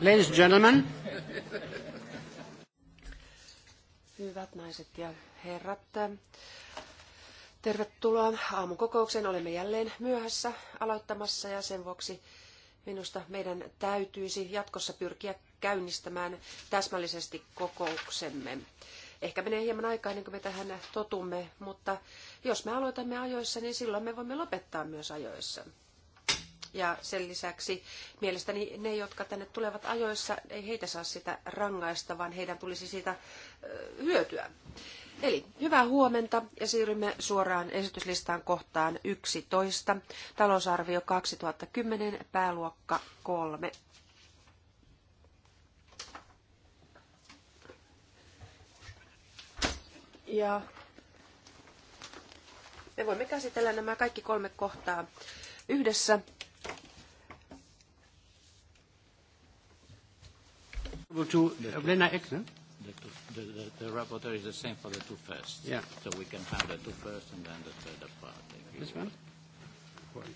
Ladies and gentlemen. Hyvät naiset ja herrat, tervetuloa aamukokoukseen. Olemme jälleen myöhässä aloittamassa ja sen vuoksi minusta meidän täytyisi jatkossa pyrkiä käynnistämään täsmällisesti kokouksemme. Ehkä menee hieman aikaa ennen kuin me tähän totumme, mutta jos me aloitamme ajoissa, niin silloin me voimme lopettaa myös ajoissa. Ja sen lisäksi mielestäni ne, jotka tänne tulevat ajoissa, ei heitä saa sitä rangaista, vaan heidän tulisi siitä hyötyä. Eli hyvää huomenta ja siirrymme suoraan esityslistaan kohtaan 11, talousarvio 2010, pääluokka 3. Ja me voimme käsitellä nämä kaikki kolme kohtaa yhdessä. go to uh, Elena Eck, no? The, the, the, the rapporteur is the same for the two first. Yeah. So we can have the two first and then the third part. This one? One.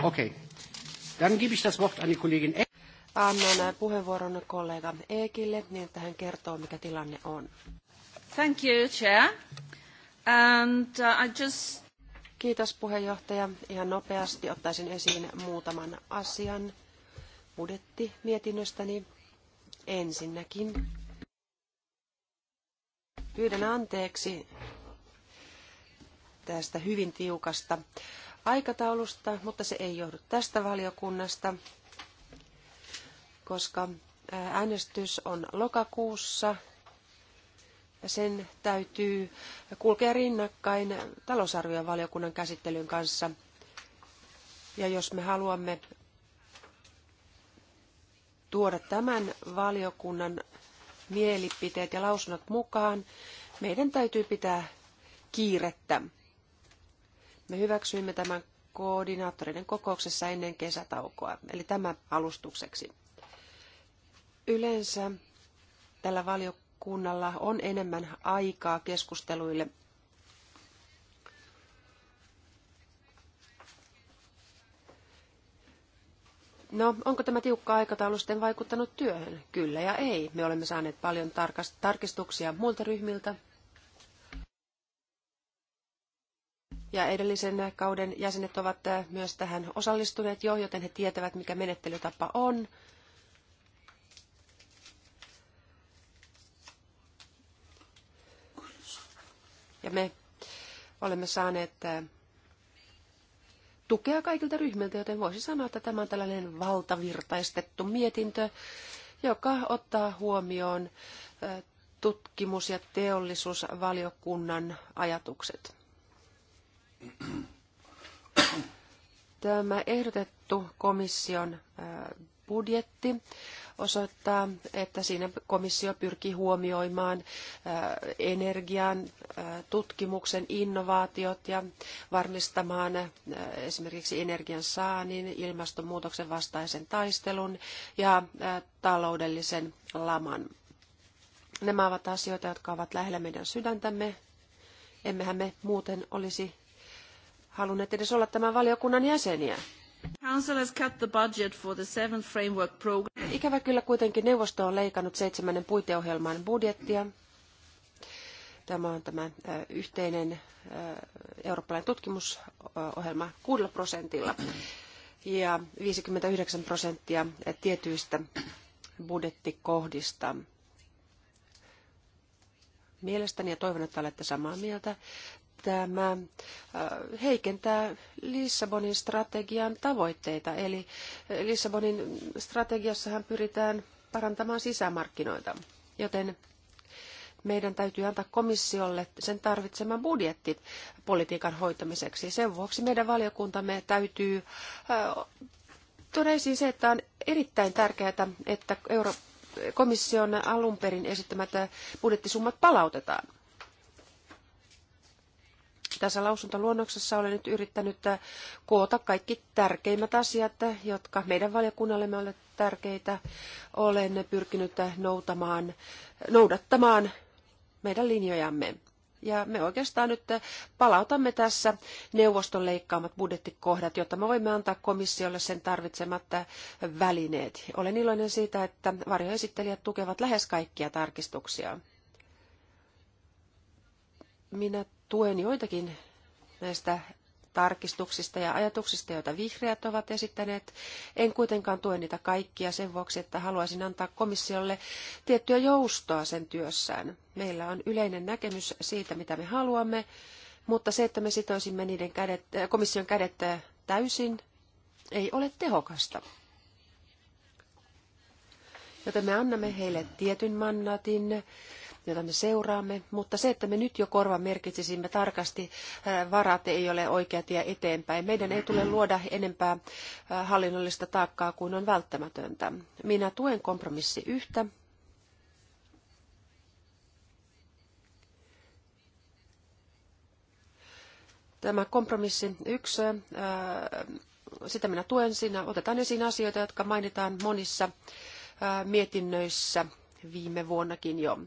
No. Okay. Dann gebe ich das Wort an die Kollegin Eck. Annan puheenvuoron kollega Eekille, niin että hän kertoo, mikä tilanne on. Thank you, Chair. And uh, I just... Kiitos puheenjohtaja. Ihan nopeasti ottaisin esiin muutaman asian budjettimietinnöstäni. Ensinnäkin pyydän anteeksi tästä hyvin tiukasta aikataulusta, mutta se ei johdu tästä valiokunnasta, koska äänestys on lokakuussa sen täytyy kulkea rinnakkain talousarvion valiokunnan käsittelyn kanssa. Ja jos me haluamme tuoda tämän valiokunnan mielipiteet ja lausunnot mukaan, meidän täytyy pitää kiirettä. Me hyväksyimme tämän koordinaattoreiden kokouksessa ennen kesätaukoa, eli tämä alustukseksi. Yleensä tällä valiokunnalla kunnalla on enemmän aikaa keskusteluille. No, onko tämä tiukka aikataulu sitten vaikuttanut työhön? Kyllä ja ei. Me olemme saaneet paljon tarkistuksia muilta ryhmiltä. Ja edellisen kauden jäsenet ovat eh, myös tähän osallistuneet jo, joten he tietävät, mikä menettelytapa on Ja me olemme saaneet äh, tukea kaikilta ryhmiltä, joten voisi sanoa, että tämä on tällainen valtavirtaistettu mietintö, joka ottaa huomioon äh, tutkimus- ja teollisuusvaliokunnan ajatukset. Tämä ehdotettu komission äh, budjetti osoittaa, että siinä komissio pyrkii huomioimaan äh, energian, äh, tutkimuksen, innovaatiot ja varmistamaan äh, esimerkiksi energian saannin, ilmastonmuutoksen vastaisen taistelun ja taloudellisen laman. Nämä ovat asioita, jotka ovat lähellä meidän sydäntämme. Emmehän me muuten olisi halunneet edes olla tämän valiokunnan jäseniä. Ikävä kyllä kuitenkin neuvosto on leikannut seitsemännen puiteohjelman budjettia. Tämä on tämä yhteinen eurooppalainen tutkimusohjelma kuudella prosentilla ja 59 prosenttia tietyistä budjettikohdista. Mielestäni ja toivon, että olette samaa mieltä tämä äh, heikentää Lissabonin strategian tavoitteita. Eli äh, Lissabonin strategiassahan pyritään parantamaan sisämarkkinoita, joten meidän täytyy antaa komissiolle sen tarvitsema budjetti politiikan hoitamiseksi. Sen vuoksi meidän valiokuntamme täytyy äh, tuoda esiin se, että on erittäin tärkeää, että Euro- komission alun perin esittämät budjettisummat palautetaan. Tässä lausuntoluonnoksessa olen nyt yrittänyt äh, koota kaikki tärkeimmät asiat, äh, jotka meidän valiokunnallemme ovat tärkeitä. Olen pyrkinyt äh, noutamaan, noudattamaan meidän linjojamme. Ja me oikeastaan nyt palautamme tässä neuvoston leikkaamat budjettikohdat, jotta me voimme antaa komissiolle sen tarvitsemat välineet. Olen iloinen siitä, että varjoesittelijät tukevat lähes kaikkia tarkistuksia. Minä tuen joitakin näistä tarkistuksista ja ajatuksista, joita vihreät ovat esittäneet. En kuitenkaan tue niitä kaikkia sen vuoksi, että haluaisin antaa komissiolle tiettyä joustoa sen työssään. Meillä on yleinen näkemys siitä, mitä me haluamme, mutta se, että me sitoisimme niiden kädet, äh, komission kädet äh, täysin, ei ole tehokasta. Joten me annamme heille tietyn mannatin jota me seuraamme, mutta se, että me nyt jo korva merkitsisimme tarkasti varat, ei ole oikea tie eteenpäin. Meidän ei tule luoda enempää hallinnollista taakkaa kuin on välttämätöntä. Minä tuen kompromissi yhtä. Tämä kompromissi yksi, sitä minä tuen siinä. Otetaan esiin asioita, jotka mainitaan monissa mietinnöissä viime vuonnakin jo.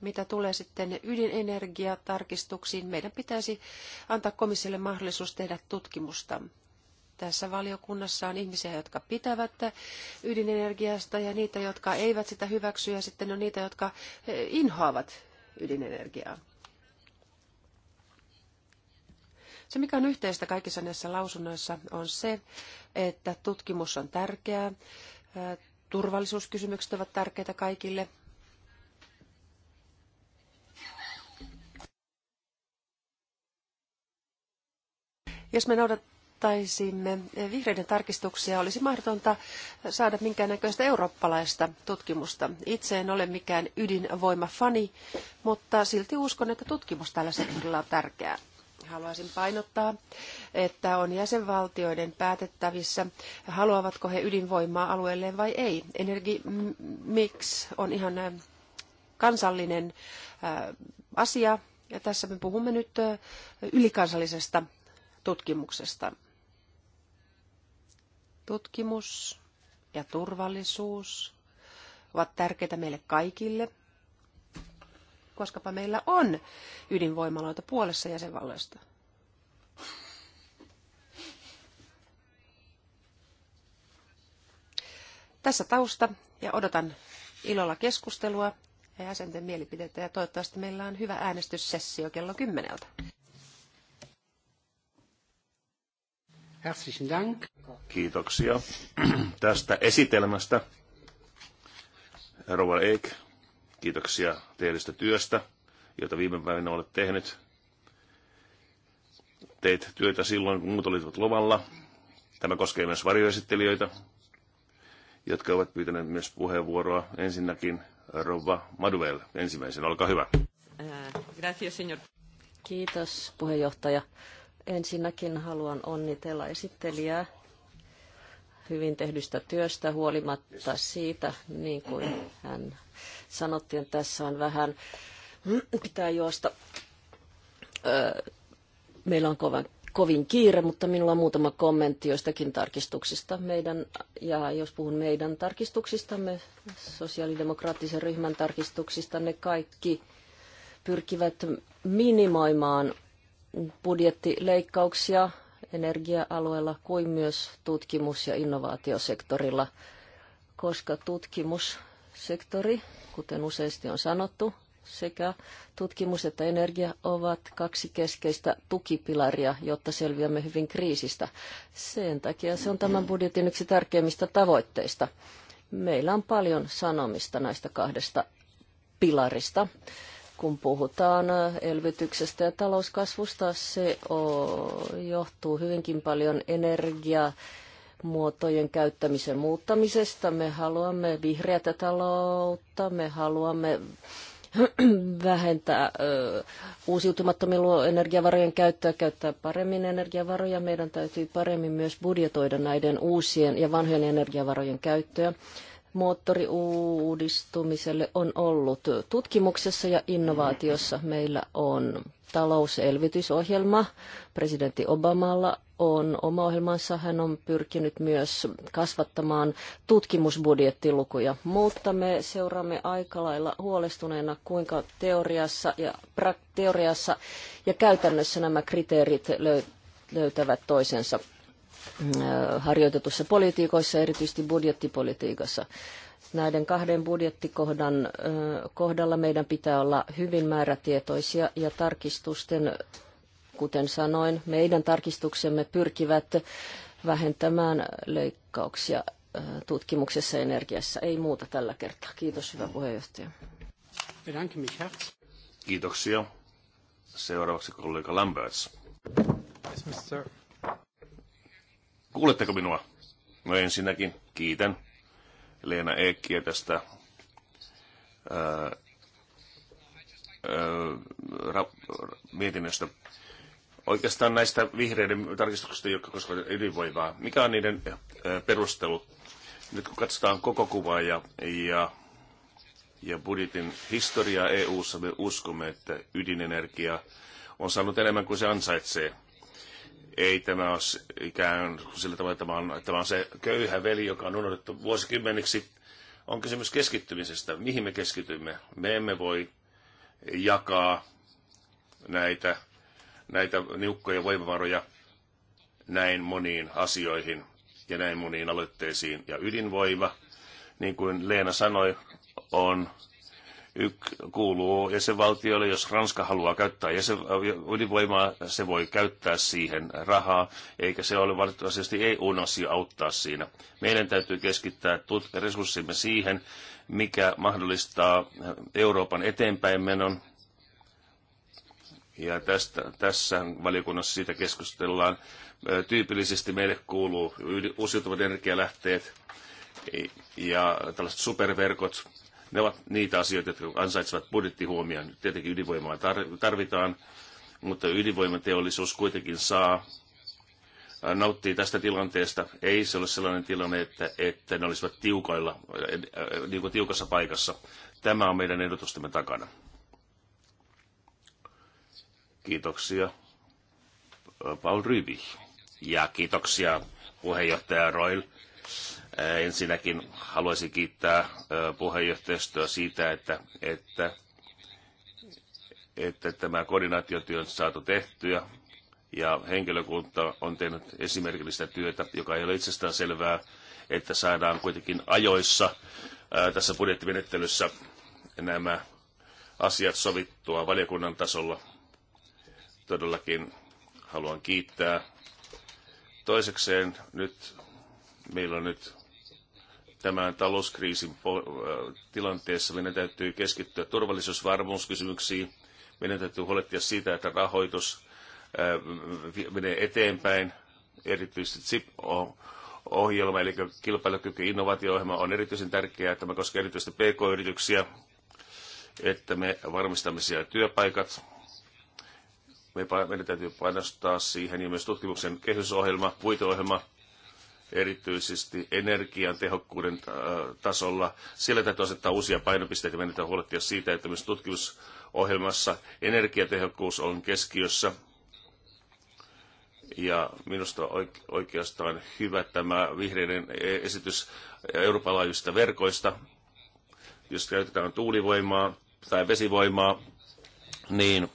Mitä tulee sitten ydinenergiatarkistuksiin, meidän pitäisi antaa komissiolle mahdollisuus tehdä tutkimusta. Tässä valiokunnassa on ihmisiä, jotka pitävät ydinenergiasta ja niitä, jotka eivät sitä hyväksy ja sitten on niitä, jotka eh, inhoavat ydinenergiaa. Se, mikä on yhteistä kaikissa näissä lausunnoissa, on se, että tutkimus on tärkeää, eh, turvallisuuskysymykset ovat tärkeitä kaikille Jos me noudattaisimme vihreiden tarkistuksia, olisi mahdotonta saada minkäännäköistä eurooppalaista tutkimusta. Itse en ole mikään ydinvoimafani, mutta silti uskon, että tutkimus tällä sektorilla on tärkeää haluaisin painottaa, että on jäsenvaltioiden päätettävissä, haluavatko he ydinvoimaa alueelleen vai ei. Energi mix on ihan äh, kansallinen äh, asia, ja tässä me puhumme nyt äh, ylikansallisesta tutkimuksesta. Tutkimus ja turvallisuus ovat tärkeitä meille kaikille, koskapa meillä on ydinvoimaloita puolessa jäsenvalloista. Tässä tausta ja odotan ilolla keskustelua ja jäsenten mielipiteitä ja toivottavasti meillä on hyvä äänestyssessio kello kymmeneltä. Herzlichen Dank. Kiitoksia tästä esitelmästä. Rova Eik, kiitoksia teidestä työstä, jota viime päivinä olet tehnyt. Teit työtä silloin, kun muut olivat lomalla. Tämä koskee myös varjoesittelijöitä, jotka ovat pyytäneet myös puheenvuoroa. Ensinnäkin Rouva Maduel ensimmäisenä, olkaa hyvä. Äh, Kiitos puheenjohtaja. Ensinnäkin haluan onnitella esittelijää hyvin tehdystä työstä huolimatta siitä, niin kuin hän sanottiin, tässä on vähän pitää juosta. Meillä on kovan kovin kiire, mutta minulla on muutama kommentti joistakin tarkistuksista. Meidän, ja jos puhun meidän tarkistuksistamme, sosiaalidemokraattisen ryhmän tarkistuksista, ne kaikki pyrkivät minimoimaan budjettileikkauksia energia-alueella kuin myös tutkimus- ja innovaatiosektorilla, koska tutkimussektori, kuten useasti on sanottu, sekä tutkimus että energia ovat kaksi keskeistä tukipilaria, jotta selviämme hyvin kriisistä. Sen takia se on tämän budjetin yksi tärkeimmistä tavoitteista. Meillä on paljon sanomista näistä kahdesta pilarista kun puhutaan elvytyksestä ja talouskasvusta, se johtuu hyvinkin paljon energiaa muotojen käyttämisen muuttamisesta. Me haluamme vihreätä taloutta, me haluamme vähentää uusiutumattomien energiavarojen käyttöä, käyttää paremmin energiavaroja. Meidän täytyy paremmin myös budjetoida näiden uusien ja vanhojen energiavarojen käyttöä moottoriuudistumiselle on ollut tutkimuksessa ja innovaatiossa. Meillä on talouselvytysohjelma. Presidentti Obamalla on oma ohjelmansa. Hän on pyrkinyt myös kasvattamaan tutkimusbudjettilukuja, mutta me seuraamme aika lailla huolestuneena, kuinka teoriassa ja, pra- teoriassa ja käytännössä nämä kriteerit löytävät toisensa. Äh, harjoitetussa politiikoissa, erityisesti budjettipolitiikassa. Näiden kahden budjettikohdan äh, kohdalla meidän pitää olla hyvin määrätietoisia ja tarkistusten, kuten sanoin, meidän tarkistuksemme pyrkivät vähentämään leikkauksia äh, tutkimuksessa ja energiassa. Ei muuta tällä kertaa. Kiitos, hyvä puheenjohtaja. Kiitoksia. Seuraavaksi kollega Lamberts. Yes, Kuuletteko minua? No ensinnäkin kiitän Leena Eekkiä tästä ää, ää, ra, mietinnöstä. Oikeastaan näistä vihreiden tarkistuksista, jotka koskevat ydinvoimaa. Mikä on niiden ää, perustelu? Nyt kun katsotaan koko kuvaa ja, ja, ja budjetin historiaa EU-ssa, me uskomme, että ydinenergia on saanut enemmän kuin se ansaitsee – ei tämä ole ikään kuin sillä tavalla, että tämä on, tämä on se köyhä veli, joka on unohdettu vuosikymmeniksi. On kysymys keskittymisestä. Mihin me keskitymme? Me emme voi jakaa näitä, näitä niukkoja voimavaroja näin moniin asioihin ja näin moniin aloitteisiin. Ja ydinvoima, niin kuin Leena sanoi, on yk, kuuluu jäsenvaltioille. Jos Ranska haluaa käyttää jäsen, ydinvoimaa, se voi käyttää siihen rahaa, eikä se ole valitettavasti EU-asia auttaa siinä. Meidän täytyy keskittää resurssimme siihen, mikä mahdollistaa Euroopan eteenpäinmenon. Ja tästä, tässä valiokunnassa siitä keskustellaan. Tyypillisesti meille kuuluu uusiutuvat energialähteet e- ja tällaiset superverkot, ne ovat niitä asioita, jotka ansaitsevat budjettihuomioon. Tietenkin ydinvoimaa tarvitaan, mutta ydinvoimateollisuus kuitenkin saa nauttii tästä tilanteesta. Ei se ole sellainen tilanne, että, että ne olisivat tiukailla niin kuin tiukassa paikassa. Tämä on meidän ehdotustemme takana. Kiitoksia. Paul Rybi Ja kiitoksia puheenjohtaja Roil Äh, ensinnäkin haluaisin kiittää äh, puheenjohtajistoa siitä, että, että, että tämä koordinaatiotyö on saatu tehtyä ja henkilökunta on tehnyt esimerkillistä työtä, joka ei ole itsestään selvää, että saadaan kuitenkin ajoissa äh, tässä budjettimenettelyssä nämä asiat sovittua valiokunnan tasolla. Todellakin haluan kiittää. Toisekseen nyt meillä on nyt tämän talouskriisin äh, tilanteessa meidän täytyy keskittyä turvallisuusvarmuuskysymyksiin. Meidän täytyy huolehtia siitä, että rahoitus äh, menee eteenpäin. Erityisesti CIP-ohjelma, eli kilpailukyky innovaatio-ohjelma, on erityisen tärkeää. Tämä koskee erityisesti PK-yrityksiä, että me varmistamme siellä työpaikat. Meidän täytyy panostaa siihen ja myös tutkimuksen kehysohjelma, puiteohjelma, erityisesti energian äh, tasolla. Siellä täytyy asettaa uusia painopisteitä. Meidän täytyy huolehtia siitä, että myös tutkimusohjelmassa energiatehokkuus on keskiössä. Ja minusta on oikeastaan hyvä tämä vihreiden e, esitys Euroopan laajuisista verkoista. Jos käytetään tuulivoimaa tai vesivoimaa, niin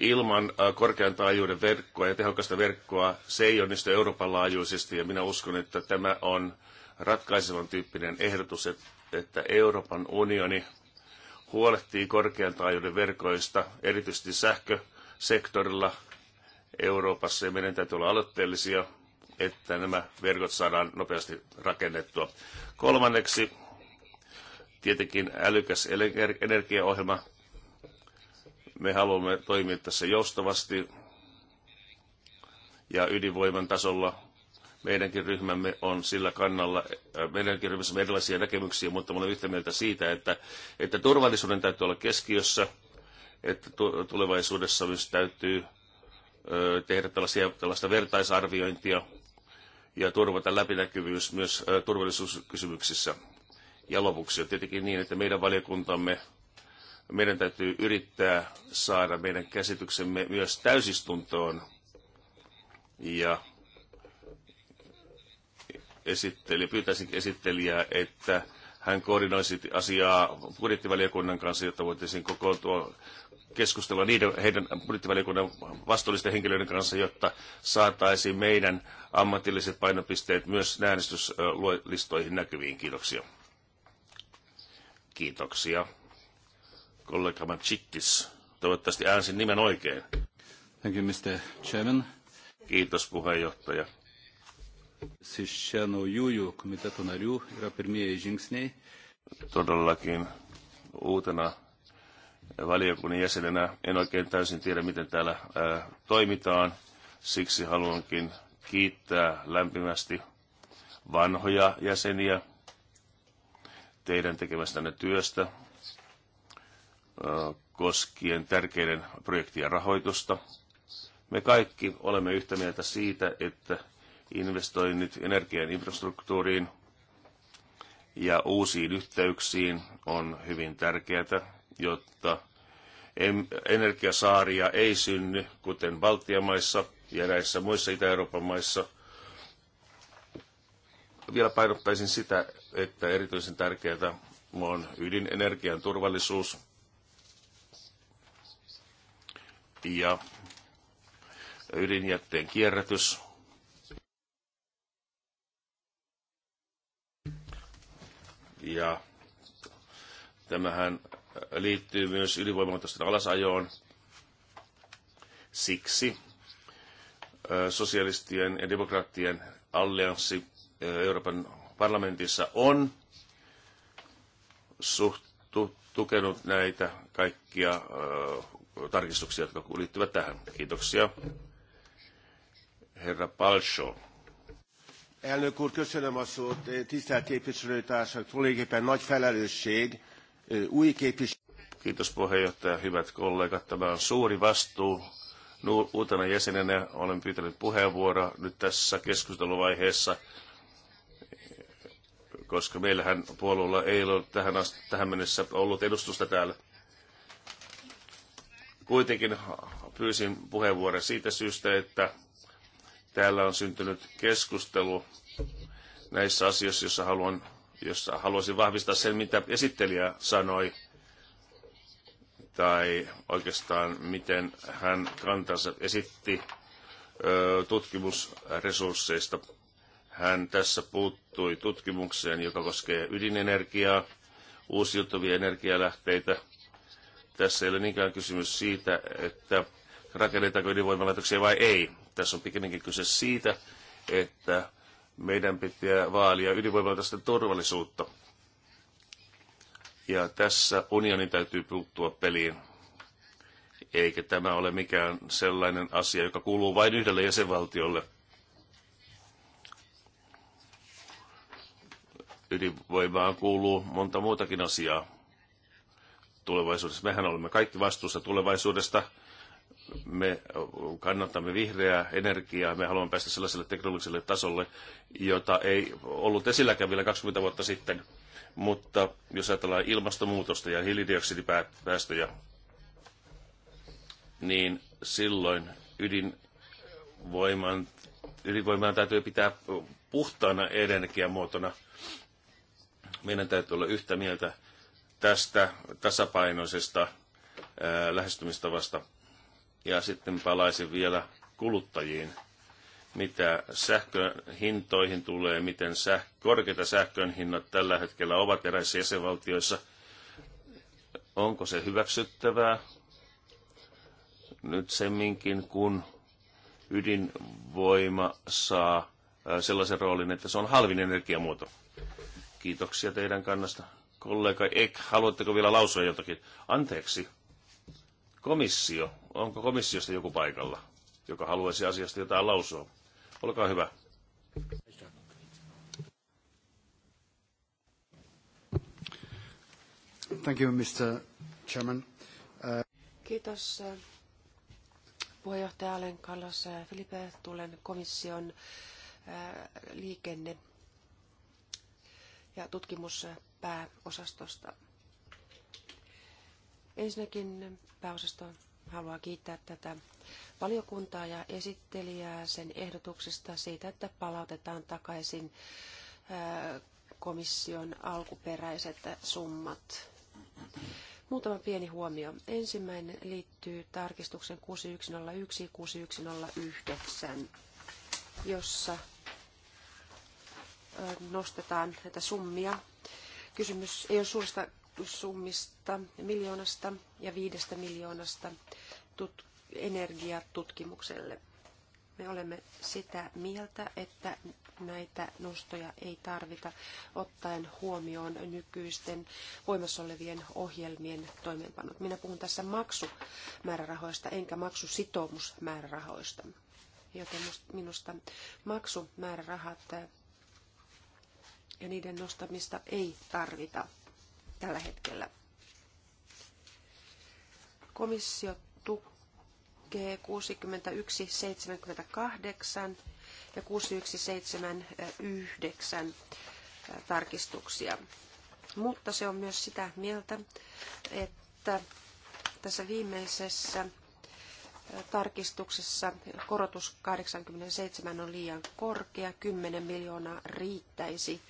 ilman korkean taajuuden verkkoa ja tehokasta verkkoa se ei onnistu Euroopan laajuisesti ja minä uskon, että tämä on ratkaisevan tyyppinen ehdotus, että Euroopan unioni huolehtii korkean taajuuden verkoista, erityisesti sähkösektorilla Euroopassa ja meidän täytyy olla aloitteellisia, että nämä verkot saadaan nopeasti rakennettua. Kolmanneksi tietenkin älykäs energiaohjelma me haluamme toimia tässä joustavasti ja ydinvoiman tasolla meidänkin ryhmämme on sillä kannalla, äh, meidänkin ryhmässä on erilaisia näkemyksiä, mutta olen yhtä mieltä siitä, että, että turvallisuuden täytyy olla keskiössä, että tulevaisuudessa myös täytyy äh, tehdä tällaisia, tällaista vertaisarviointia ja turvata läpinäkyvyys myös äh, turvallisuuskysymyksissä. Ja lopuksi on tietenkin niin, että meidän valiokuntamme meidän täytyy yrittää saada meidän käsityksemme myös täysistuntoon. Ja esitteli, pyytäisin esittelijää, että hän koordinoisi asiaa budjettivaliokunnan kanssa, jotta voitaisiin kokoontua keskustella niiden, heidän budjettivaliokunnan vastuullisten henkilöiden kanssa, jotta saataisiin meidän ammatilliset painopisteet myös äänestyslistoihin näkyviin. Kiitoksia. Kiitoksia kollega Matsikkis. Toivottavasti äänsin nimen oikein. Thank you, Mr. Chairman. Kiitos puheenjohtaja. Todellakin uutena valiokunnan jäsenenä en oikein täysin tiedä, miten täällä toimitaan. Siksi haluankin kiittää lämpimästi vanhoja jäseniä teidän tekemästänne työstä koskien tärkeiden projektien rahoitusta. Me kaikki olemme yhtä mieltä siitä, että investoinnit energian infrastruktuuriin ja uusiin yhteyksiin on hyvin tärkeää, jotta energiasaaria ei synny, kuten Baltian maissa ja näissä muissa Itä-Euroopan maissa. Vielä painottaisin sitä, että erityisen tärkeää on ydinenergian turvallisuus – ja ydinjätteen kierrätys. Ja tämähän liittyy myös ydinvoimalaitosten alasajoon. Siksi sosialistien ja demokraattien allianssi Euroopan parlamentissa on suht tukenut näitä kaikkia tarkistuksia, jotka liittyvät tähän. Kiitoksia. Herra Palsho. Elnök úr, köszönöm a szót. Tisztelt képviselőtársak, tulajdonképpen nagy felelősség új képviselő. Kiitos puheenjohtaja, hyvät kollegat. Tämä on suuri vastuu. Uutena jäsenenä olen pyytänyt puheenvuoroa nyt tässä keskusteluvaiheessa, koska meillähän puolueella ei ole tähän, asti, tähän mennessä ollut edustusta täällä. Kuitenkin pyysin puheenvuoron siitä syystä, että täällä on syntynyt keskustelu näissä asioissa, jossa, haluan, jossa haluaisin vahvistaa sen, mitä esittelijä sanoi, tai oikeastaan miten hän kantansa esitti tutkimusresursseista. Hän tässä puuttui tutkimukseen, joka koskee ydinenergiaa, uusiutuvia energialähteitä – tässä ei ole niinkään kysymys siitä, että rakennetaanko ydinvoimalaitoksia vai ei. Tässä on pikemminkin kyse siitä, että meidän pitää vaalia ydinvoimalaitosten turvallisuutta. Ja tässä unionin täytyy puuttua peliin. Eikä tämä ole mikään sellainen asia, joka kuuluu vain yhdelle jäsenvaltiolle. Ydinvoimaan kuuluu monta muutakin asiaa tulevaisuudessa. Mehän olemme kaikki vastuussa tulevaisuudesta. Me kannatamme vihreää energiaa. Me haluamme päästä sellaiselle teknologiselle tasolle, jota ei ollut esilläkään vielä 20 vuotta sitten. Mutta jos ajatellaan ilmastonmuutosta ja hiilidioksidipäästöjä, niin silloin ydinvoiman, ydinvoimaan täytyy pitää puhtaana energiamuotona. Meidän täytyy olla yhtä mieltä tästä tasapainoisesta lähestymistavasta. Ja sitten palaisin vielä kuluttajiin, mitä sähkön hintoihin tulee, miten säh- korkeita sähkön hinnat tällä hetkellä ovat eräissä jäsenvaltioissa. Onko se hyväksyttävää nyt semminkin, kun ydinvoima saa sellaisen roolin, että se on halvin energiamuoto? Kiitoksia teidän kannasta. Kollega Ek, haluatteko vielä lausua jotakin? Anteeksi. Komissio. Onko komissiosta joku paikalla, joka haluaisi asiasta jotain lausua? Olkaa hyvä. Thank you, Mr. Chairman. Kiitos puheenjohtaja Alen Kallos. Felipe, tulen komission liikenne- ja tutkimus pääosastosta. Ensinnäkin pääosasto haluaa kiittää tätä valiokuntaa ja esittelijää sen ehdotuksesta siitä, että palautetaan takaisin komission alkuperäiset summat. Muutama pieni huomio. Ensimmäinen liittyy tarkistuksen 6101 6109, jossa nostetaan näitä summia Kysymys ei ole suurista summista, miljoonasta ja viidestä miljoonasta tut- energiatutkimukselle. Me olemme sitä mieltä, että näitä nostoja ei tarvita ottaen huomioon nykyisten voimassa olevien ohjelmien toimeenpanot. Minä puhun tässä maksumäärärahoista enkä maksusitoumusmäärärahoista. Joten minusta maksumäärärahat ja niiden nostamista ei tarvita tällä hetkellä. Komissio tukee 6178 ja 6179 tarkistuksia. Mutta se on myös sitä mieltä, että tässä viimeisessä tarkistuksessa korotus 87 on liian korkea, 10 miljoonaa riittäisi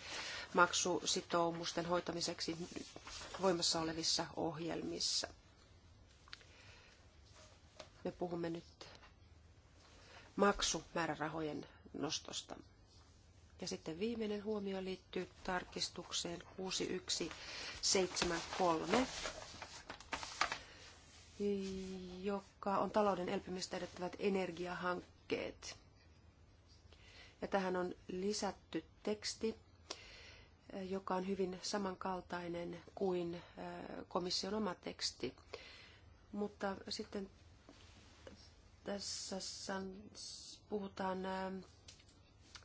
maksusitoumusten hoitamiseksi voimassa olevissa ohjelmissa. Me puhumme nyt maksumäärärahojen nostosta. Ja sitten viimeinen huomio liittyy tarkistukseen 6173 joka on talouden elpymistä edettävät energiahankkeet. Ja tähän on lisätty teksti, joka on hyvin samankaltainen kuin komission oma teksti. Mutta sitten tässä puhutaan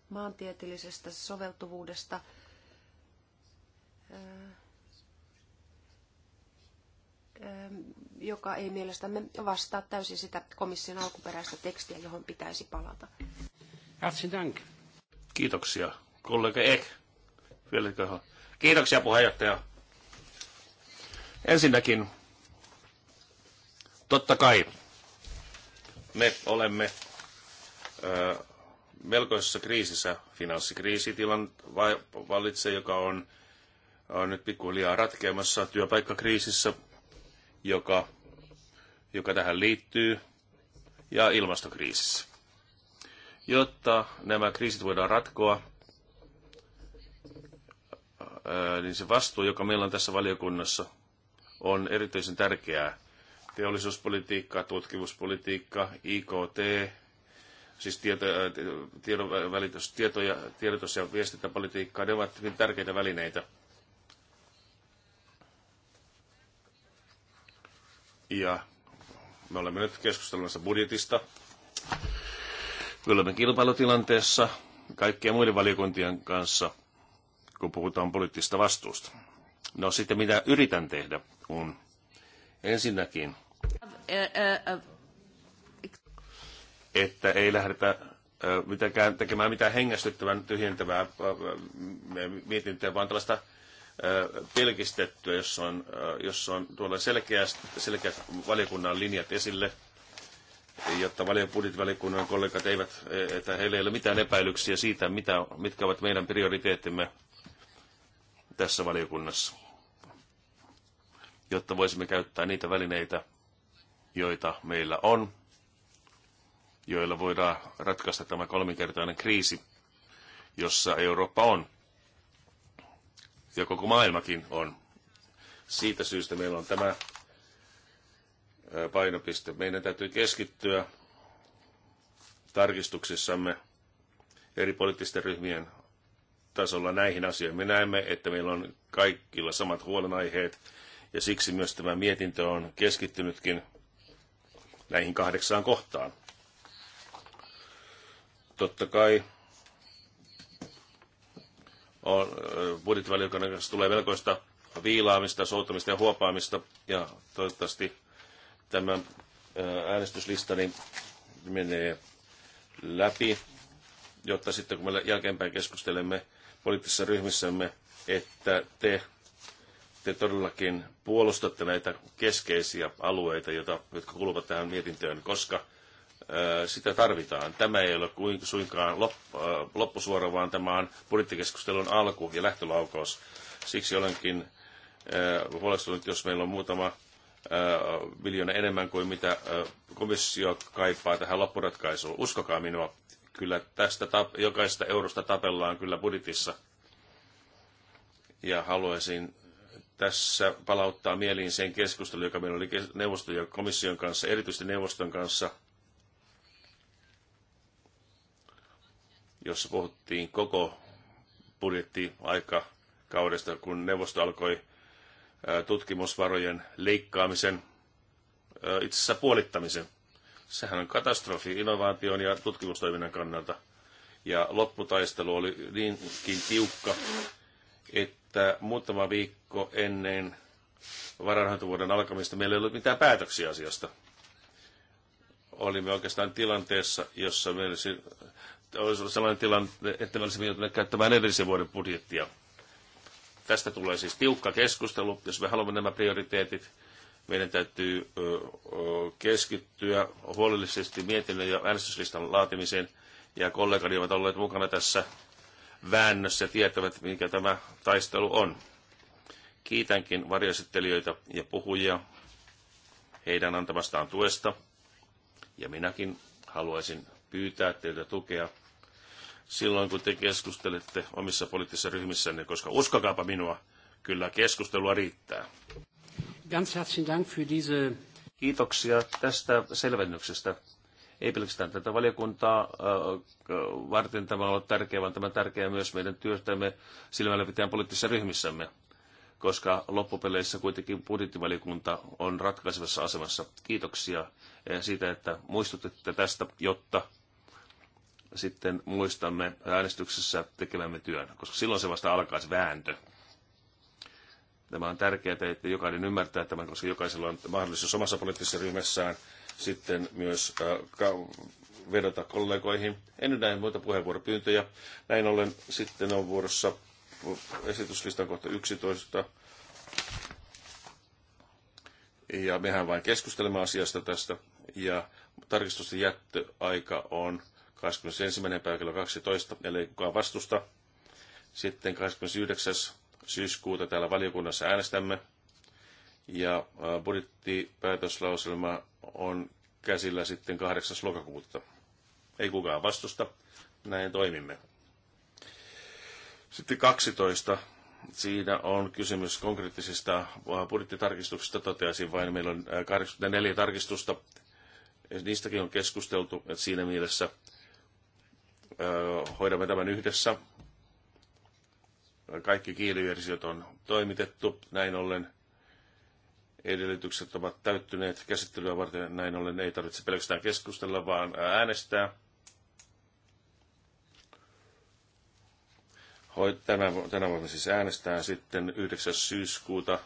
maantieteellisestä soveltuvuudesta Ähm, joka ei mielestämme vastaa täysin sitä komission alkuperäistä tekstiä, johon pitäisi palata. Kiitoksia. Kollega Ek. Kiitoksia puheenjohtaja. Ensinnäkin, totta kai me olemme ö, melkoisessa kriisissä. Finanssikriisitilan vallitse, joka on, on nyt pikkuhiljaa ratkeamassa työpaikkakriisissä joka, joka tähän liittyy, ja ilmastokriisissä. Jotta nämä kriisit voidaan ratkoa, niin se vastuu, joka meillä on tässä valiokunnassa, on erityisen tärkeää. Teollisuuspolitiikka, tutkimuspolitiikka, IKT, siis tieto, tiedon välitys, tieto ja, tiedotus- ja viestintäpolitiikka, ne ovat hyvin tärkeitä välineitä – Ja me olemme nyt keskustelemassa budjetista. Me olemme kilpailutilanteessa kaikkien muiden valiokuntien kanssa, kun puhutaan poliittisesta vastuusta. No sitten mitä yritän tehdä, on ensinnäkin, että ei lähdetä mitenkään tekemään mitään hengästyttävän tyhjentävää mietintöä, vaan tällaista pilkistettyä, jos on, jos on tuolla selkeästi, selkeät valiokunnan linjat esille, jotta budjettivaliokunnan kollegat eivät, e, että heillä ei ole mitään epäilyksiä siitä, mitä, mitkä ovat meidän prioriteettimme tässä valiokunnassa, jotta voisimme käyttää niitä välineitä, joita meillä on, joilla voidaan ratkaista tämä kolminkertainen kriisi, jossa Eurooppa on ja koko maailmakin on. Siitä syystä meillä on tämä painopiste. Meidän täytyy keskittyä tarkistuksissamme eri poliittisten ryhmien tasolla näihin asioihin. Me näemme, että meillä on kaikilla samat huolenaiheet ja siksi myös tämä mietintö on keskittynytkin näihin kahdeksaan kohtaan. Totta kai on budjettivaliokunnan kanssa tulee melkoista viilaamista, soutamista ja huopaamista. Ja toivottavasti tämä äänestyslista niin menee läpi, jotta sitten kun me jälkeenpäin keskustelemme poliittisissa ryhmissämme, että te, te todellakin puolustatte näitä keskeisiä alueita, jota jotka kuuluvat tähän mietintöön, koska – sitä tarvitaan. Tämä ei ole suinkaan loppusuora, vaan tämä on budjettikeskustelun alku ja lähtölaukaus. Siksi olenkin huolestunut, jos meillä on muutama miljoona enemmän kuin mitä komissio kaipaa tähän loppuratkaisuun. Uskokaa minua, kyllä tästä jokaisesta eurosta tapellaan kyllä budjetissa. Ja haluaisin tässä palauttaa mieliin sen keskustelun, joka meillä oli neuvoston ja komission kanssa, erityisesti neuvoston kanssa – jossa puhuttiin koko budjettiaikakaudesta, kun neuvosto alkoi tutkimusvarojen leikkaamisen, itse asiassa puolittamisen. Sehän on katastrofi innovaation ja tutkimustoiminnan kannalta. Ja lopputaistelu oli niinkin tiukka, että muutama viikko ennen varainhoitovuoden alkamista meillä ei ollut mitään päätöksiä asiasta olimme oikeastaan tilanteessa, jossa meillä olisi ollut sellainen tilanne, että me olisimme joutuneet käyttämään edellisen vuoden budjettia. Tästä tulee siis tiukka keskustelu. Jos me haluamme nämä prioriteetit, meidän täytyy keskittyä huolellisesti mietinnön ja äänestyslistan laatimiseen. Ja kollegani ovat olleet mukana tässä väännössä ja tietävät, mikä tämä taistelu on. Kiitänkin varjoesittelijöitä ja puhujia heidän antamastaan tuesta. Ja minäkin haluaisin pyytää teiltä tukea silloin, kun te keskustelette omissa poliittisissa ryhmissänne, koska uskokaapa minua, kyllä keskustelua riittää. Ganz herzlichen Dank für diese... Kiitoksia tästä selvennyksestä. Ei pelkästään tätä valiokuntaa äh, varten tämä on ollut tärkeä, vaan tämä on tärkeä myös meidän työstämme silmällä pitäen poliittisissa ryhmissämme koska loppupeleissä kuitenkin budjettivaliokunta on ratkaisevassa asemassa. Kiitoksia siitä, että muistutitte tästä, jotta sitten muistamme äänestyksessä tekemämme työn, koska silloin se vasta alkaa se vääntö. Tämä on tärkeää, että jokainen ymmärtää tämän, koska jokaisella on mahdollisuus omassa poliittisessa ryhmässään sitten myös äh, vedota kollegoihin. En nyt näe muita puheenvuoropyyntöjä. Näin ollen sitten on vuorossa esityslistan kohta 11 ja mehän vain keskustelemme asiasta tästä. Ja tarkistusten jättöaika on 21. päivä kello 12, eli kukaan vastusta. Sitten 29. syyskuuta täällä valiokunnassa äänestämme. Ja budjettipäätöslauselma on käsillä sitten 8. lokakuuta. Ei kukaan vastusta. Näin toimimme. Sitten 12 Siinä on kysymys konkreettisista äh, budjettitarkistuksista. Toteaisin vain, meillä on 84 äh, tarkistusta. Niistäkin on keskusteltu, että siinä mielessä äh, hoidamme tämän yhdessä. Kaikki kieliversiot on toimitettu. Näin ollen edellytykset ovat täyttyneet käsittelyä varten. Näin ollen ei tarvitse pelkästään keskustella, vaan äänestää. Tänään, tänään voimme siis äänestää sitten 9. syyskuuta.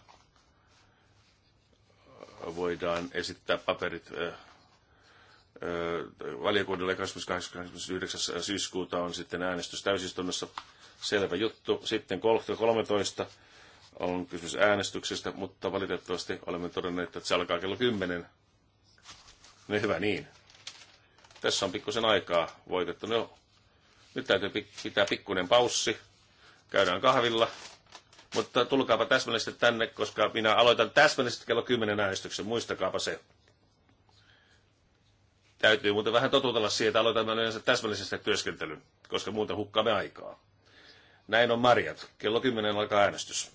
Voidaan esittää paperit valiokunnalle 29. syyskuuta on sitten äänestys täysistunnossa. Selvä juttu. Sitten 13 on kysymys äänestyksestä, mutta valitettavasti olemme todenneet, että se alkaa kello 10. No hyvä niin. Tässä on pikkusen aikaa voitettu. No, nyt täytyy pitää pikkuinen paussi käydään kahvilla. Mutta tulkaapa täsmällisesti tänne, koska minä aloitan täsmällisesti kello 10 äänestyksen, muistakaapa se. Täytyy muuten vähän totutella siihen, että aloitamme yleensä täsmällisesti työskentelyn, koska muuten hukkaamme aikaa. Näin on Marjat. Kello 10 alkaa äänestys.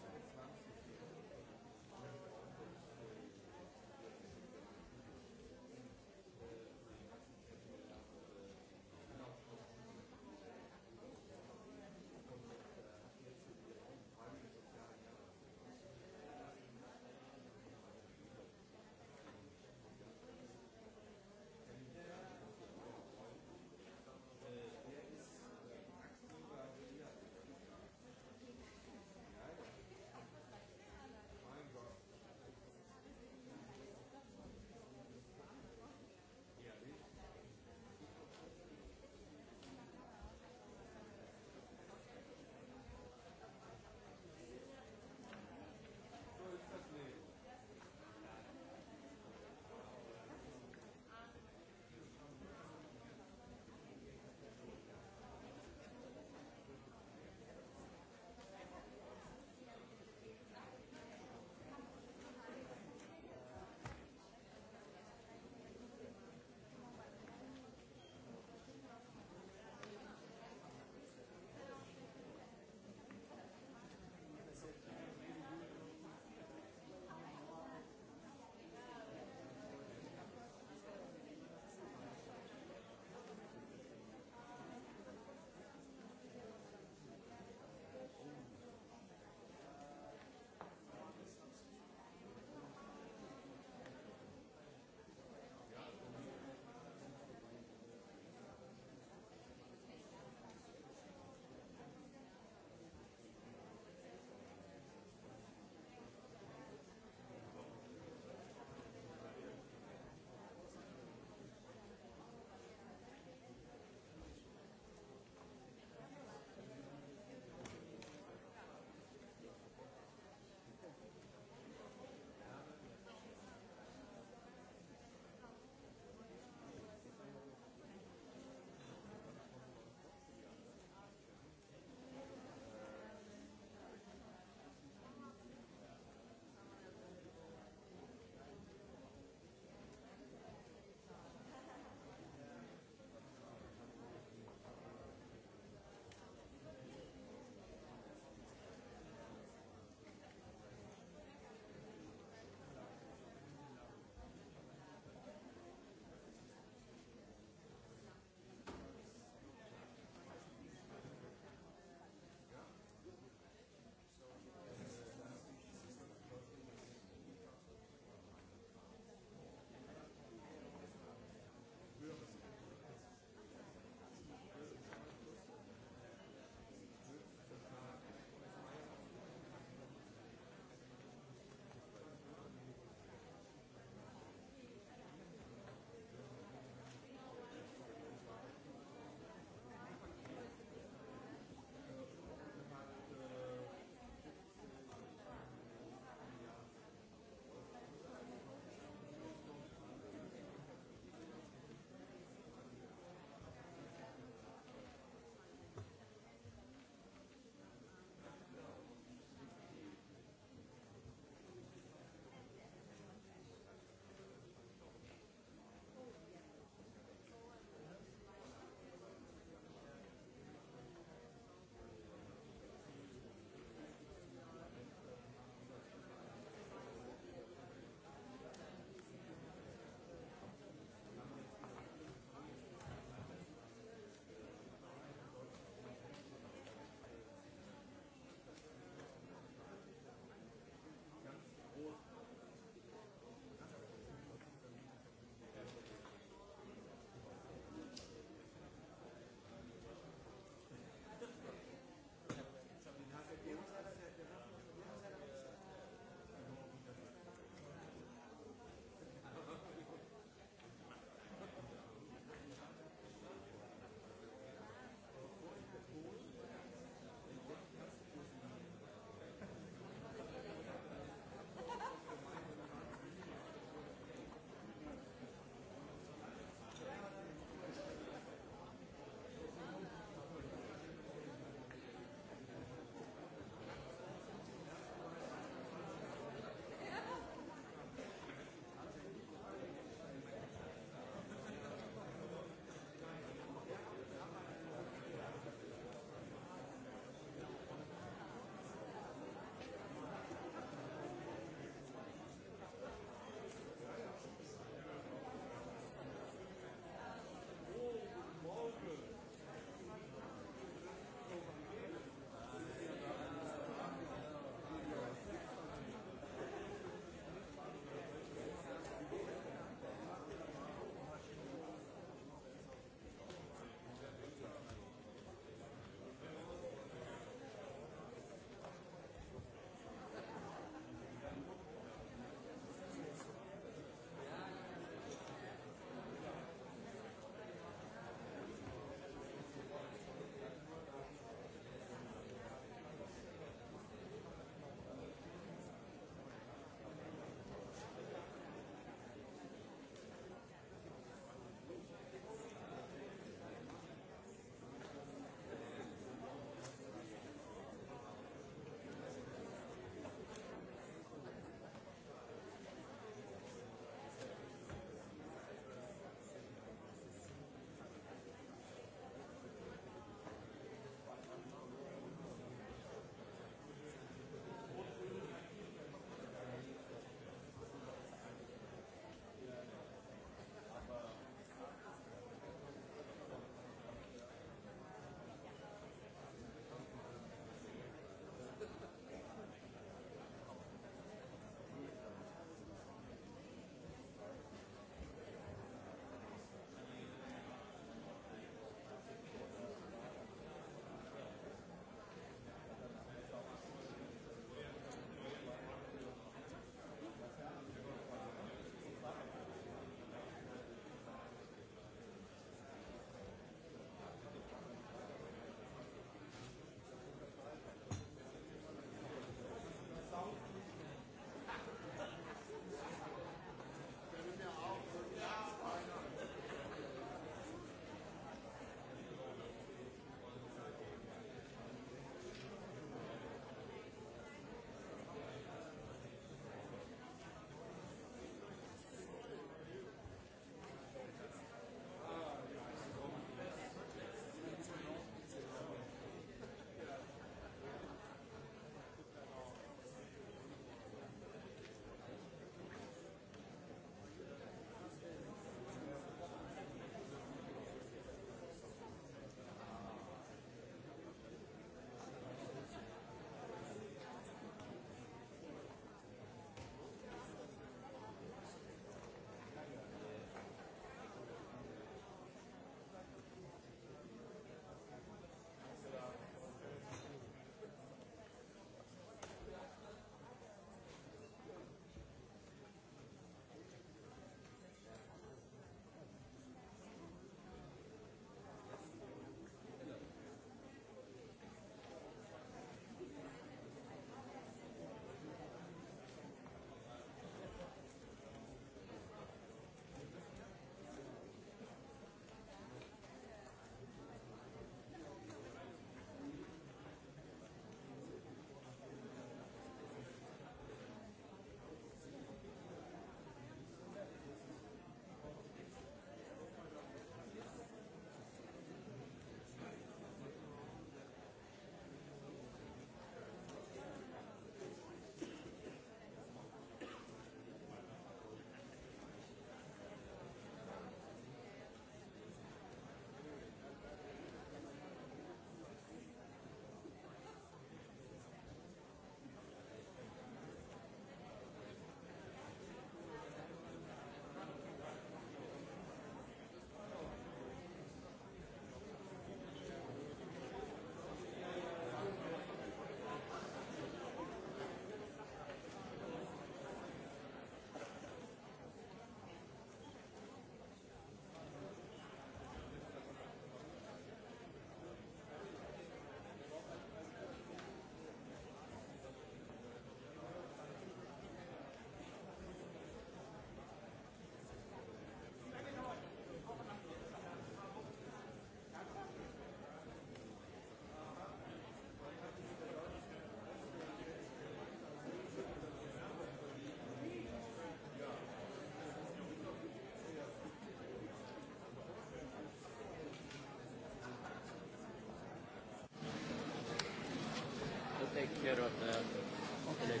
Eh,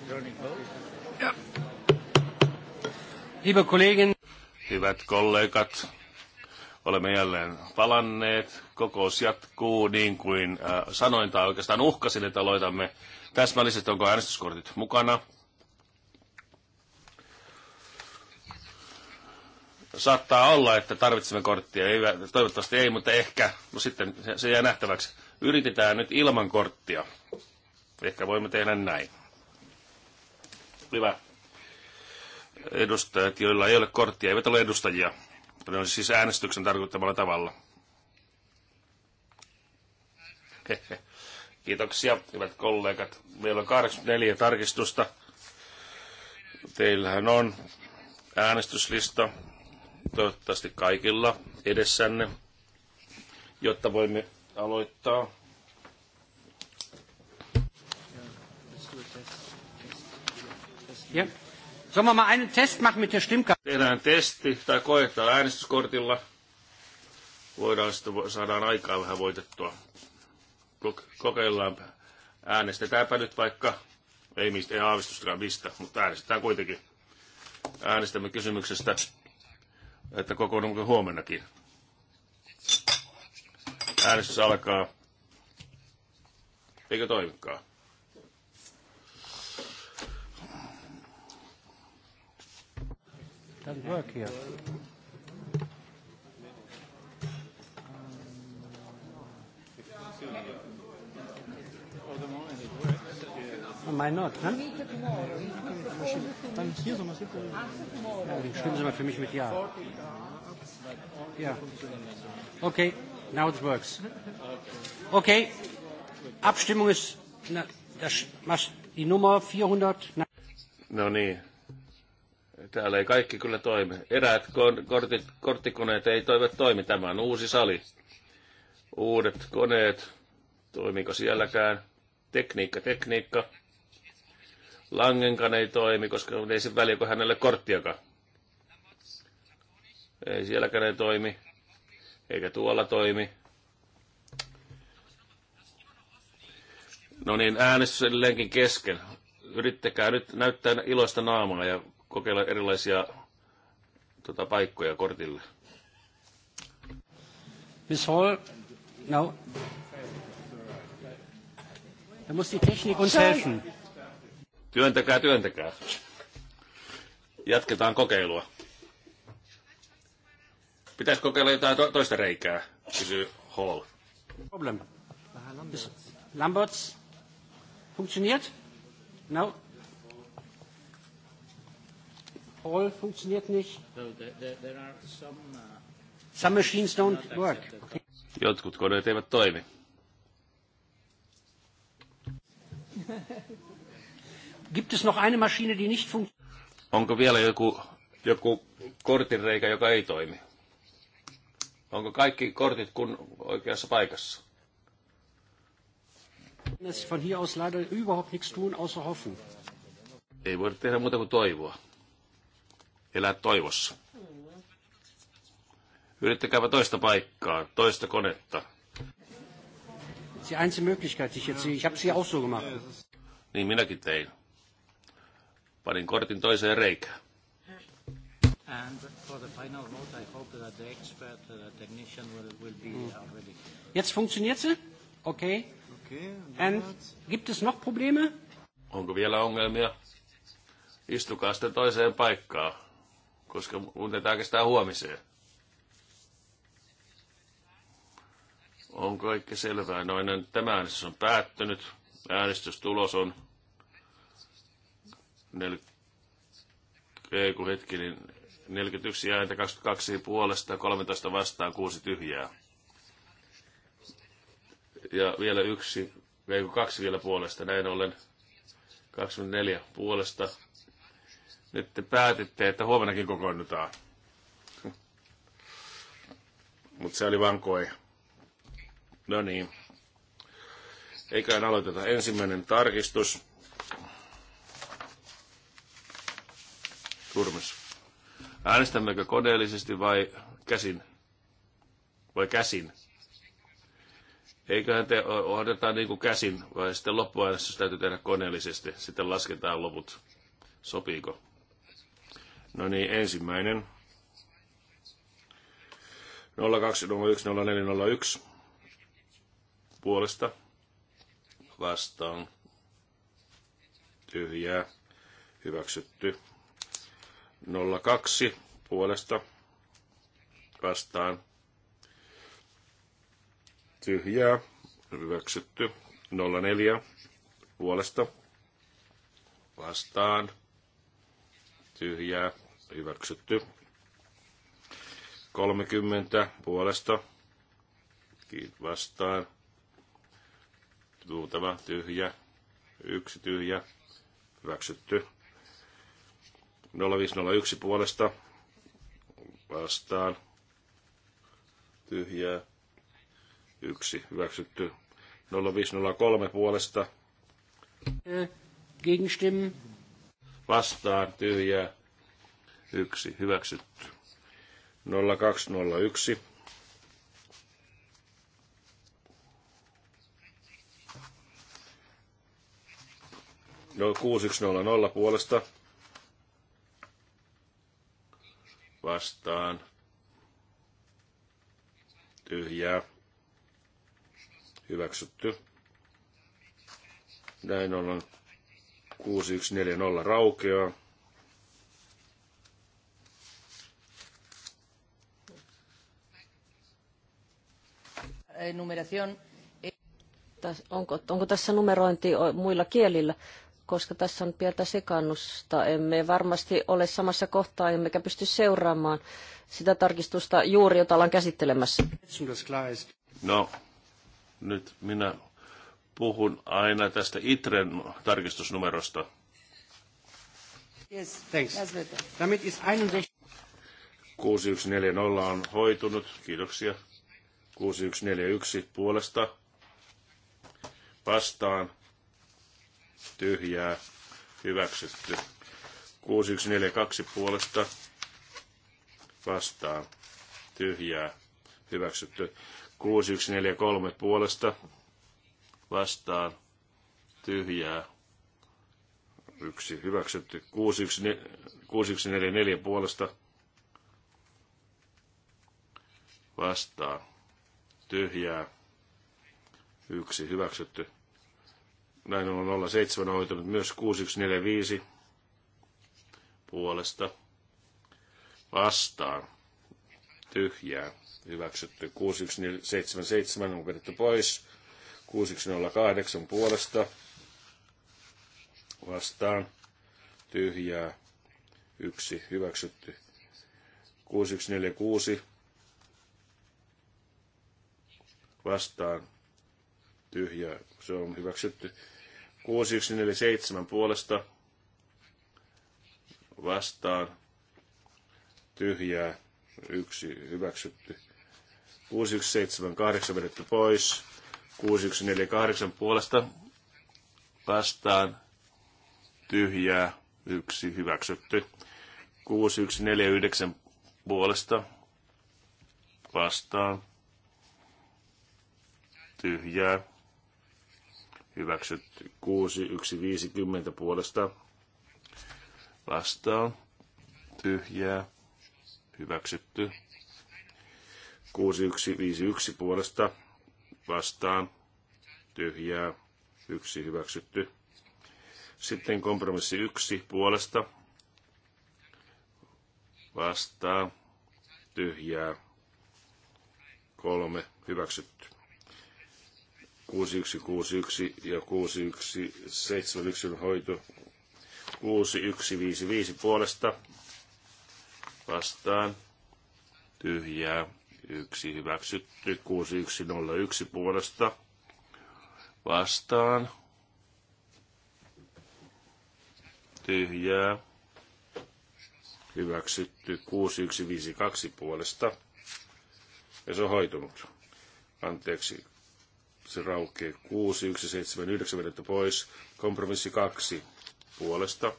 Hyvät kollegat, olemme jälleen palanneet. Kokous jatkuu niin kuin äh, sanoin tai oikeastaan uhkasin, että aloitamme täsmällisesti, onko äänestyskortit mukana. Saattaa olla, että tarvitsemme korttia. Ei, toivottavasti ei, mutta ehkä. No sitten se jää nähtäväksi. Yritetään nyt ilman korttia. Ehkä voimme tehdä näin. Hyvä. Edustajat, joilla ei ole korttia, eivät ole edustajia. Ne on siis äänestyksen tarkoittamalla tavalla. Kiitoksia, hyvät kollegat. Meillä on 84 tarkistusta. Teillähän on äänestyslista, toivottavasti kaikilla edessänne, jotta voimme aloittaa Yeah. Sollen Test mit Tehdään testi tai koetaan äänestyskortilla. Voidaan sitten, saadaan aikaa vähän voitettua. Kokeillaan. Äänestetäänpä nyt vaikka, ei, mistä, ei aavistustakaan mistä, mutta äänestetään kuitenkin. Äänestämme kysymyksestä, että kokoonnumme huomennakin. Äänestys alkaa. Eikö toimikaan? doesn't work here. Mal not, ne? Dann Okay, now it works. Okay, Abstimmung ist na, das, die Nummer 400. No nee. Niin. Täällä ei kaikki kyllä toimi. Eräät kortit, korttikoneet ei toive toimi. Tämä on uusi sali. Uudet koneet. Toimiko sielläkään? Tekniikka, tekniikka. Langenkaan ei toimi, koska ei se väliä kuin hänelle korttiakaan. Ei sielläkään ei toimi. Eikä tuolla toimi. No niin, äänestys edelleenkin kesken. Yrittäkää nyt näyttää iloista naamaa ja kokeilla erilaisia tota, paikkoja kortille. Miss Hall, no. Da muss die Technik uns helfen. Työntäkää, työntäkää. Jatketaan kokeilua. Pitäisi kokeilla jotain to- toista reikää, kysyy Hall. Problem. Lamberts. Funktioniert? No all funktioniert nicht. Uh, some machines don't work. Jotkut koneet eivät toimi. Gibt es noch eine Maschine, die nicht funktioniert? Onko vielä joku, joku kortinreikä, joka ei toimi? Onko kaikki kortit kun oikeassa paikassa? Von hier aus leider überhaupt nichts tun, außer hoffen. Ei voida tehdä muuta kuin toivoa elää toivossa. Yrittäkääpä toista paikkaa, toista konetta. ich auch so gemacht. Niin minäkin tein. Panin kortin toiseen reikään. And for the final vote, I hope that the expert, uh, technician will, will be already. Mm. Uh, jetzt funktioniert sie? Okay. Okay. And gibt es noch Probleme? Onko vielä ongelmia? Istukaa sitten toiseen paikkaan koska unetaan kestää huomiseen. On kaikki selvää. Noinen, tämä äänestys on päättynyt. Äänestystulos on nel... Ei kun hetki, niin 41 ääntä, 22 puolesta, 13 vastaan, 6 tyhjää. Ja vielä yksi, ei kun kaksi vielä puolesta, näin ollen 24 puolesta, nyt te päätitte, että huomenakin kokoonnutaan. Mutta se oli vankoi. koe. No niin. Eiköhän aloiteta ensimmäinen tarkistus. Turmes. Äänestämmekö koneellisesti vai käsin? Vai käsin? Eiköhän te odotetaan niin kuin käsin, vai sitten loppuäänestys täytyy tehdä koneellisesti, sitten lasketaan loput. Sopiiko? No niin, ensimmäinen. 02010401 puolesta vastaan tyhjää hyväksytty 02 puolesta vastaan tyhjää hyväksytty 04 puolesta vastaan tyhjää, hyväksytty. 30 puolesta, kiit vastaan, muutama tyhjä, yksi tyhjä, hyväksytty. 0501 puolesta, vastaan, tyhjää, yksi hyväksytty. 0503 puolesta. Äh, Gegenstimmen vastaan tyhjää yksi hyväksytty. 0201 6100 puolesta vastaan tyhjää hyväksytty. Näin ollen 6140 raukeaa. Numeración. Onko, onko tässä numerointi muilla kielillä? Koska tässä on pientä sekannusta. Emme varmasti ole samassa kohtaa, emmekä pysty seuraamaan sitä tarkistusta juuri, jota ollaan käsittelemässä. No, nyt minä puhun aina tästä ITREn tarkistusnumerosta. Yes, thanks. Damit is 6140 on hoitunut, kiitoksia. 6141 puolesta vastaan tyhjää hyväksytty. 6142 puolesta vastaan tyhjää hyväksytty. 6143 puolesta vastaan tyhjää. Yksi hyväksytty. 6144 puolesta vastaan tyhjää. Yksi hyväksytty. Näin on 07 hoitanut myös 6145 puolesta vastaan tyhjää. Hyväksytty 6177 on vedetty pois. 6108 puolesta vastaan tyhjää yksi hyväksytty 6146 vastaan tyhjää se on hyväksytty 6147 puolesta vastaan tyhjää yksi hyväksytty 6178 vedetty pois 6148 puolesta vastaan tyhjää yksi hyväksytty. 6149 puolesta vastaan tyhjää hyväksytty. 6150 puolesta vastaan tyhjää hyväksytty. 6151 puolesta vastaan, tyhjää, yksi hyväksytty. Sitten kompromissi yksi puolesta, vastaan, tyhjää, kolme hyväksytty. 6161 ja 6171 hoito 6155 puolesta vastaan tyhjää yksi hyväksytty, 6101 puolesta vastaan, tyhjää, hyväksytty, 6152 puolesta, ja se on hoitunut, anteeksi, se raukee, 6179 vedetty pois, kompromissi 2 puolesta,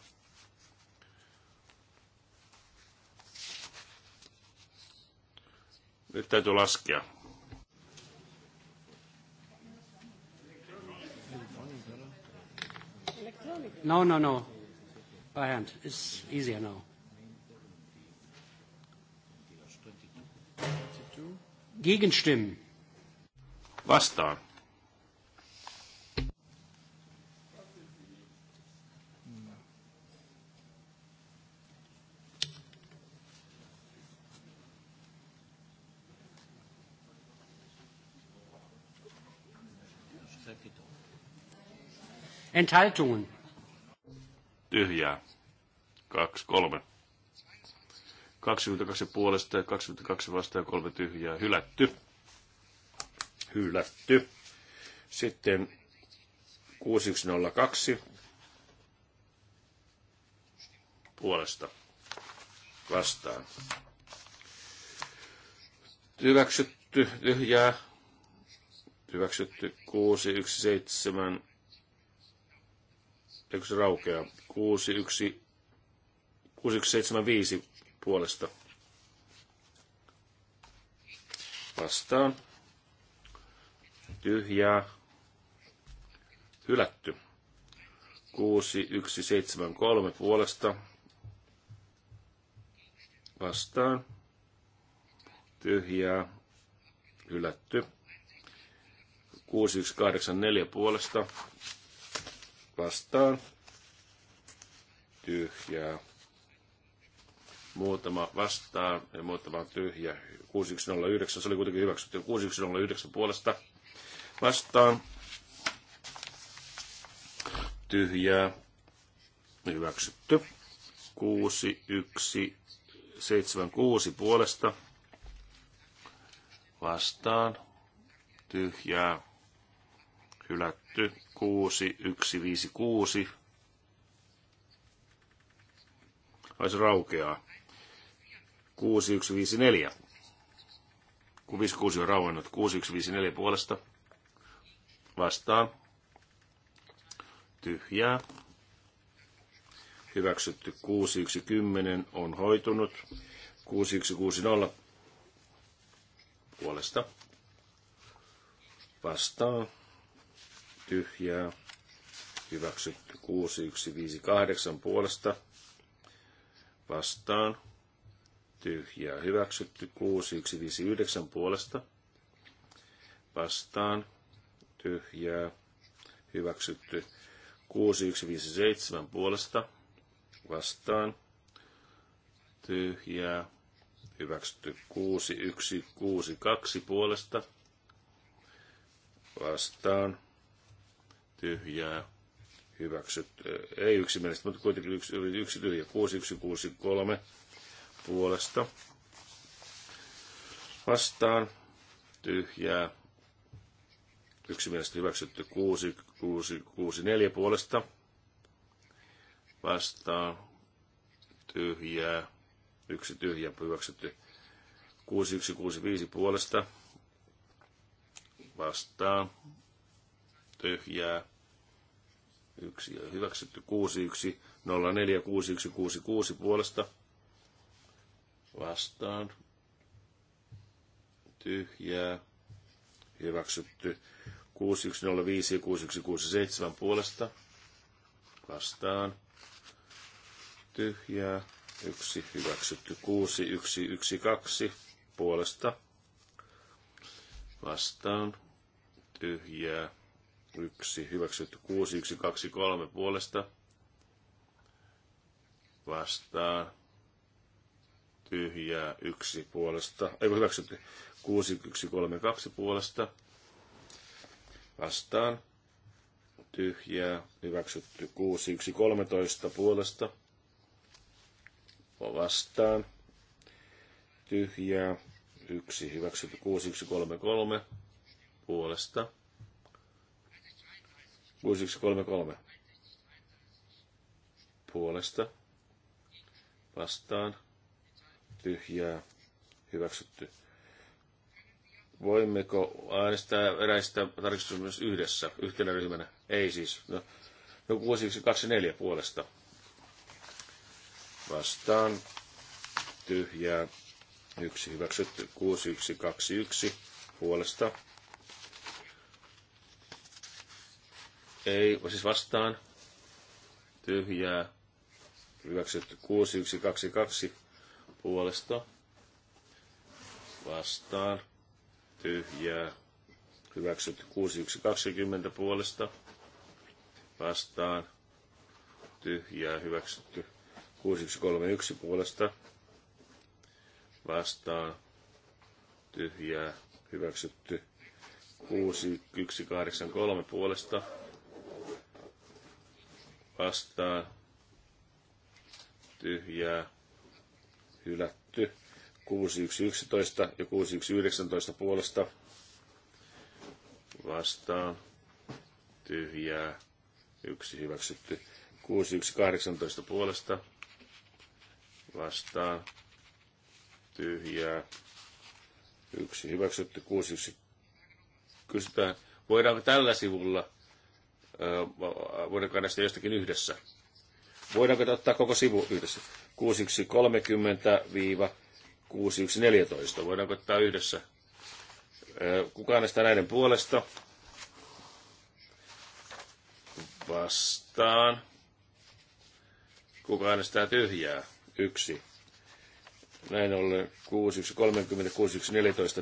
Nyt täytyy laskea. No, no, no. By hand. It's easier now. Gegenstimmen. Vastaan. Enthaltungen. Tyhjää. 2, 3. 22 puolesta ja 22 vastaan ja 3 tyhjää. Hylätty. Hylätty. Sitten 6102 puolesta vastaan. Hyväksytty tyhjää. Hyväksytty 617 yksi raukeaa. 61, 6175 puolesta vastaan. Tyhjää. Hylätty. 6173 puolesta vastaan. Tyhjää. Hylätty. 6184 puolesta vastaan. Tyhjää. Muutama vastaan ja muutama on tyhjä. 6109, se oli kuitenkin hyväksytty. 6109 puolesta vastaan. Tyhjää. Hyväksytty. 6176 puolesta vastaan. Tyhjää hylätty. 6156. Ai se raukeaa. 6154. Kun 56 on rauennut. 6154 puolesta. Vastaan. Tyhjää. Hyväksytty 6110 on hoitunut. 6160 puolesta vastaan tyhjää, hyväksytty 6158 puolesta, vastaan, tyhjää, hyväksytty 6159 puolesta, vastaan, tyhjää, hyväksytty 6157 puolesta, vastaan, tyhjää, hyväksytty 6162 puolesta, vastaan, tyhjää hyväksytty, ei yksimielistä mutta kuitenkin yksi, yksi tyhjä, 6163 puolesta vastaan tyhjää, yksimielistä hyväksytty 6664 puolesta vastaan tyhjää, yksi tyhjä hyväksytty 6165 puolesta vastaan tyhjää, yksi, hyväksytty 61, 6166 puolesta vastaan, tyhjää, hyväksytty 6105 6167 puolesta vastaan, tyhjää, yksi hyväksytty 6112 puolesta vastaan, tyhjää, yksi hyväksytty, kuusi, yksi, kaksi, kolme puolesta vastaan, tyhjää yksi puolesta, ei hyväksytty, kuusi, yksi, kolme, kaksi puolesta vastaan, tyhjää, hyväksytty 6, 1, 13 puolesta, vastaan, tyhjää, yksi hyväksytty 6, 1, 3, 3 puolesta, 6133 puolesta vastaan tyhjää hyväksytty. Voimmeko äänestää eräistä tarkistuksista myös yhdessä, yhtenä ryhmänä? Ei siis. No, no 6124 puolesta vastaan tyhjää yksi hyväksytty 6121 puolesta Ei, siis vastaan. Tyhjää. Hyväksytty 6122 puolesta. Vastaan. Tyhjää. Hyväksytty 6120 puolesta. Vastaan. Tyhjää. Hyväksytty 6131 puolesta. Vastaan. Tyhjää. Hyväksytty 6183 puolesta vastaan tyhjää hylätty. 6111 ja 6119 puolesta vastaan tyhjää yksi hyväksytty. 6118 puolesta vastaan tyhjää yksi hyväksytty. 61 kysytään, voidaanko tällä sivulla voidaanko näistä jostakin yhdessä. Voidaanko ottaa koko sivu yhdessä? 6130-6114. Voidaanko ottaa yhdessä? Kuka äänestää näiden puolesta? Vastaan. Kuka äänestää tyhjää? Yksi. Näin ollen 6130-6114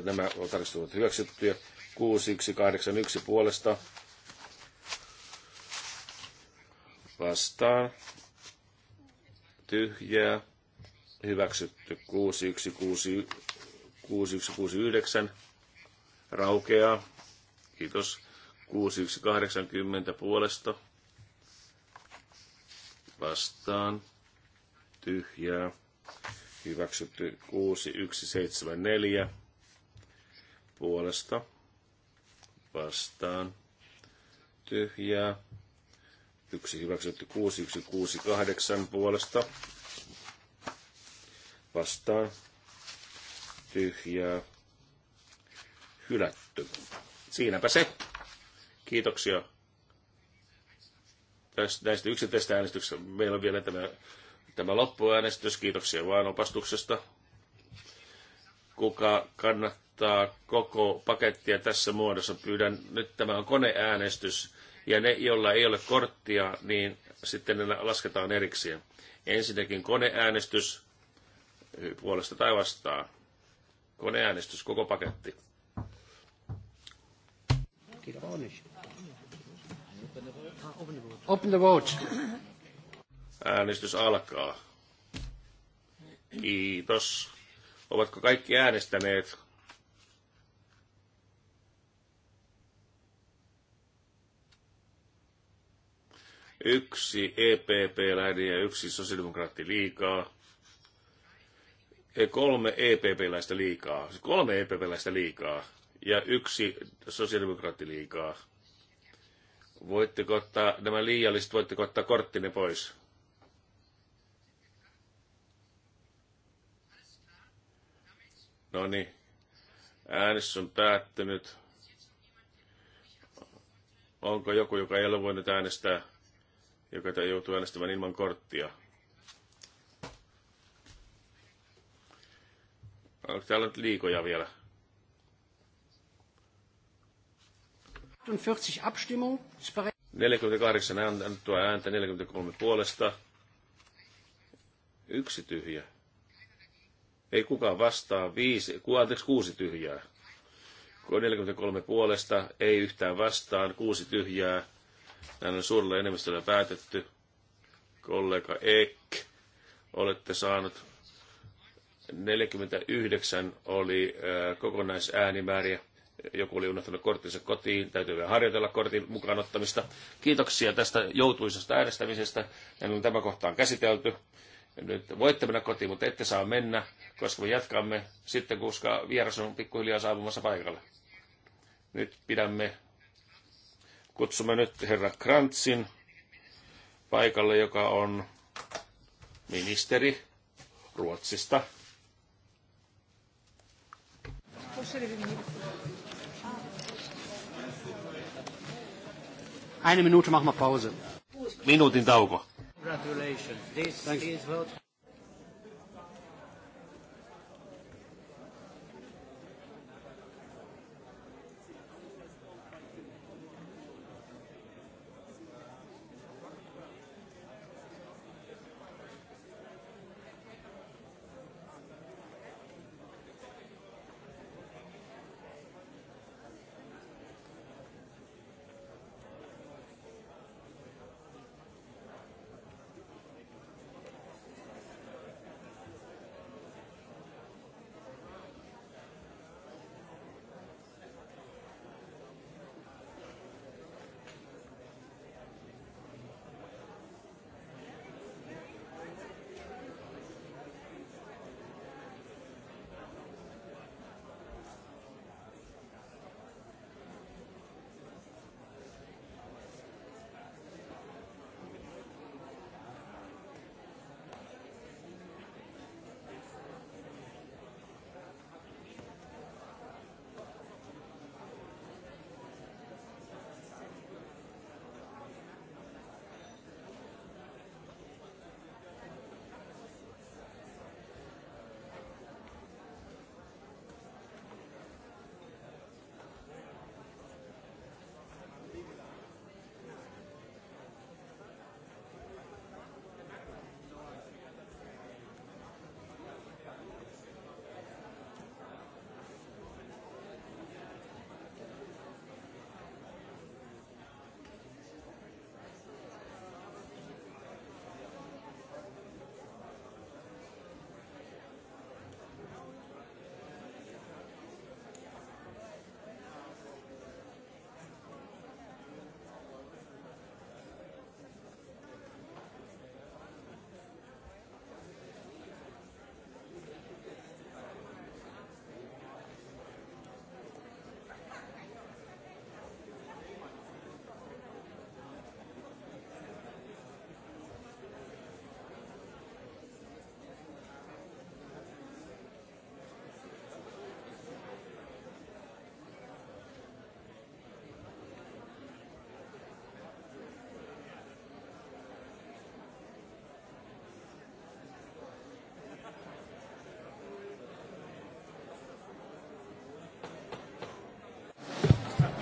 nämä on tarkistuvat hyväksyttyjä. 6181 puolesta vastaan tyhjää hyväksytty 6169 raukeaa. Kiitos. 6180 puolesta vastaan tyhjää. Hyväksytty 6174 puolesta vastaan tyhjää yksi hyväksytty 6168 puolesta vastaan tyhjää hylätty. Siinäpä se. Kiitoksia tästä, näistä yksittäistä äänestyksistä. Meillä on vielä tämä, tämä loppuäänestys. Kiitoksia vaan opastuksesta. Kuka kannattaa koko pakettia tässä muodossa? Pyydän, nyt tämä on koneäänestys ja ne, joilla ei ole korttia, niin sitten ne lasketaan erikseen. Ensinnäkin koneäänestys puolesta tai vastaan. Koneäänestys, koko paketti. Open the vote. Äänestys alkaa. Kiitos. Ovatko kaikki äänestäneet? Yksi EPP-läinen ja yksi sosiaalidemokraatti liikaa. E, kolme EPP-läistä liikaa. Siis kolme EPP-läistä liikaa. Ja yksi sosiaalidemokraatti liikaa. Voitteko ottaa, nämä liialliset, voitteko ottaa korttine pois? No niin, äänestys on päättynyt. Onko joku, joka ei ole voinut äänestää? joka joutuu äänestämään ilman korttia. Onko täällä nyt liikoja vielä? 48 ääntä, 48 annettua ääntä, 43 puolesta. Yksi tyhjä. Ei kukaan vastaa. Viisi, anteeksi, kuusi tyhjää. 43 puolesta, ei yhtään vastaan, kuusi tyhjää näin on suurella enemmistöllä päätetty. Kollega Ek, olette saanut 49 oli äh, kokonaisäänimääriä. Joku oli unohtanut korttinsa kotiin, täytyy vielä harjoitella kortin mukaanottamista. Kiitoksia tästä joutuisesta äänestämisestä. Näin on tämä kohta on käsitelty nyt voitte mennä kotiin, mutta ette saa mennä, koska me jatkamme sitten, koska vieras on pikkuhiljaa saapumassa paikalle. Nyt pidämme Kutsumme nyt herra Krantsin paikalle, joka on ministeri Ruotsista. Eine Minute machen wir Pause. Minuutin tauko. Congratulations. This is what...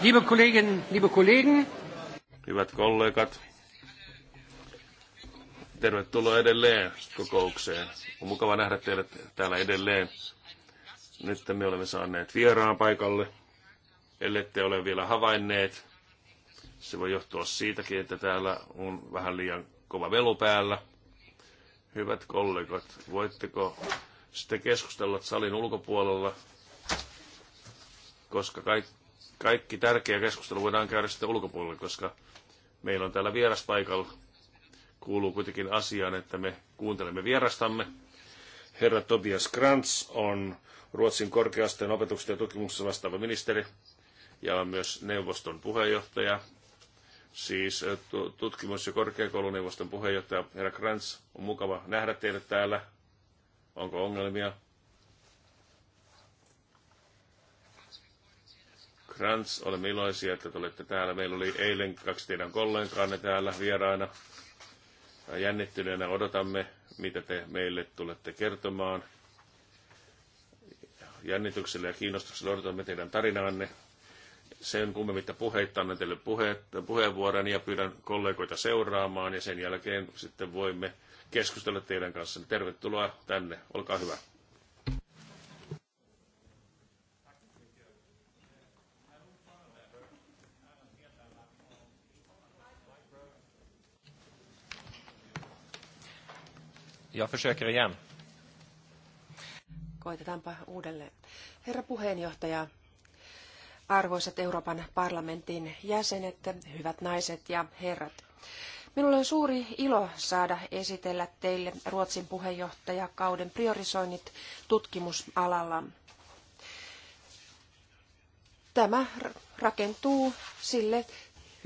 Liebe Kolleginnen, liebe Kollegen. Hyvät kollegat, tervetuloa edelleen kokoukseen. On mukava nähdä teidät täällä edelleen. Nyt me olemme saaneet vieraan paikalle. Ellette ole vielä havainneet, se voi johtua siitäkin, että täällä on vähän liian kova velu päällä. Hyvät kollegat, voitteko sitten keskustella salin ulkopuolella, koska kaikki kaikki tärkeä keskustelu voidaan käydä sitten ulkopuolella, koska meillä on täällä vieras paikalla. Kuuluu kuitenkin asiaan, että me kuuntelemme vierastamme. Herra Tobias Krantz on Ruotsin korkeasteen opetuksesta ja tutkimuksesta vastaava ministeri ja on myös neuvoston puheenjohtaja. Siis eh, tutkimus- ja korkeakouluneuvoston puheenjohtaja herra Krantz, on mukava nähdä teidät täällä. Onko ongelmia? Krantz, olemme iloisia, että olette täällä. Meillä oli eilen kaksi teidän kollegaanne täällä vieraana. Jännittyneenä odotamme, mitä te meille tulette kertomaan. Jännityksellä ja kiinnostuksella odotamme teidän tarinaanne. Sen kummemmitta puheitta annan teille puheenvuoron ja pyydän kollegoita seuraamaan ja sen jälkeen sitten voimme keskustella teidän kanssanne. Tervetuloa tänne, olkaa hyvä. Jag försöker igen. Koitetaanpa uudelleen. Herra puheenjohtaja, arvoisat Euroopan parlamentin jäsenet, hyvät naiset ja herrat. Minulla on suuri ilo saada esitellä teille Ruotsin puheenjohtajakauden priorisoinnit tutkimusalalla. Tämä rakentuu sille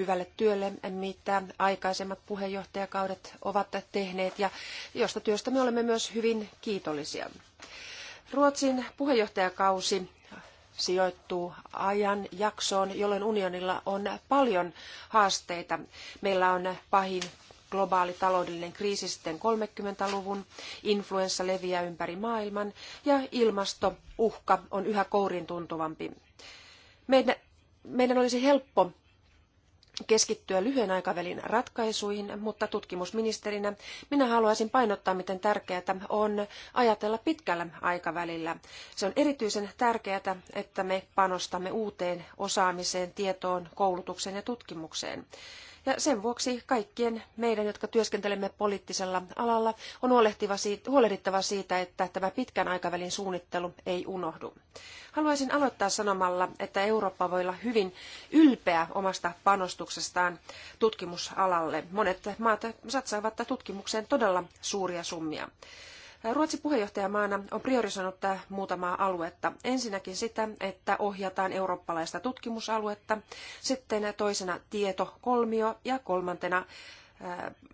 hyvälle työlle, mitä aikaisemmat puheenjohtajakaudet ovat tehneet ja josta työstä me olemme myös hyvin kiitollisia. Ruotsin puheenjohtajakausi sijoittuu ajan jaksoon, jolloin unionilla on paljon haasteita. Meillä on pahin globaali taloudellinen kriisi sitten 30-luvun, influenssa leviää ympäri maailman ja ilmastouhka on yhä kourin tuntuvampi. Meidän, meidän olisi helppo keskittyä lyhyen aikavälin ratkaisuihin, mutta tutkimusministerinä minä haluaisin painottaa, miten tärkeää on ajatella pitkällä aikavälillä. Se on erityisen tärkeää, että me panostamme uuteen osaamiseen, tietoon, koulutukseen ja tutkimukseen. Ja sen vuoksi kaikkien meidän, jotka työskentelemme poliittisella alalla, on huolehdittava siitä, että tämä pitkän aikavälin suunnittelu ei unohdu. Haluaisin aloittaa sanomalla, että Eurooppa voi olla hyvin ylpeä omasta panostuksestaan tutkimusalalle. Monet maat satsaavat tutkimukseen todella suuria summia. Ruotsi puheenjohtajamaana on priorisoinut muutamaa aluetta. Ensinnäkin sitä, että ohjataan eurooppalaista tutkimusaluetta, sitten toisena tietokolmio ja kolmantena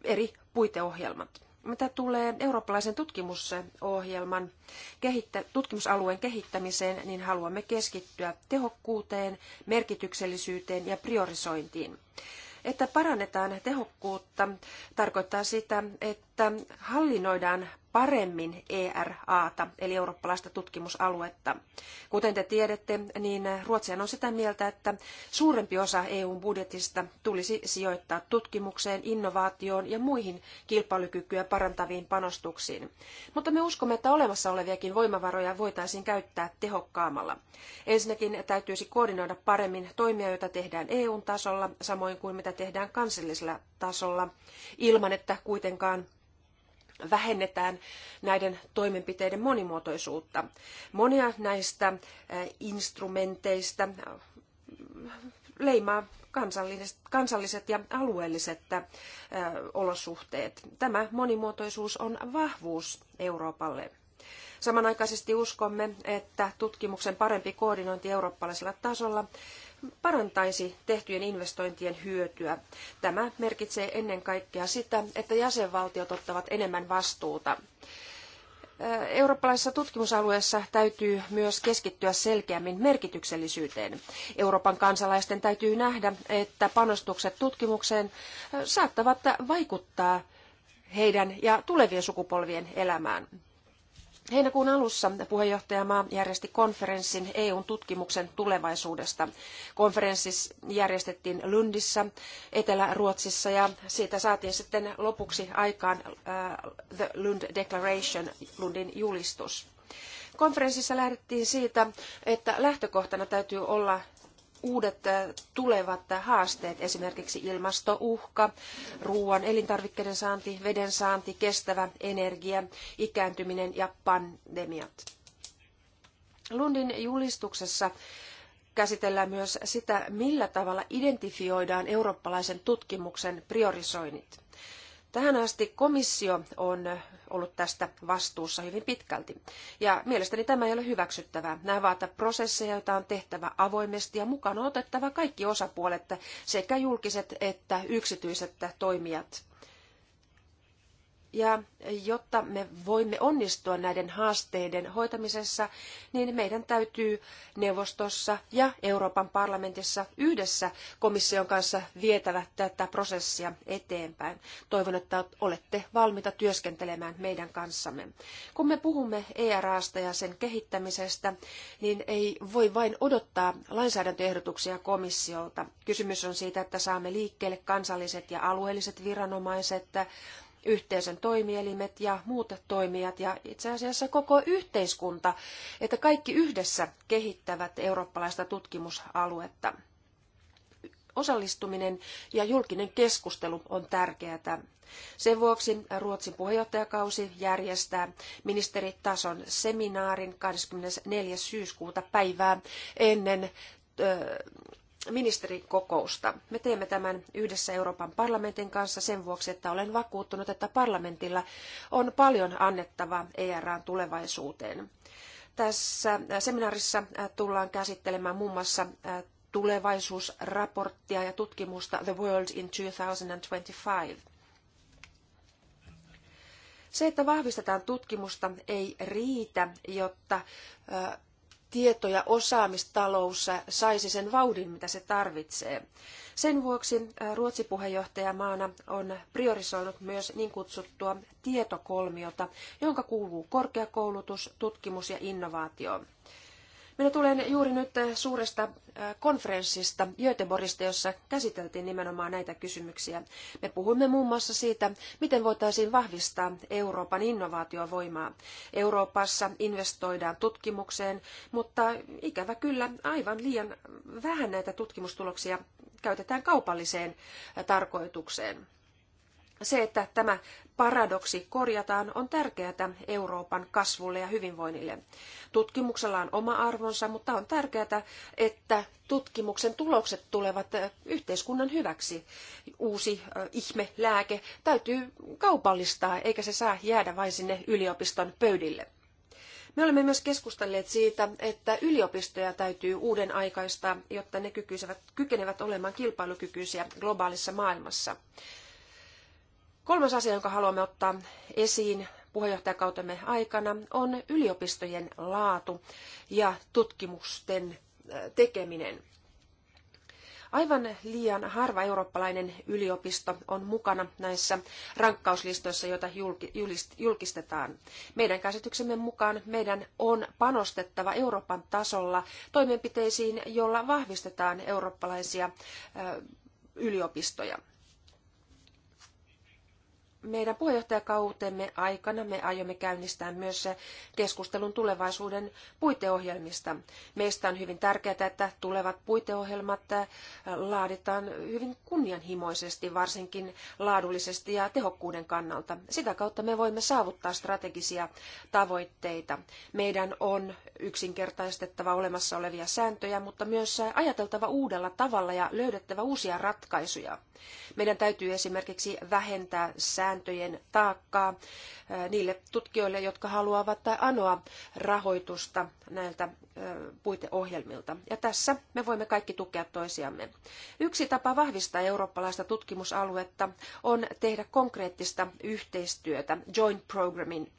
eri puiteohjelmat. Mitä tulee eurooppalaisen tutkimusohjelman kehittä, tutkimusalueen kehittämiseen, niin haluamme keskittyä tehokkuuteen, merkityksellisyyteen ja priorisointiin että parannetaan tehokkuutta tarkoittaa sitä, että hallinnoidaan paremmin ERAta, eli eurooppalaista tutkimusaluetta. Kuten te tiedätte, niin Ruotsi on sitä mieltä, että suurempi osa EUn budjetista tulisi sijoittaa tutkimukseen, innovaatioon ja muihin kilpailukykyä parantaviin panostuksiin. Mutta me uskomme, että olemassa oleviakin voimavaroja voitaisiin käyttää tehokkaammalla. Ensinnäkin täytyisi koordinoida paremmin toimia, joita tehdään EUn tasolla, samoin kuin mitä tehdään kansallisella tasolla, ilman että kuitenkaan vähennetään näiden toimenpiteiden monimuotoisuutta. Monia näistä eh, instrumenteista eh, leimaa kansalliset, kansalliset ja alueelliset eh, olosuhteet. Tämä monimuotoisuus on vahvuus Euroopalle. Samanaikaisesti uskomme, että tutkimuksen parempi koordinointi eurooppalaisella tasolla parantaisi tehtyjen investointien hyötyä. Tämä merkitsee ennen kaikkea sitä, että jäsenvaltiot ottavat enemmän vastuuta. Eurooppalaisessa tutkimusalueessa täytyy myös keskittyä selkeämmin merkityksellisyyteen. Euroopan kansalaisten täytyy nähdä, että panostukset tutkimukseen saattavat vaikuttaa heidän ja tulevien sukupolvien elämään. Heinäkuun alussa puheenjohtajamaa järjesti konferenssin EUn tutkimuksen tulevaisuudesta. Konferenssi järjestettiin Lundissa, Etelä-Ruotsissa ja siitä saatiin sitten lopuksi aikaan äh, The Lund Declaration, Lundin julistus. Konferenssissa lähdettiin siitä, että lähtökohtana täytyy olla uudet tulevat haasteet, esimerkiksi ilmastouhka, ruoan, elintarvikkeiden saanti, veden saanti, kestävä energia, ikääntyminen ja pandemiat. Lundin julistuksessa käsitellään myös sitä, millä tavalla identifioidaan eurooppalaisen tutkimuksen priorisoinnit. Tähän asti komissio on ollut tästä vastuussa hyvin pitkälti. Ja mielestäni tämä ei ole hyväksyttävää. Nämä vaativat prosesseja, joita on tehtävä avoimesti ja mukana otettava kaikki osapuolet, sekä julkiset että yksityiset toimijat. Ja jotta me voimme onnistua näiden haasteiden hoitamisessa, niin meidän täytyy neuvostossa ja Euroopan parlamentissa yhdessä komission kanssa vietävä tätä prosessia eteenpäin. Toivon, että olette valmiita työskentelemään meidän kanssamme. Kun me puhumme ERAsta ja sen kehittämisestä, niin ei voi vain odottaa lainsäädäntöehdotuksia komissiolta. Kysymys on siitä, että saamme liikkeelle kansalliset ja alueelliset viranomaiset, yhteisön toimielimet ja muut toimijat ja itse asiassa koko yhteiskunta, että kaikki yhdessä kehittävät eurooppalaista tutkimusaluetta. Osallistuminen ja julkinen keskustelu on tärkeää. Sen vuoksi Ruotsin puheenjohtajakausi järjestää ministeritason seminaarin 24. syyskuuta päivää ennen ministerikokousta. Me teemme tämän yhdessä Euroopan parlamentin kanssa sen vuoksi, että olen vakuuttunut, että parlamentilla on paljon annettavaa ERAn tulevaisuuteen. Tässä äh, seminaarissa äh, tullaan käsittelemään muun muassa äh, tulevaisuusraporttia ja tutkimusta The World in 2025. Se, että vahvistetaan tutkimusta, ei riitä, jotta tieto- ja osaamistalous saisi sen vauhdin, mitä se tarvitsee. Sen vuoksi Ruotsi puheenjohtajamaana on priorisoinut myös niin kutsuttua tietokolmiota, jonka kuuluu korkeakoulutus, tutkimus ja innovaatio. Minä tulen juuri nyt äh, suuresta äh, konferenssista Göteborgista, jossa käsiteltiin nimenomaan näitä kysymyksiä. Me puhuimme muun muassa siitä, miten voitaisiin vahvistaa Euroopan innovaatiovoimaa. Euroopassa investoidaan tutkimukseen, mutta ikävä kyllä aivan liian vähän näitä tutkimustuloksia käytetään kaupalliseen äh, tarkoitukseen. Se, että tämä paradoksi korjataan, on tärkeää Euroopan kasvulle ja hyvinvoinnille. Tutkimuksella on oma arvonsa, mutta on tärkeää, että tutkimuksen tulokset tulevat yhteiskunnan hyväksi. Uusi äh, ihme lääke täytyy kaupallistaa, eikä se saa jäädä vain sinne yliopiston pöydille. Me olemme myös keskustelleet siitä, että yliopistoja täytyy uuden aikaistaa, jotta ne kykenevät olemaan kilpailukykyisiä globaalissa maailmassa. Kolmas asia, jonka haluamme ottaa esiin puheenjohtajakautemme aikana, on yliopistojen laatu ja tutkimusten äh, tekeminen. Aivan liian harva eurooppalainen yliopisto on mukana näissä rankkauslistoissa, joita julkistetaan. Meidän käsityksemme mukaan meidän on panostettava Euroopan tasolla toimenpiteisiin, joilla vahvistetaan eurooppalaisia äh, yliopistoja meidän puheenjohtajakautemme aikana me aiomme käynnistää myös keskustelun tulevaisuuden puiteohjelmista. Meistä on hyvin tärkeää, että tulevat puiteohjelmat äh, laaditaan hyvin kunnianhimoisesti, varsinkin laadullisesti ja tehokkuuden kannalta. Sitä kautta me voimme saavuttaa strategisia tavoitteita. Meidän on yksinkertaistettava olemassa olevia sääntöjä, mutta myös ajateltava uudella tavalla ja löydettävä uusia ratkaisuja. Meidän täytyy esimerkiksi vähentää sääntöjä sääntöjen taakkaa niille tutkijoille, jotka haluavat tai anoa rahoitusta näiltä puiteohjelmilta. Ja tässä me voimme kaikki tukea toisiamme. Yksi tapa vahvistaa eurooppalaista tutkimusaluetta on tehdä konkreettista yhteistyötä joint programmin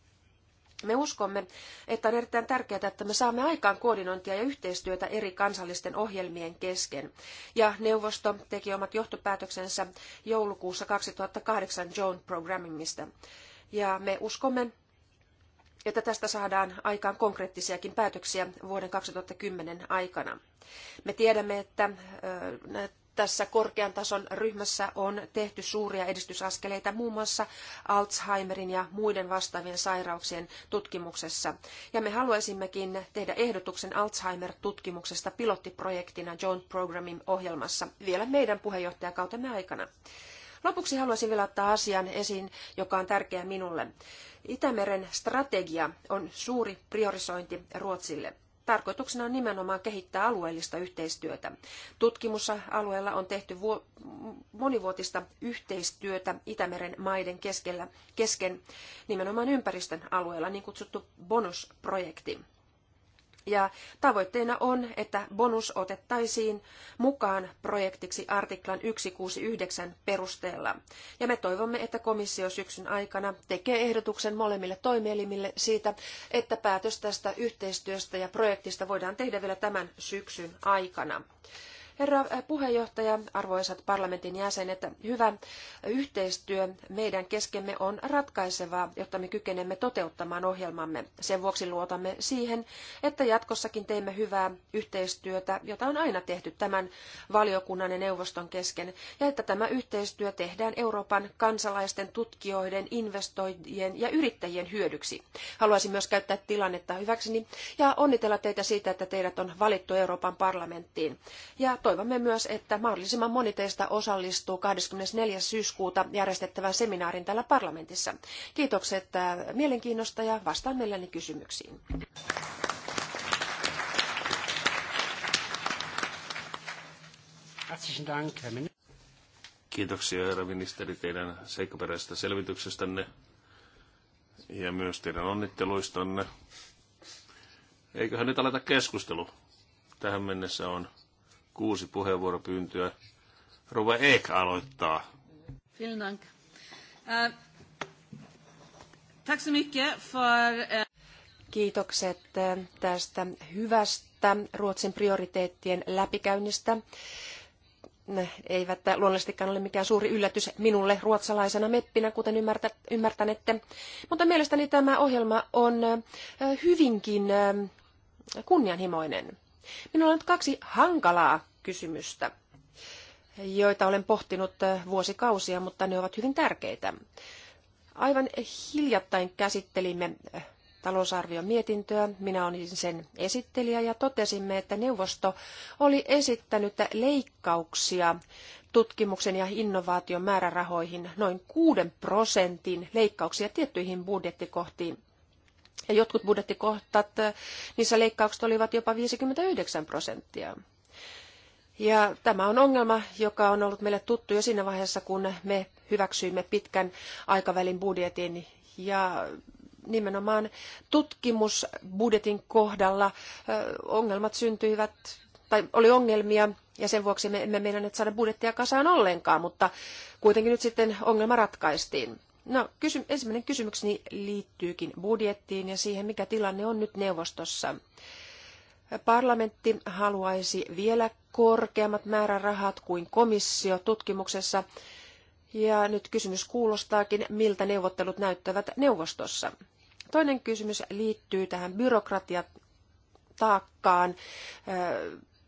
me uskomme, että on erittäin tärkeää, että me saamme aikaan koordinointia ja yhteistyötä eri kansallisten ohjelmien kesken. Ja neuvosto teki omat johtopäätöksensä joulukuussa 2008 Joan Programmingista. Ja me uskomme, että tästä saadaan aikaan konkreettisiakin päätöksiä vuoden 2010 aikana. Me tiedämme, että tässä korkean tason ryhmässä on tehty suuria edistysaskeleita muun muassa Alzheimerin ja muiden vastaavien sairauksien tutkimuksessa. Ja me haluaisimmekin tehdä ehdotuksen Alzheimer-tutkimuksesta pilottiprojektina Joint Programmin ohjelmassa vielä meidän puheenjohtajakautemme aikana. Lopuksi haluaisin vielä ottaa asian esiin, joka on tärkeä minulle. Itämeren strategia on suuri priorisointi Ruotsille – tarkoituksena on nimenomaan kehittää alueellista yhteistyötä. Tutkimusalueella on tehty monivuotista yhteistyötä Itämeren maiden keskellä, kesken nimenomaan ympäristön alueella, niin kutsuttu bonusprojekti. Ja tavoitteena on, että bonus otettaisiin mukaan projektiksi artiklan 169 perusteella. Ja me toivomme, että komissio syksyn aikana tekee ehdotuksen molemmille toimielimille siitä, että päätös tästä yhteistyöstä ja projektista voidaan tehdä vielä tämän syksyn aikana. Herra puheenjohtaja, arvoisat parlamentin jäsenet, hyvä yhteistyö meidän keskemme on ratkaisevaa, jotta me kykenemme toteuttamaan ohjelmamme. Sen vuoksi luotamme siihen, että jatkossakin teemme hyvää yhteistyötä, jota on aina tehty tämän valiokunnan ja neuvoston kesken, ja että tämä yhteistyö tehdään Euroopan kansalaisten, tutkijoiden, investoijien ja yrittäjien hyödyksi. Haluaisin myös käyttää tilannetta hyväkseni ja onnitella teitä siitä, että teidät on valittu Euroopan parlamenttiin. Ja toivomme myös, että mahdollisimman moni teistä osallistuu 24. syyskuuta järjestettävään seminaarin täällä parlamentissa. Kiitokset äh, mielenkiinnosta ja vastaan mielelläni kysymyksiin. Kiitoksia herra ministeri teidän seikkaperäisestä selvityksestänne ja myös teidän onnitteluistanne. Eiköhän nyt aleta keskustelu. Tähän mennessä on kuusi puheenvuoropyyntöä. Rova Eek aloittaa. Äh, tack så mycket för... Äh, Kiitokset äh, tästä hyvästä Ruotsin prioriteettien läpikäynnistä. Ne eivät luonnollisestikaan ole mikään suuri yllätys minulle ruotsalaisena meppinä, kuten ymmärtä, ymmärtänette. Mutta mielestäni tämä ohjelma on hyvinkin kunnianhimoinen. Minulla on nyt kaksi hankalaa kysymystä, joita olen pohtinut eh, vuosikausia, mutta ne ovat hyvin tärkeitä. Aivan hiljattain käsittelimme eh, talousarvion mietintöä. Minä olin sen esittelijä ja totesimme, että neuvosto oli esittänyt leikkauksia tutkimuksen ja innovaation määrärahoihin noin 6 prosentin leikkauksia tiettyihin budjettikohtiin. Ja jotkut budjettikohtat, eh, niissä leikkaukset olivat jopa 59 prosenttia. Ja tämä on ongelma, joka on ollut meille tuttu jo siinä vaiheessa, kun me hyväksyimme pitkän aikavälin budjetin ja nimenomaan tutkimusbudjetin kohdalla eh, ongelmat syntyivät tai oli ongelmia ja sen vuoksi me emme meinanneet saada budjettia kasaan ollenkaan, mutta kuitenkin nyt sitten ongelma ratkaistiin. No, kysy- ensimmäinen kysymykseni liittyykin budjettiin ja siihen, mikä tilanne on nyt neuvostossa. Parlamentti haluaisi vielä korkeammat määrärahat kuin komissio tutkimuksessa. Ja nyt kysymys kuulostaakin, miltä neuvottelut näyttävät neuvostossa. Toinen kysymys liittyy tähän byrokratiataakkaan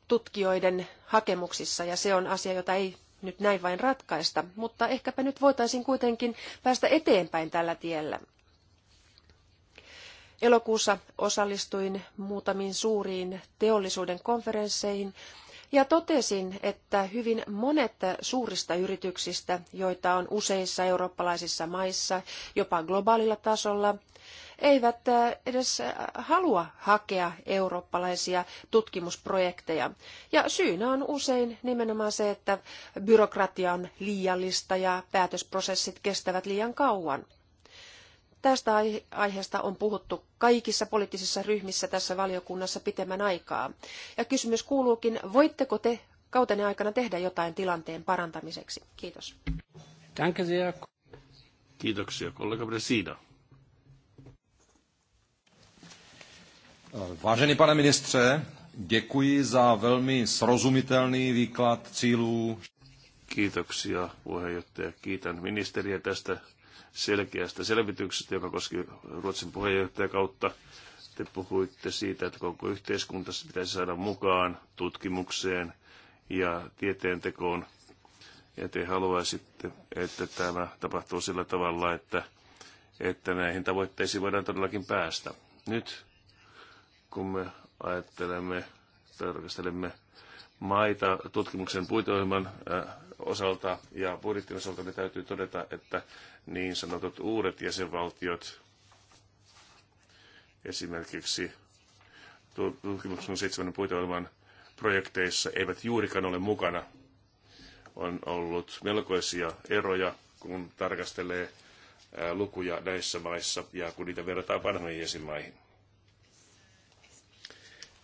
tutkijoiden hakemuksissa, ja se on asia, jota ei nyt näin vain ratkaista, mutta ehkäpä nyt voitaisiin kuitenkin päästä eteenpäin tällä tiellä. Elokuussa osallistuin muutamiin suuriin teollisuuden konferensseihin, ja totesin, että hyvin monet suurista yrityksistä, joita on useissa eurooppalaisissa maissa, jopa globaalilla tasolla, eivät äh, edes äh, halua hakea eurooppalaisia tutkimusprojekteja. Ja syynä on usein nimenomaan se, että byrokratia on liiallista ja päätösprosessit kestävät liian kauan. Tästä aiheesta on puhuttu kaikissa poliittisissa ryhmissä tässä valiokunnassa pitemmän aikaa. Ja kysymys kuuluukin, voitteko te kautenne aikana tehdä jotain tilanteen parantamiseksi? Kiitos. Kiitoksia, kollega Bresina. Vážený pane ministře, děkuji za velmi srozumitelný výklad cílů. Kiitoksia puheenjohtaja. Kiitän ministeriä tästä selkeästä selvityksestä, joka koski Ruotsin puheenjohtajakautta. Te puhuitte siitä, että koko yhteiskunta pitäisi saada mukaan tutkimukseen ja tieteentekoon. Ja te haluaisitte, että tämä tapahtuu sillä tavalla, että, että näihin tavoitteisiin voidaan todellakin päästä. Nyt kun me ajattelemme, tarkastelemme maita tutkimuksen puiteohjelman äh, osalta ja budjetin osalta me täytyy todeta, että niin sanotut uudet jäsenvaltiot, esimerkiksi tutkimuksen seitsemän puitelman projekteissa, eivät juurikaan ole mukana. On ollut melkoisia eroja, kun tarkastelee lukuja näissä maissa ja kun niitä verrataan vanhoihin jäsenmaihin.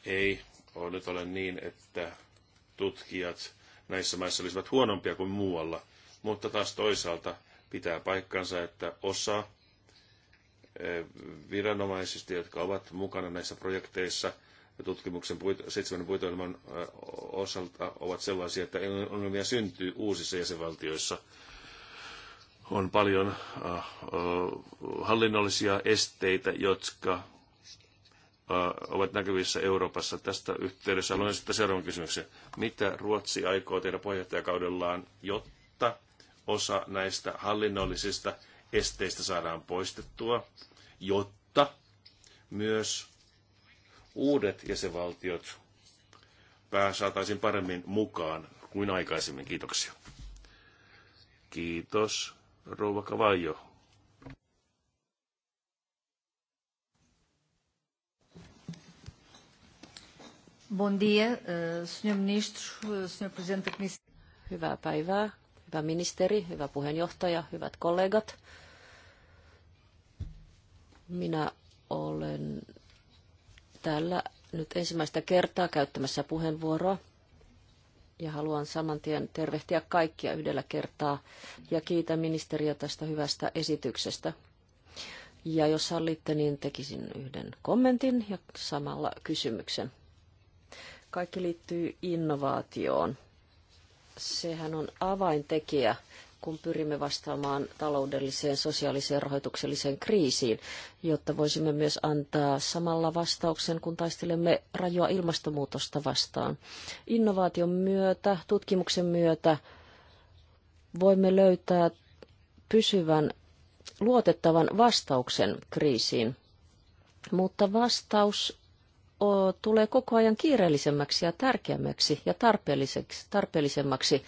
Ei on nyt ole niin, että tutkijat näissä maissa olisivat huonompia kuin muualla. Mutta taas toisaalta pitää paikkansa, että osa eh, viranomaisista, jotka ovat mukana näissä projekteissa ja tutkimuksen puito, seitsemän puitoilman eh, osalta ovat sellaisia, että ongelmia syntyy uusissa jäsenvaltioissa. On paljon eh, hallinnollisia esteitä, jotka Äh, ovat näkyvissä Euroopassa. Tästä yhteydessä haluan sitten seuraavan kysymyksen. Mitä Ruotsi aikoo tehdä puheenjohtajakaudellaan, jotta osa näistä hallinnollisista esteistä saadaan poistettua, jotta myös uudet jäsenvaltiot saataisiin paremmin mukaan kuin aikaisemmin. Kiitoksia. Kiitos, rouva Kavaljo. dia, eh, senhor ministro, eh, senhor presidente da comissão. Hyvää päivää, hyvä ministeri, hyvä puheenjohtaja, hyvät kollegat. Minä olen täällä nyt ensimmäistä kertaa käyttämässä puheenvuoroa ja haluan saman tien tervehtiä kaikkia yhdellä kertaa ja kiitän ministeriä tästä hyvästä esityksestä. Ja jos sallitte, niin tekisin yhden kommentin ja samalla kysymyksen kaikki liittyy innovaatioon. Sehän on avaintekijä, kun pyrimme vastaamaan taloudelliseen, sosiaaliseen, rahoitukselliseen kriisiin, jotta voisimme myös antaa samalla vastauksen, kun taistelemme rajoa ilmastonmuutosta vastaan. Innovaation myötä, tutkimuksen myötä voimme löytää pysyvän, luotettavan vastauksen kriisiin. Mutta vastaus tulee koko ajan kiireellisemmäksi ja tärkeämmäksi ja tarpeellisemmaksi.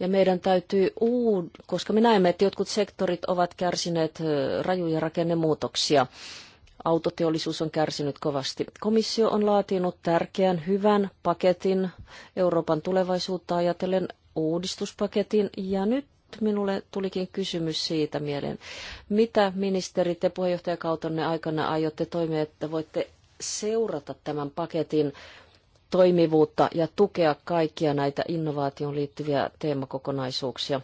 Ja meidän täytyy, uud, koska me näemme, että jotkut sektorit ovat kärsineet rajuja rakennemuutoksia. Autoteollisuus on kärsinyt kovasti. Komissio on laatinut tärkeän, hyvän paketin Euroopan tulevaisuutta ajatellen uudistuspaketin. Ja nyt minulle tulikin kysymys siitä mieleen. Mitä ministeri te puheenjohtajakautonne aikana aiotte toimia, että voitte seurata tämän paketin toimivuutta ja tukea kaikkia näitä innovaatioon liittyviä teemakokonaisuuksia.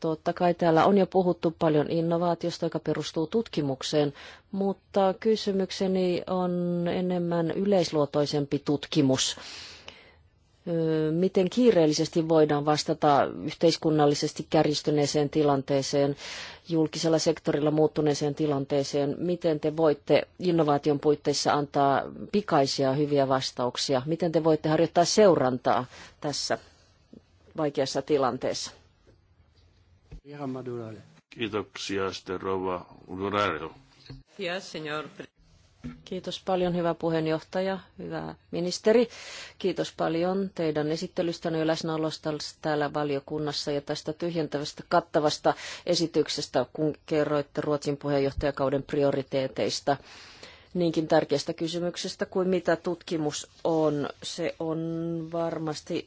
Totta kai täällä on jo puhuttu paljon innovaatiosta, joka perustuu tutkimukseen, mutta kysymykseni on enemmän yleisluotoisempi tutkimus miten kiireellisesti voidaan vastata yhteiskunnallisesti kärjistyneeseen tilanteeseen, julkisella sektorilla muuttuneeseen tilanteeseen? Miten te voitte innovaation puitteissa antaa pikaisia hyviä vastauksia? Miten te voitte harjoittaa seurantaa tässä vaikeassa tilanteessa? Kiitoksia, sitten rouva Kiitos paljon, hyvä puheenjohtaja, hyvä ministeri. Kiitos paljon teidän esittelystänne ja läsnäolosta täällä valiokunnassa ja tästä tyhjentävästä kattavasta esityksestä, kun kerroitte Ruotsin puheenjohtajakauden prioriteeteista niinkin tärkeästä kysymyksestä kuin mitä tutkimus on. Se on varmasti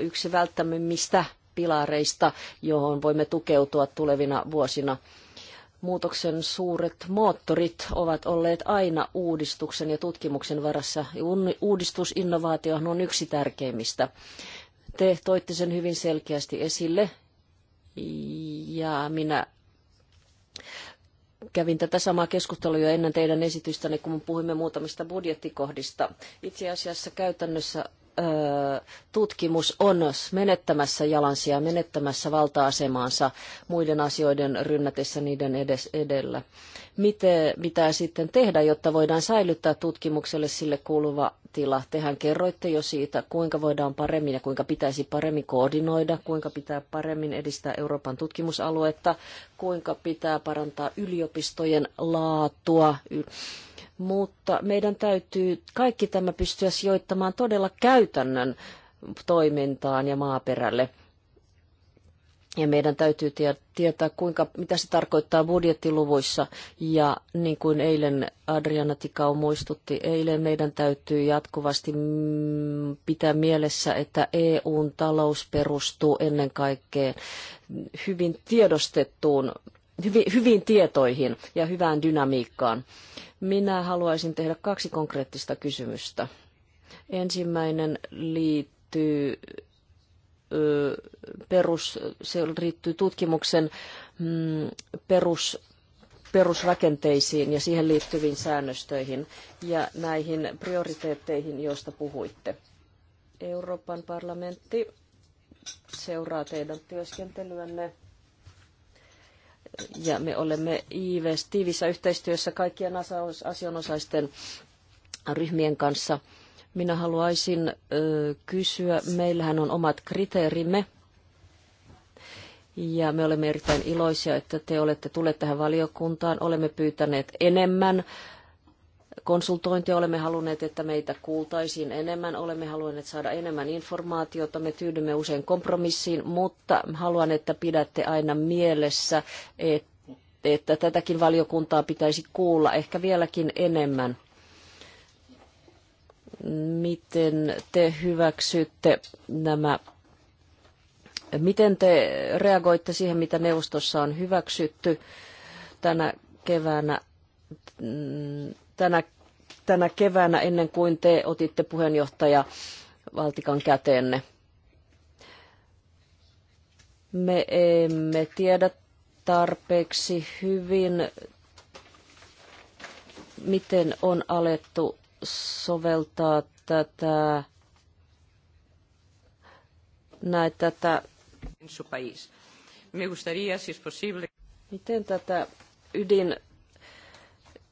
yksi välttämättömistä pilareista, johon voimme tukeutua tulevina vuosina – muutoksen suuret moottorit ovat olleet aina uudistuksen ja tutkimuksen varassa. Uudistusinnovaatio on yksi tärkeimmistä. Te toitte sen hyvin selkeästi esille ja minä kävin tätä samaa keskustelua jo ennen teidän esitystänne, kun puhuimme muutamista budjettikohdista. Itse asiassa käytännössä tutkimus on menettämässä jalansia, menettämässä valta-asemaansa muiden asioiden rynnätessä niiden edes edellä. Miten pitää sitten tehdä, jotta voidaan säilyttää tutkimukselle sille kuuluva tila? Tehän kerroitte jo siitä, kuinka voidaan paremmin ja kuinka pitäisi paremmin koordinoida, kuinka pitää paremmin edistää Euroopan tutkimusaluetta, kuinka pitää parantaa yliopistojen laatua, mutta meidän täytyy kaikki tämä pystyä sijoittamaan todella käytännön toimintaan ja maaperälle. Ja meidän täytyy tietää, kuinka, mitä se tarkoittaa budjettiluvuissa. Ja niin kuin eilen Adriana Tikau muistutti, eilen meidän täytyy jatkuvasti pitää mielessä, että EUn talous perustuu ennen kaikkea hyvin tiedostettuun hyviin tietoihin ja hyvään dynamiikkaan. Minä haluaisin tehdä kaksi konkreettista kysymystä. Ensimmäinen liittyy perus, se liittyy tutkimuksen mm, perus, perusrakenteisiin ja siihen liittyviin säännöstöihin ja näihin prioriteetteihin, joista puhuitte. Euroopan parlamentti seuraa teidän työskentelyänne ja me olemme IVS tiivissä yhteistyössä kaikkien asianosaisten ryhmien kanssa. Minä haluaisin kysyä, meillähän on omat kriteerimme ja me olemme erittäin iloisia, että te olette tulleet tähän valiokuntaan. Olemme pyytäneet enemmän konsultointia. Olemme halunneet, että meitä kuultaisiin enemmän. Olemme halunneet saada enemmän informaatiota. Me tyydymme usein kompromissiin, mutta haluan, että pidätte aina mielessä, että että tätäkin valiokuntaa pitäisi kuulla ehkä vieläkin enemmän. Miten te hyväksytte nämä Miten te reagoitte siihen, mitä neuvostossa on hyväksytty tänä keväänä? Mm, tänä tänä keväänä ennen kuin te otitte puheenjohtaja Valtikan käteenne. Me emme tiedä tarpeeksi hyvin, miten on alettu soveltaa tätä, näitä tätä Miten tätä ydin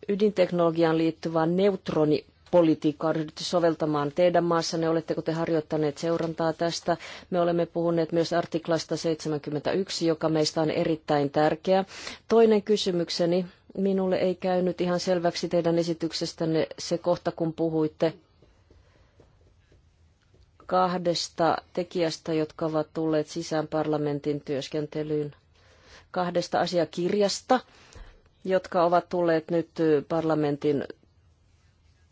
ydinteknologiaan liittyvää neutronipolitiikkaa on ryhdytty soveltamaan teidän maassanne? Oletteko te harjoittaneet seurantaa tästä? Me olemme puhuneet myös artiklasta 71, joka meistä on erittäin tärkeä. Toinen kysymykseni. Minulle ei käynyt ihan selväksi teidän esityksestänne se kohta, kun puhuitte kahdesta tekijästä, jotka ovat tulleet sisään parlamentin työskentelyyn. Kahdesta asiakirjasta jotka ovat tulleet nyt parlamentin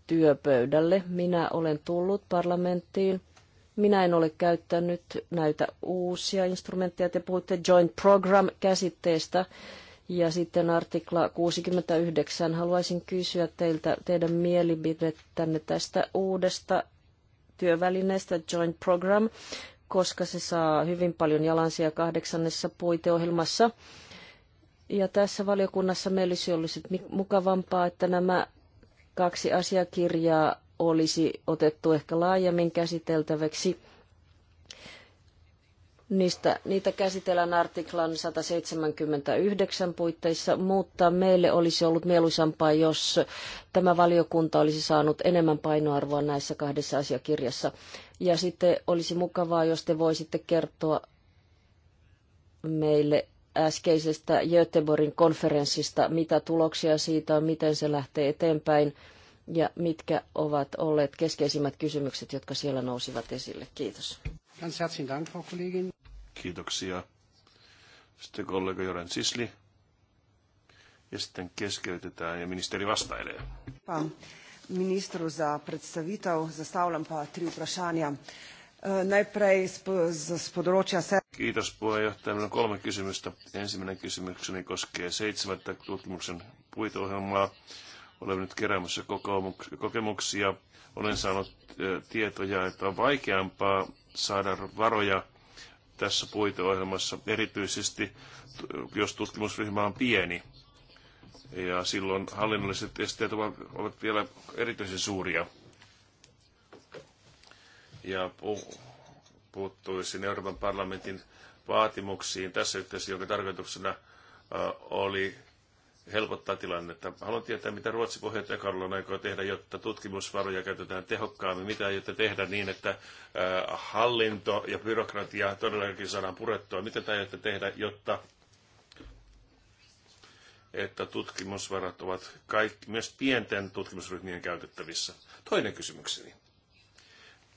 työpöydälle. Minä olen tullut parlamenttiin. Minä en ole käyttänyt näitä uusia instrumentteja. Te puhutte joint program-käsitteestä. Ja sitten artikla 69. Haluaisin kysyä teiltä teidän mielipidettänne tästä uudesta työvälineestä Joint Program, koska se saa hyvin paljon jalansia kahdeksannessa puiteohjelmassa. Ja tässä valiokunnassa meillä olisi ollut mukavampaa, että nämä kaksi asiakirjaa olisi otettu ehkä laajemmin käsiteltäväksi. Niistä, niitä käsitellään artiklan 179 puitteissa, mutta meille olisi ollut mieluisampaa, jos tämä valiokunta olisi saanut enemmän painoarvoa näissä kahdessa asiakirjassa. Ja sitten olisi mukavaa, jos te voisitte kertoa meille äskeisestä Göteborgin konferenssista, mitä tuloksia siitä on, miten se lähtee eteenpäin ja mitkä ovat olleet keskeisimmät kysymykset, jotka siellä nousivat esille. Kiitos. Ganz herzlichen Dank, Frau Kollegin. Kiitoksia. Sitten kollega Joren Sisli. Ja sitten keskeytetään ja ministeri vastailee. Ministru za predstavitev, zastavljam pa tri vprašanja. Eh, najprej z področja Kiitos puheenjohtaja. Minulla on kolme kysymystä. Ensimmäinen kysymykseni koskee seitsemättä tutkimuksen puiteohjelmaa. Olen nyt keräämässä kokemuksia. Olen saanut tietoja, että on vaikeampaa saada varoja tässä puiteohjelmassa, erityisesti jos tutkimusryhmä on pieni. Ja silloin hallinnolliset esteet ovat vielä erityisen suuria. Ja puuttuisin Euroopan parlamentin vaatimuksiin tässä yhteydessä, jonka tarkoituksena äh, oli helpottaa tilannetta. Haluan tietää, mitä Ruotsi puheenjohtajakaudella aikoo tehdä, jotta tutkimusvaroja käytetään tehokkaammin. Mitä aiotte tehdä niin, että äh, hallinto ja byrokratia todellakin saadaan purettua? Mitä te aiotte tehdä, jotta että tutkimusvarat ovat kaikki, myös pienten tutkimusryhmien käytettävissä? Toinen kysymykseni.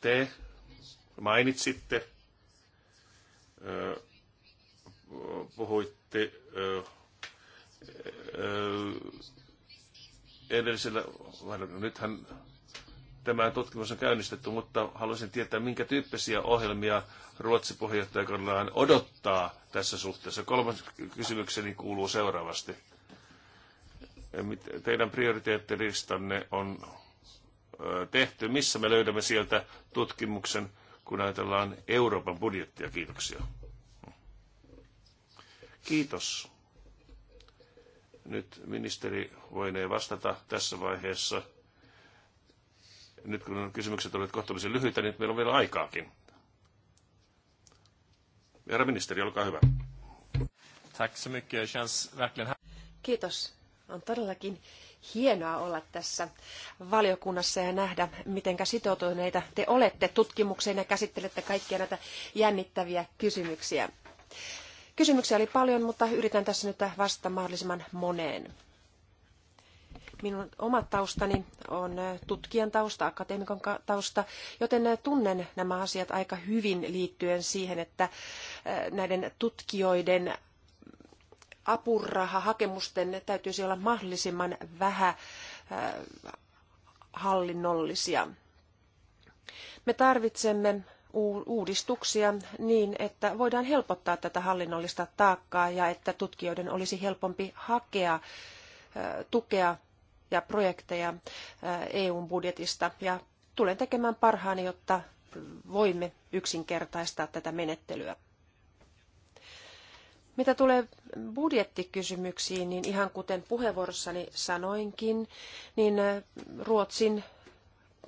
Te mainitsitte. Puhuitte edellisellä, nythän tämä tutkimus on käynnistetty, mutta haluaisin tietää, minkä tyyppisiä ohjelmia Ruotsi puheenjohtajakorjallaan odottaa tässä suhteessa. Kolmas kysymykseni kuuluu seuraavasti. Teidän prioriteettilistanne on tehty. Missä me löydämme sieltä tutkimuksen kun ajatellaan Euroopan budjettia. Kiitoksia. Kiitos. Nyt ministeri voinee vastata tässä vaiheessa. Nyt kun kysymykset olivat kohtuullisen lyhyitä, niin meillä on vielä aikaakin. Herra ministeri, olkaa hyvä. Tack så mycket. Kiitos. On todellakin hienoa olla tässä valiokunnassa ja nähdä, miten sitoutuneita te olette tutkimukseen ja käsittelette kaikkia näitä jännittäviä kysymyksiä. Kysymyksiä oli paljon, mutta yritän tässä nyt vastata mahdollisimman moneen. Minun oma taustani on tutkijan tausta, akateemikon tausta, joten tunnen nämä asiat aika hyvin liittyen siihen, että näiden tutkijoiden apurahahakemusten täytyisi olla mahdollisimman vähän äh, hallinnollisia. Me tarvitsemme uudistuksia niin, että voidaan helpottaa tätä hallinnollista taakkaa ja että tutkijoiden olisi helpompi hakea äh, tukea ja projekteja äh, EUn budjetista. Ja tulen tekemään parhaani, jotta voimme yksinkertaistaa tätä menettelyä. Mitä tulee budjettikysymyksiin, niin ihan kuten puheenvuorossani sanoinkin, niin Ruotsin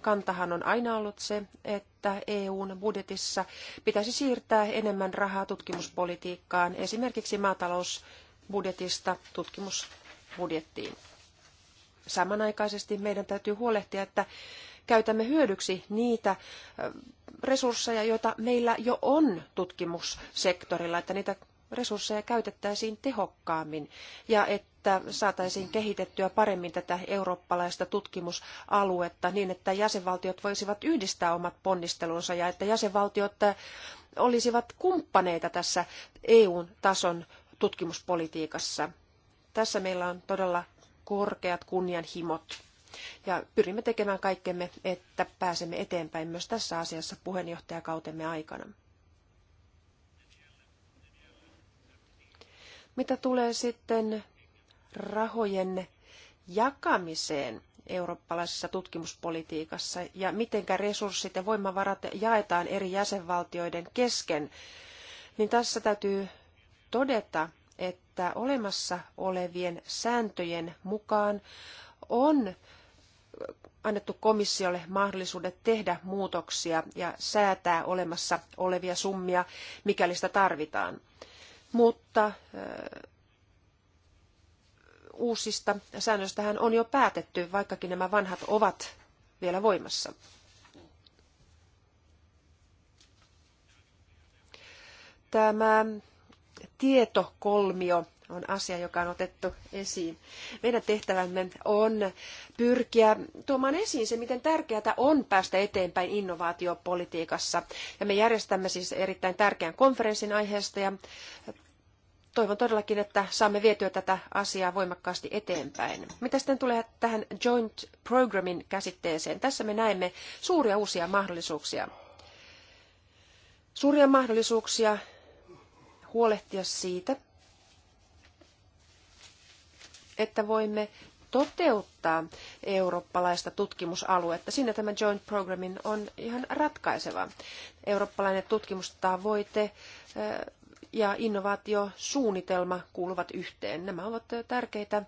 kantahan on aina ollut se, että EUn budjetissa pitäisi siirtää enemmän rahaa tutkimuspolitiikkaan, esimerkiksi maatalousbudjetista tutkimusbudjettiin. Samanaikaisesti meidän täytyy huolehtia, että käytämme hyödyksi niitä resursseja, joita meillä jo on tutkimussektorilla, että niitä resursseja käytettäisiin tehokkaammin ja että saataisiin kehitettyä paremmin tätä eurooppalaista tutkimusaluetta niin, että jäsenvaltiot voisivat yhdistää omat ponnistelunsa ja että jäsenvaltiot äh, olisivat kumppaneita tässä EU-tason tutkimuspolitiikassa. Tässä meillä on todella korkeat kunnianhimot ja pyrimme tekemään kaikkemme, että pääsemme eteenpäin myös tässä asiassa puheenjohtajakautemme aikana. Mitä tulee sitten rahojen jakamiseen eurooppalaisessa tutkimuspolitiikassa ja miten resurssit ja voimavarat jaetaan eri jäsenvaltioiden kesken, niin tässä täytyy todeta, että olemassa olevien sääntöjen mukaan on annettu komissiolle mahdollisuudet tehdä muutoksia ja säätää olemassa olevia summia, mikäli sitä tarvitaan mutta uusista säännöistähän on jo päätetty, vaikkakin nämä vanhat ovat vielä voimassa. Tämä tietokolmio on asia, joka on otettu esiin. Meidän tehtävämme on pyrkiä tuomaan esiin se, miten tärkeää on päästä eteenpäin innovaatiopolitiikassa. Ja me järjestämme siis erittäin tärkeän konferenssin aiheesta ja toivon todellakin, että saamme vietyä tätä asiaa voimakkaasti eteenpäin. Mitä sitten tulee tähän joint programmin käsitteeseen? Tässä me näemme suuria uusia mahdollisuuksia. Suuria mahdollisuuksia huolehtia siitä, että voimme toteuttaa eurooppalaista tutkimusaluetta. Siinä tämä joint programming on ihan ratkaiseva. Eurooppalainen tutkimustavoite ja innovaatiosuunnitelma kuuluvat yhteen. Nämä ovat tärkeitä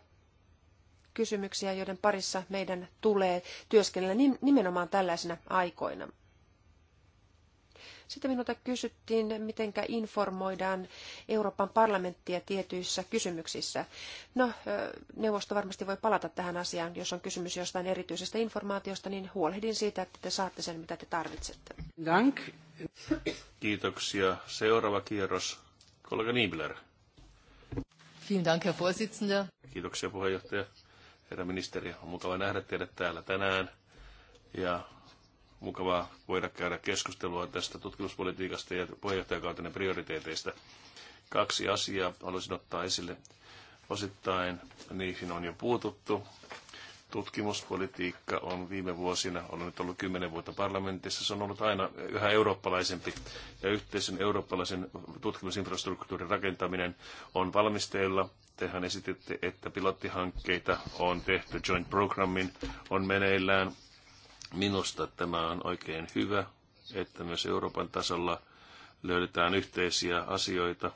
kysymyksiä, joiden parissa meidän tulee työskennellä nimenomaan tällaisina aikoina. Sitten minulta kysyttiin, miten informoidaan Euroopan parlamenttia tietyissä kysymyksissä. No, neuvosto varmasti voi palata tähän asiaan. Jos on kysymys jostain erityisestä informaatiosta, niin huolehdin siitä, että te saatte sen, mitä te tarvitsette. Dank. Kiitoksia. Seuraava kierros. Kollega Niebler. Vielen Dank, Herr Vorsitzender. Kiitoksia puheenjohtaja. Herra ministeri, on mukava nähdä teidät täällä tänään ja mukavaa voida käydä keskustelua tästä tutkimuspolitiikasta ja puheenjohtajakautinen prioriteeteista. Kaksi asiaa haluaisin ottaa esille osittain niihin on jo puututtu tutkimuspolitiikka on viime vuosina, on nyt ollut kymmenen vuotta parlamentissa, se on ollut aina yhä eurooppalaisempi ja yhteisen eurooppalaisen tutkimusinfrastruktuurin rakentaminen on valmisteilla. Tehän esititte, että pilottihankkeita on tehty, joint programmin on meneillään. Minusta tämä on oikein hyvä, että myös Euroopan tasolla löydetään yhteisiä asioita,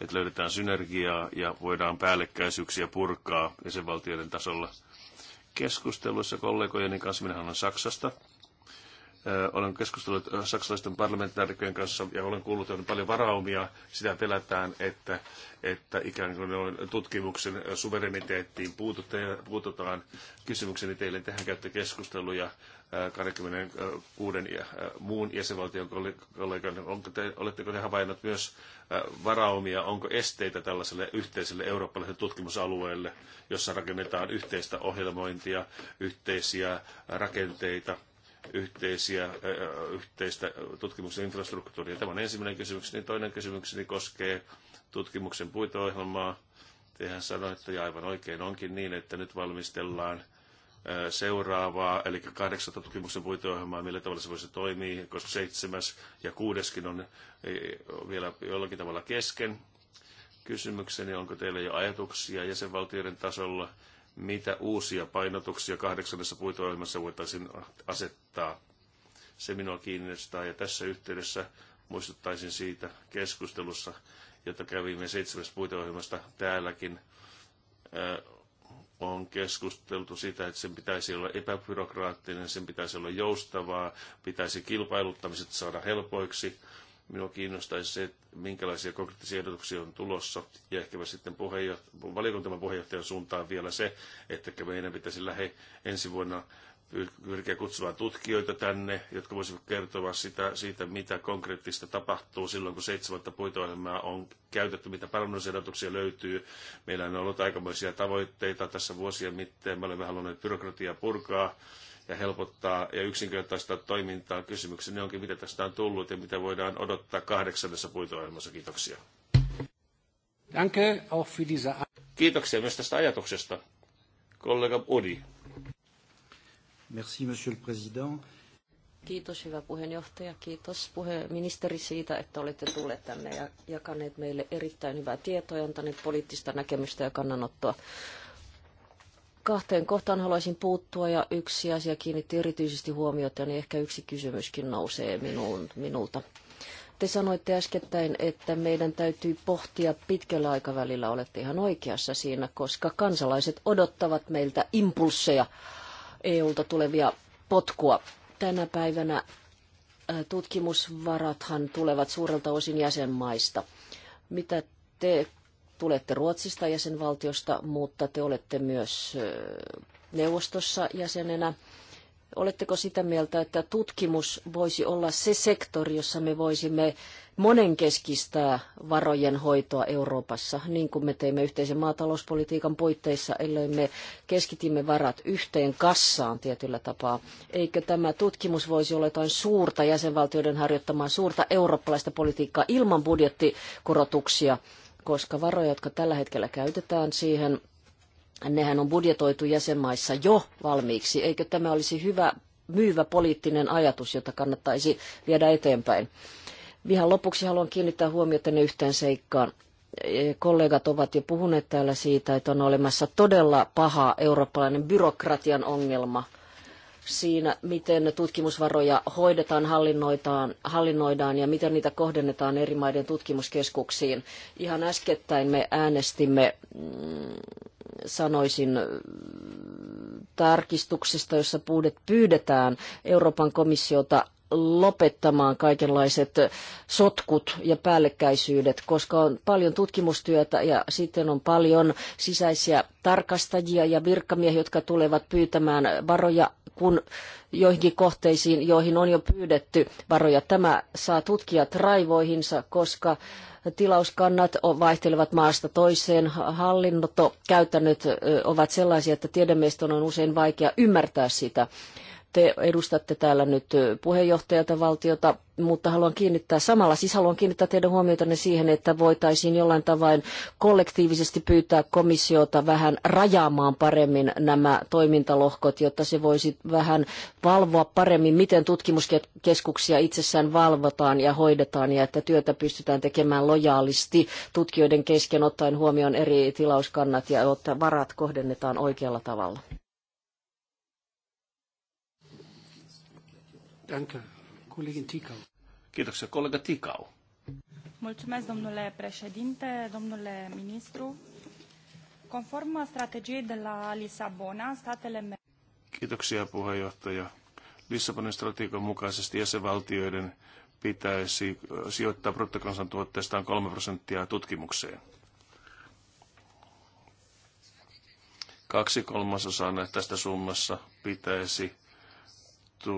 että löydetään synergiaa ja voidaan päällekkäisyyksiä purkaa jäsenvaltioiden tasolla – keskusteluissa kollegojeni kanssa, minä olen Saksasta, olen keskustellut saksalaisten parlamentaarikkojen kanssa ja olen kuullut että on paljon varaumia. Sitä pelätään, että, että ikään kuin tutkimuksen suvereniteettiin puututaan. Kysymykseni teille, tähän käytte keskusteluja 26 muun jäsenvaltion kollegan. Onko te, oletteko te havainneet myös varaumia, onko esteitä tällaiselle yhteiselle eurooppalaiselle tutkimusalueelle, jossa rakennetaan yhteistä ohjelmointia, yhteisiä rakenteita, yhteisiä, yhteistä tutkimuksen infrastruktuuria? Tämä on ensimmäinen kysymykseni. Toinen kysymykseni koskee tutkimuksen puiteohjelmaa. Tehän sanoitte, ja aivan oikein onkin niin, että nyt valmistellaan – seuraavaa, eli kahdeksatta tutkimuksen puiteohjelmaa, millä tavalla se voisi toimia, koska seitsemäs ja kuudeskin on vielä jollakin tavalla kesken. Kysymykseni, onko teillä jo ajatuksia jäsenvaltioiden tasolla, mitä uusia painotuksia kahdeksannessa puiteohjelmassa voitaisiin asettaa? Se minua kiinnostaa ja tässä yhteydessä muistuttaisin siitä keskustelussa, jota kävimme seitsemäs puiteohjelmasta täälläkin on keskusteltu sitä, että sen pitäisi olla epäbyrokraattinen, sen pitäisi olla joustavaa, pitäisi kilpailuttamiset saada helpoiksi. Minua kiinnostaisi se, että minkälaisia konkreettisia ehdotuksia on tulossa. Ja ehkä sitten puheenjohtaja, valiokuntamme puheenjohtajan suuntaan vielä se, että meidän pitäisi lähe ensi vuonna pyrkiä kutsumaan tutkijoita tänne, jotka voisivat kertoa sitä, siitä, mitä konkreettista tapahtuu silloin, kun seitsemättä puitoohjelmaa on käytetty, mitä parannusehdotuksia löytyy. Meillä on ollut aikamoisia tavoitteita tässä vuosien mitteen. Me olemme halunneet byrokratiaa purkaa ja helpottaa ja yksinkertaistaa toimintaa. Kysymykseni onkin, mitä tästä on tullut ja mitä voidaan odottaa kahdeksannessa puitoohjelmassa. Kiitoksia. Danke auch für diese... Kiitoksia myös tästä ajatuksesta, kollega Udi. Merci, monsieur le président. Kiitos hyvä puheenjohtaja, kiitos puhe, ministeri siitä, että olette tulleet tänne ja jakaneet meille erittäin hyvää tietoa ja antaneet poliittista näkemystä ja kannanottoa. Kahteen kohtaan haluaisin puuttua ja yksi asia kiinnitti erityisesti huomiota, niin ehkä yksi kysymyskin nousee minuun, minulta. Te sanoitte äskettäin, että meidän täytyy pohtia pitkällä aikavälillä, olette ihan oikeassa siinä, koska kansalaiset odottavat meiltä impulsseja EUlta tulevia potkua. Tänä päivänä tutkimusvarathan tulevat suurelta osin jäsenmaista. Mitä te tulette Ruotsista jäsenvaltiosta, mutta te olette myös neuvostossa jäsenenä. Oletteko sitä mieltä, että tutkimus voisi olla se sektori, jossa me voisimme monenkeskistää varojen hoitoa Euroopassa, niin kuin me teimme yhteisen maatalouspolitiikan puitteissa, ellei me keskitimme varat yhteen kassaan tietyllä tapaa. Eikö tämä tutkimus voisi olla jotain suurta jäsenvaltioiden harjoittamaa suurta eurooppalaista politiikkaa ilman budjettikorotuksia, koska varoja, jotka tällä hetkellä käytetään siihen nehän on budjetoitu jäsenmaissa jo valmiiksi. Eikö tämä olisi hyvä myyvä poliittinen ajatus, jota kannattaisi viedä eteenpäin? Ihan lopuksi haluan kiinnittää huomiota yhteen seikkaan. E, kollegat ovat jo puhuneet täällä siitä, että on olemassa todella paha eurooppalainen byrokratian ongelma siinä, miten tutkimusvaroja hoidetaan, hallinnoidaan, hallinnoidaan ja miten niitä kohdennetaan eri maiden tutkimuskeskuksiin. Ihan äskettäin me äänestimme mm, sanoisin, tarkistuksista, jossa pyydetään Euroopan komissiota lopettamaan kaikenlaiset sotkut ja päällekkäisyydet, koska on paljon tutkimustyötä ja sitten on paljon sisäisiä tarkastajia ja virkamiehiä, jotka tulevat pyytämään varoja kun joihinkin kohteisiin, joihin on jo pyydetty varoja. Tämä saa tutkijat raivoihinsa, koska tilauskannat vaihtelevat maasta toiseen. Hallinnotokäytännöt ovat sellaisia, että tiedemiesten on usein vaikea ymmärtää sitä. Te edustatte täällä nyt puheenjohtajalta valtiota, mutta haluan kiinnittää samalla, siis haluan kiinnittää teidän huomiotanne siihen, että voitaisiin jollain tavoin kollektiivisesti pyytää komissiota vähän rajaamaan paremmin nämä toimintalohkot, jotta se voisi vähän valvoa paremmin, miten tutkimuskeskuksia itsessään valvotaan ja hoidetaan ja että työtä pystytään tekemään lojaalisti tutkijoiden kesken ottaen huomioon eri tilauskannat ja että varat kohdennetaan oikealla tavalla. Danke. Kollegin Tikau. Kiitoksia, kollega Tikau. Mulțumesc, domnule președinte, domnule ministru. Conform strategiei de la Lisabona, statele Kiitoksia, puheenjohtaja. Lissabonin strategian mukaisesti jäsenvaltioiden pitäisi sijoittaa bruttokansantuotteestaan 3 prosenttia tutkimukseen. Kaksi kolmasosaa tästä summassa pitäisi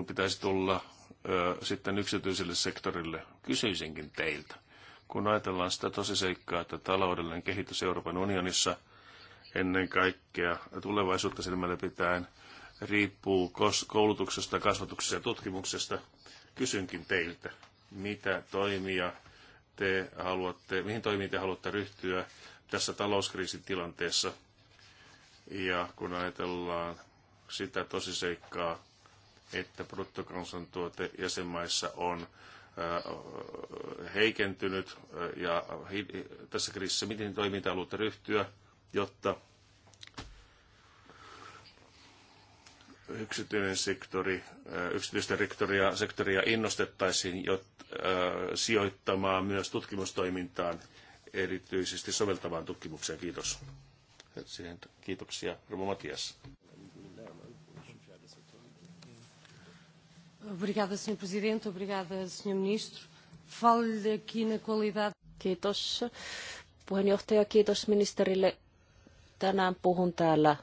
pitäisi tulla ö, sitten yksityiselle sektorille. Kysyisinkin teiltä, kun ajatellaan sitä tosiseikkaa, että taloudellinen kehitys Euroopan unionissa ennen kaikkea tulevaisuutta silmällä pitäen riippuu koulutuksesta, kasvatuksesta ja tutkimuksesta. Kysynkin teiltä, mitä toimia te haluatte, mihin toimiin te haluatte ryhtyä tässä talouskriisin tilanteessa. Ja kun ajatellaan sitä tosiseikkaa, että bruttokansantuote jäsenmaissa on äh, heikentynyt äh, ja tässä kriisissä miten toiminta haluatte ryhtyä, jotta yksityinen sektori, äh, yksityistä sektoria, sektoria innostettaisiin jotta, sijoittamaan myös tutkimustoimintaan, erityisesti soveltavaan tutkimukseen. Kiitos. kiitoksia, Rumo Matias. Obrigada, Sr. Presidente. Obrigada, Sr. Ministro. Falo-lhe aqui na qualidade... Kiitos puheenjohtaja, kiitos ministerille. Tänään puhun täällä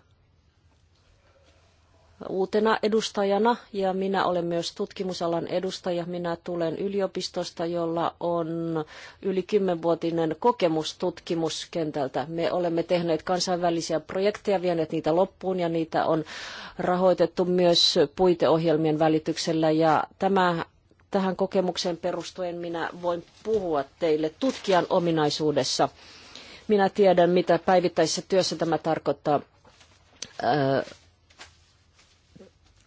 uutena edustajana ja minä olen myös tutkimusalan edustaja. Minä tulen yliopistosta, jolla on yli kymmenvuotinen kokemus tutkimuskentältä. Me olemme tehneet kansainvälisiä projekteja, vieneet niitä loppuun ja niitä on rahoitettu myös puiteohjelmien välityksellä ja tämä tähän kokemukseen perustuen minä voin puhua teille tutkijan ominaisuudessa. Minä tiedän, mitä päivittäisessä työssä tämä tarkoittaa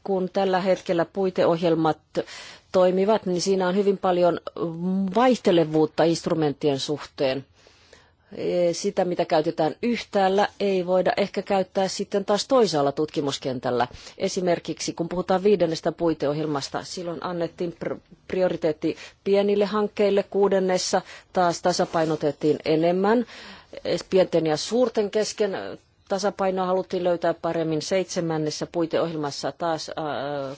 kun tällä hetkellä puiteohjelmat toimivat, niin siinä on hyvin paljon vaihtelevuutta instrumenttien suhteen. E, sitä, mitä käytetään yhtäällä, ei voida ehkä käyttää sitten taas toisaalla tutkimuskentällä. Esimerkiksi kun puhutaan viidennestä puiteohjelmasta, silloin annettiin prioriteetti pienille hankkeille, kuudennessa taas tasapainotettiin enemmän e, pienten ja suurten kesken tasapainoa haluttiin löytää paremmin. Seitsemännessä puiteohjelmassa taas äh,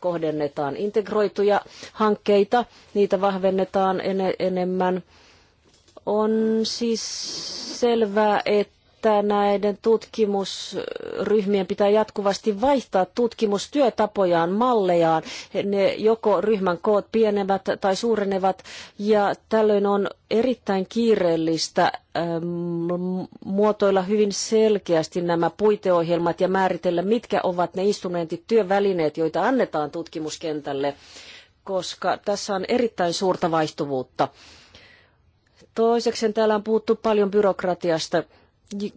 kohdennetaan integroituja hankkeita, niitä vahvennetaan enemmän. On siis selvää, että että näiden tutkimusryhmien pitää jatkuvasti vaihtaa tutkimustyötapojaan, mallejaan. Ne joko ryhmän koot pienevät tai suurenevat ja tällöin on erittäin kiireellistä ähm, muotoilla hyvin selkeästi nämä puiteohjelmat ja määritellä, mitkä ovat ne instrumentit, työvälineet, joita annetaan tutkimuskentälle, koska tässä on erittäin suurta vaihtuvuutta. Toiseksi täällä on puhuttu paljon byrokratiasta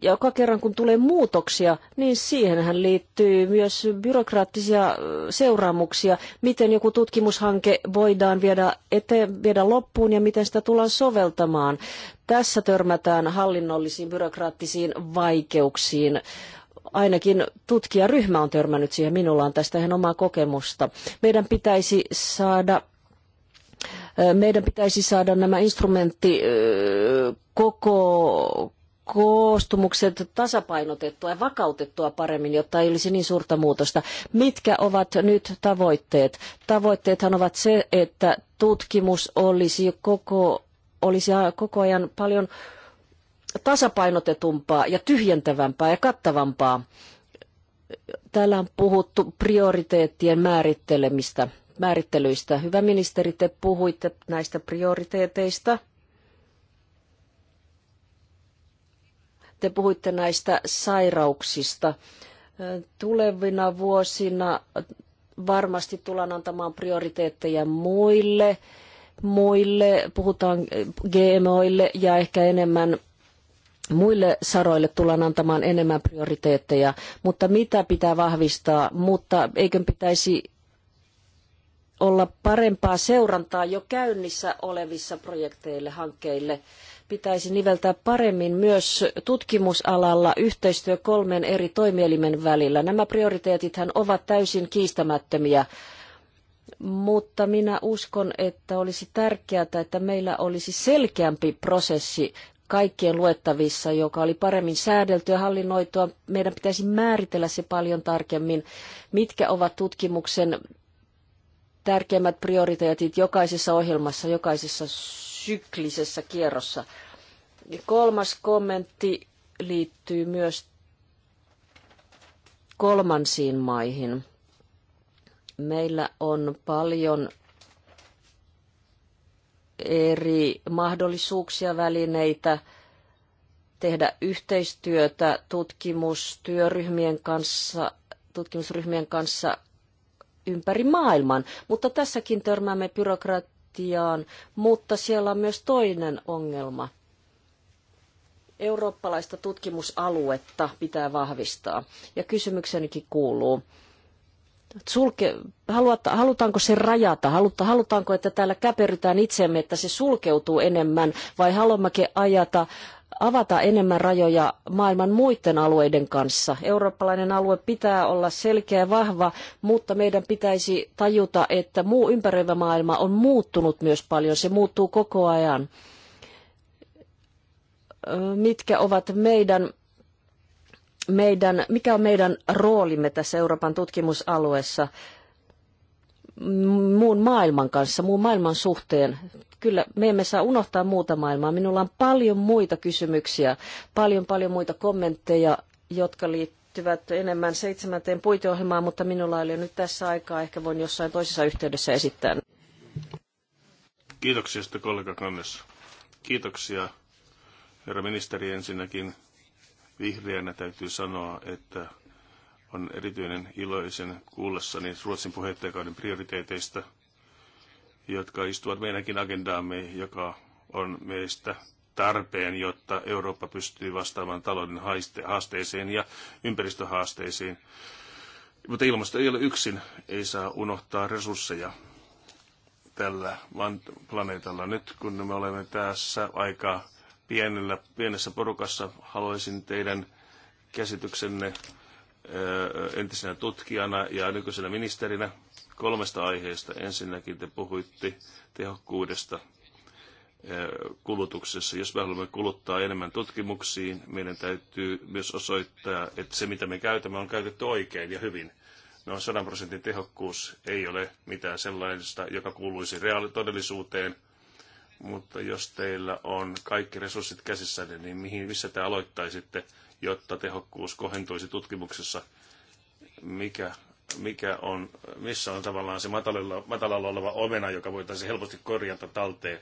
joka kerran kun tulee muutoksia, niin siihenhän liittyy myös byrokraattisia seuraamuksia, miten joku tutkimushanke voidaan viedä, eteen, viedä loppuun ja miten sitä tullaan soveltamaan. Tässä törmätään hallinnollisiin byrokraattisiin vaikeuksiin. Ainakin tutkijaryhmä on törmännyt siihen, minulla on tästä ihan omaa kokemusta. Meidän pitäisi saada meidän pitäisi saada nämä instrumentti koko koostumukset tasapainotettua ja vakautettua paremmin, jotta ei olisi niin suurta muutosta. Mitkä ovat nyt tavoitteet? Tavoitteethan ovat se, että tutkimus olisi koko, olisi koko ajan paljon tasapainotetumpaa ja tyhjentävämpää ja kattavampaa. Täällä on puhuttu prioriteettien määrittelemistä, määrittelyistä. Hyvä ministeri, te puhuitte näistä prioriteeteista – Te puhuitte näistä sairauksista. Tulevina vuosina varmasti tullaan antamaan prioriteetteja muille, muille puhutaan GMOille ja ehkä enemmän muille saroille tullaan antamaan enemmän prioriteetteja, mutta mitä pitää vahvistaa, mutta eikö pitäisi olla parempaa seurantaa jo käynnissä olevissa projekteille, hankkeille, pitäisi niveltää paremmin myös tutkimusalalla yhteistyö kolmen eri toimielimen välillä. Nämä prioriteetithan ovat täysin kiistämättömiä, mutta minä uskon, että olisi tärkeää, että meillä olisi selkeämpi prosessi kaikkien luettavissa, joka oli paremmin säädeltyä, hallinnoitua. Meidän pitäisi määritellä se paljon tarkemmin, mitkä ovat tutkimuksen tärkeimmät prioriteetit jokaisessa ohjelmassa, jokaisessa syklisessä kierrossa. Kolmas kommentti liittyy myös kolmansiin maihin. Meillä on paljon eri mahdollisuuksia, välineitä tehdä yhteistyötä tutkimustyöryhmien kanssa, tutkimusryhmien kanssa ympäri maailman. Mutta tässäkin törmäämme byrokrat- demokratiaan, mutta siellä on myös toinen ongelma. Eurooppalaista tutkimusaluetta pitää vahvistaa. Ja kysymyksenikin kuuluu, sulke, halutaanko se rajata, haluta, halutaanko, että täällä käperrytään itsemme, että se sulkeutuu enemmän, vai haluammeko ajata avata enemmän rajoja maailman muiden alueiden kanssa. Eurooppalainen alue pitää olla selkeä ja vahva, mutta meidän pitäisi tajuta, että muu ympäröivä maailma on muuttunut myös paljon. Se muuttuu koko ajan. Mitkä ovat meidän, meidän, mikä on meidän roolimme tässä Euroopan tutkimusalueessa? muun maailman kanssa, muun maailman suhteen kyllä me emme saa unohtaa muuta maailmaa. Minulla on paljon muita kysymyksiä, paljon paljon muita kommentteja, jotka liittyvät enemmän seitsemänteen puiteohjelmaan, mutta minulla ei ole nyt tässä aikaa. Ehkä voin jossain toisessa yhteydessä esittää. Kiitoksia sitten kollega Kannes. Kiitoksia herra ministeri ensinnäkin. Vihreänä täytyy sanoa, että on erityinen iloisen kuullessani Ruotsin puheenjohtajakauden prioriteeteista – jotka istuvat meidänkin agendaamme, joka on meistä tarpeen, jotta Eurooppa pystyy vastaamaan talouden haasteeseen ja ympäristöhaasteisiin. Mutta ilmasto ei ole yksin, ei saa unohtaa resursseja tällä planeetalla. Nyt kun me olemme tässä aika pienellä, pienessä porukassa, haluaisin teidän käsityksenne entisenä tutkijana ja nykyisenä ministerinä kolmesta aiheesta. Ensinnäkin te puhuitte tehokkuudesta eh, kulutuksessa. Jos me haluamme kuluttaa enemmän tutkimuksiin, meidän täytyy myös osoittaa, että se mitä me käytämme on käytetty oikein ja hyvin. No 100 prosentin tehokkuus ei ole mitään sellaista, joka kuuluisi todellisuuteen, mutta jos teillä on kaikki resurssit käsissä, niin mihin, missä te aloittaisitte, jotta tehokkuus kohentuisi tutkimuksessa? Mikä mikä on, missä on tavallaan se matalalla, matalalla oleva omena, joka voitaisiin helposti korjata talteen.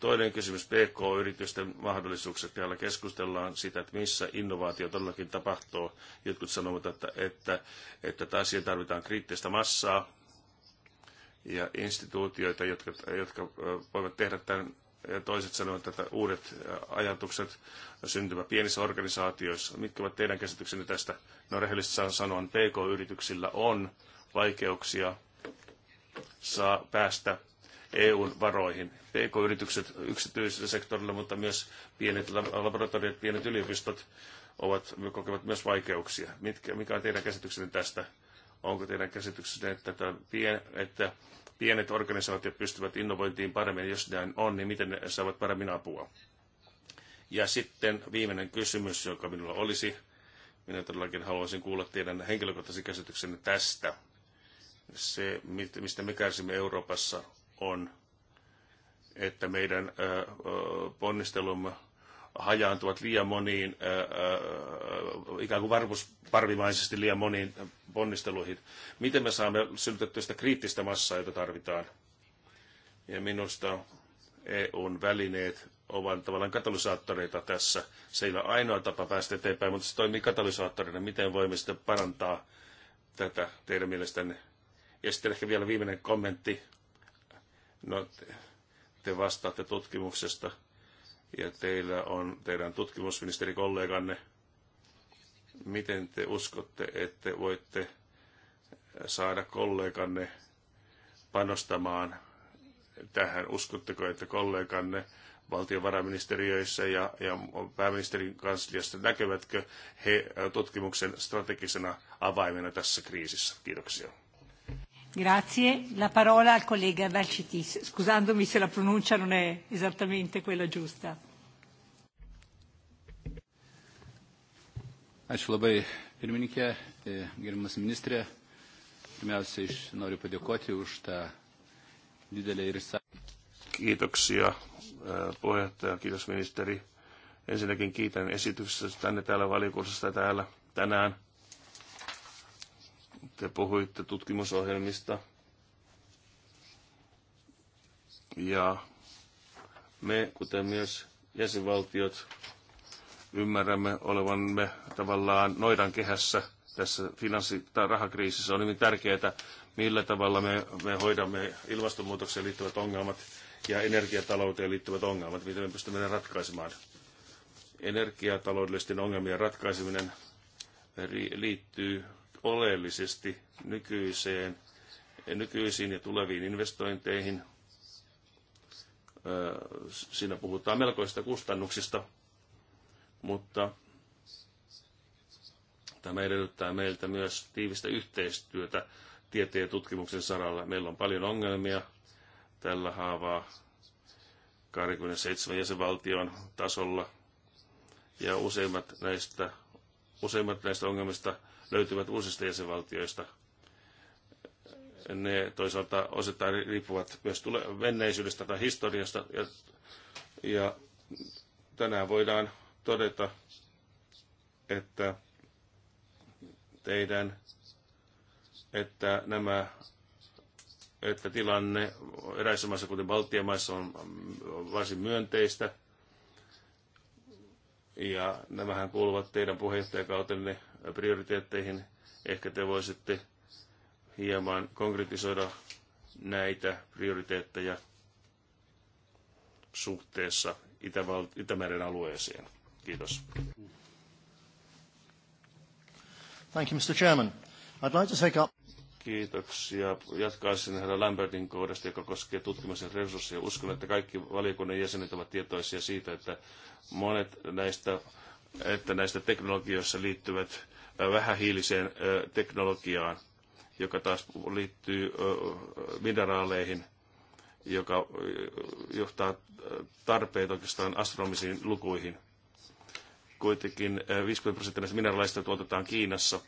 Toinen kysymys, PK-yritysten mahdollisuukset. Täällä keskustellaan sitä, että missä innovaatio todellakin tapahtuu. Jotkut sanovat, että, että, että taas siihen tarvitaan kriittistä massaa ja instituutioita, jotka, jotka voivat tehdä tämän toiset sanovat, että uudet ajatukset syntyvät pienissä organisaatioissa. Mitkä ovat teidän käsityksenne tästä? No rehellisesti sanon, PK-yrityksillä on vaikeuksia saa päästä EUn varoihin. PK-yritykset yksityisellä sektorilla, mutta myös pienet laboratoriot, pienet yliopistot ovat, kokevat myös vaikeuksia. Mitkä, mikä on teidän käsityksenne tästä? Onko teidän käsityksenne, että, pien, että pienet organisaatiot pystyvät innovointiin paremmin, jos näin on, niin miten ne saavat paremmin apua? Ja sitten viimeinen kysymys, joka minulla olisi. Minä todellakin haluaisin kuulla teidän henkilökohtaisen käsityksenne tästä. Se, mistä me kärsimme Euroopassa, on, että meidän ponnistelumme hajaantuvat liian moniin, ikään kuin varmusparvimaisesti liian moniin ponnisteluihin. Miten me saamme synnytettyä sitä kriittistä massaa, jota tarvitaan? Ja minusta EUn välineet ovat tavallaan katalysaattoreita tässä. Se ei ole ainoa tapa päästä eteenpäin, mutta se toimii katalysaattorina. Miten voimme sitten parantaa tätä teidän mielestänne? Ja sitten ehkä vielä viimeinen kommentti. No, te vastaatte tutkimuksesta ja teillä on teidän tutkimusministerikolleganne. Miten te uskotte, että voitte saada kolleganne panostamaan tähän? Uskotteko, että kolleganne valtiovarainministeriöissä ja, ja pääministerin kansliassa, näkevätkö he tutkimuksen strategisena avaimena tässä kriisissä? Kiitoksia. Grazie. La parola al collega Valcitis, scusandomi se la pronuncia non è esattamente quella giusta. Ačiū labai pirmininkė, e, gerimas ministrė. Pirmiausia, iš noriu padėkoti už tą didelę ir Kiitoksia e, puheenjohtaja, kiitos ministeri. Ensinnäkin kiitän esityksestä tänne täällä valiokunnassa täällä tänään. Te puhuitte tutkimusohjelmista ja me, kuten myös jäsenvaltiot, ymmärrämme olevamme tavallaan noidan kehässä tässä finanssi- tai rahakriisissä. On hyvin tärkeää, millä tavalla me, me hoidamme ilmastonmuutokseen liittyvät ongelmat ja energiatalouteen liittyvät ongelmat, miten me pystymme ne ratkaisemaan. Energiataloudellisten ongelmien ratkaiseminen liittyy oleellisesti nykyiseen, nykyisiin ja tuleviin investointeihin. Siinä puhutaan melkoista kustannuksista, mutta tämä edellyttää meiltä myös tiivistä yhteistyötä tieteen ja tutkimuksen saralla. Meillä on paljon ongelmia tällä haavaa 27 jäsenvaltion tasolla, ja useimmat näistä, useimmat näistä ongelmista löytyvät uusista jäsenvaltioista. Ne toisaalta osittain riippuvat myös tule- menneisyydestä tai historiasta. Ja, ja tänään voidaan todeta, että teidän, että nämä että tilanne eräissä maissa, kuten Baltian maissa, on varsin myönteistä. Ja nämähän kuuluvat teidän puheenjohtajakautenne prioriteetteihin. Ehkä te voisitte hieman konkretisoida näitä prioriteetteja suhteessa Itäval- Itämeren alueeseen. Kiitos. Thank you, Mr. Chairman. I'd like to take up... Kiitoksia. Jatkaisin herra Lambertin kohdasta, joka koskee tutkimuksen resursseja. Uskon, että kaikki valiokunnan jäsenet ovat tietoisia siitä, että monet näistä että näistä teknologioissa liittyvät vähähiiliseen teknologiaan, joka taas liittyy mineraaleihin, joka johtaa tarpeet oikeastaan astronomisiin lukuihin. Kuitenkin 50 prosenttia näistä mineraaleista tuotetaan Kiinassa,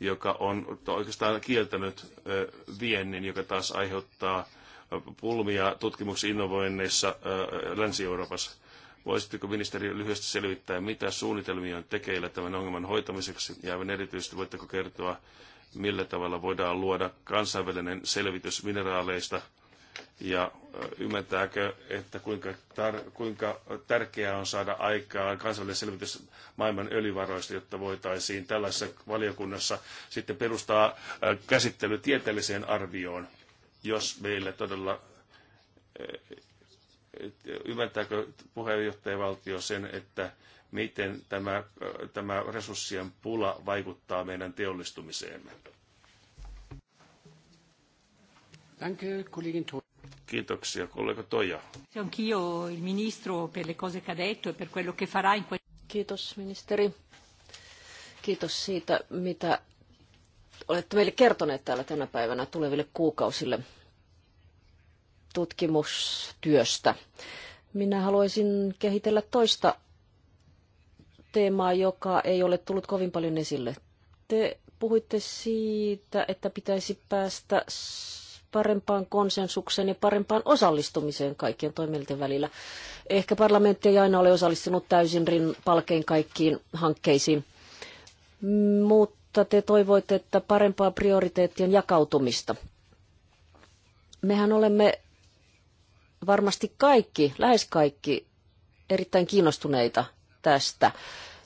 joka on oikeastaan kieltänyt viennin, joka taas aiheuttaa pulmia tutkimuksen innovoinneissa Länsi-Euroopassa Voisitteko ministeri lyhyesti selvittää, mitä suunnitelmia on tekeillä tämän ongelman hoitamiseksi ja aivan erityisesti voitteko kertoa, millä tavalla voidaan luoda kansainvälinen selvitys mineraaleista ja ymmärtääkö, että kuinka, tar- kuinka tärkeää on saada aikaan kansainvälinen selvitys maailman öljyvaroista, jotta voitaisiin tällaisessa valiokunnassa sitten perustaa käsittely tieteelliseen arvioon, jos meillä todella ymmärtääkö puheenjohtajavaltio sen, että miten tämä, tämä resurssien pula vaikuttaa meidän teollistumiseemme? Kiitoksia, kollega Toja. E Kiitos, ministeri. Kiitos siitä, mitä olette meille kertoneet täällä tänä päivänä tuleville kuukausille tutkimustyöstä. Minä haluaisin kehitellä toista teemaa, joka ei ole tullut kovin paljon esille. Te puhuitte siitä, että pitäisi päästä parempaan konsensukseen ja parempaan osallistumiseen kaikkien toimielinten välillä. Ehkä parlamentti ei aina ole osallistunut täysin rin, palkein kaikkiin hankkeisiin, mutta te toivoitte, että parempaa prioriteettien jakautumista. Mehän olemme varmasti kaikki, lähes kaikki, erittäin kiinnostuneita tästä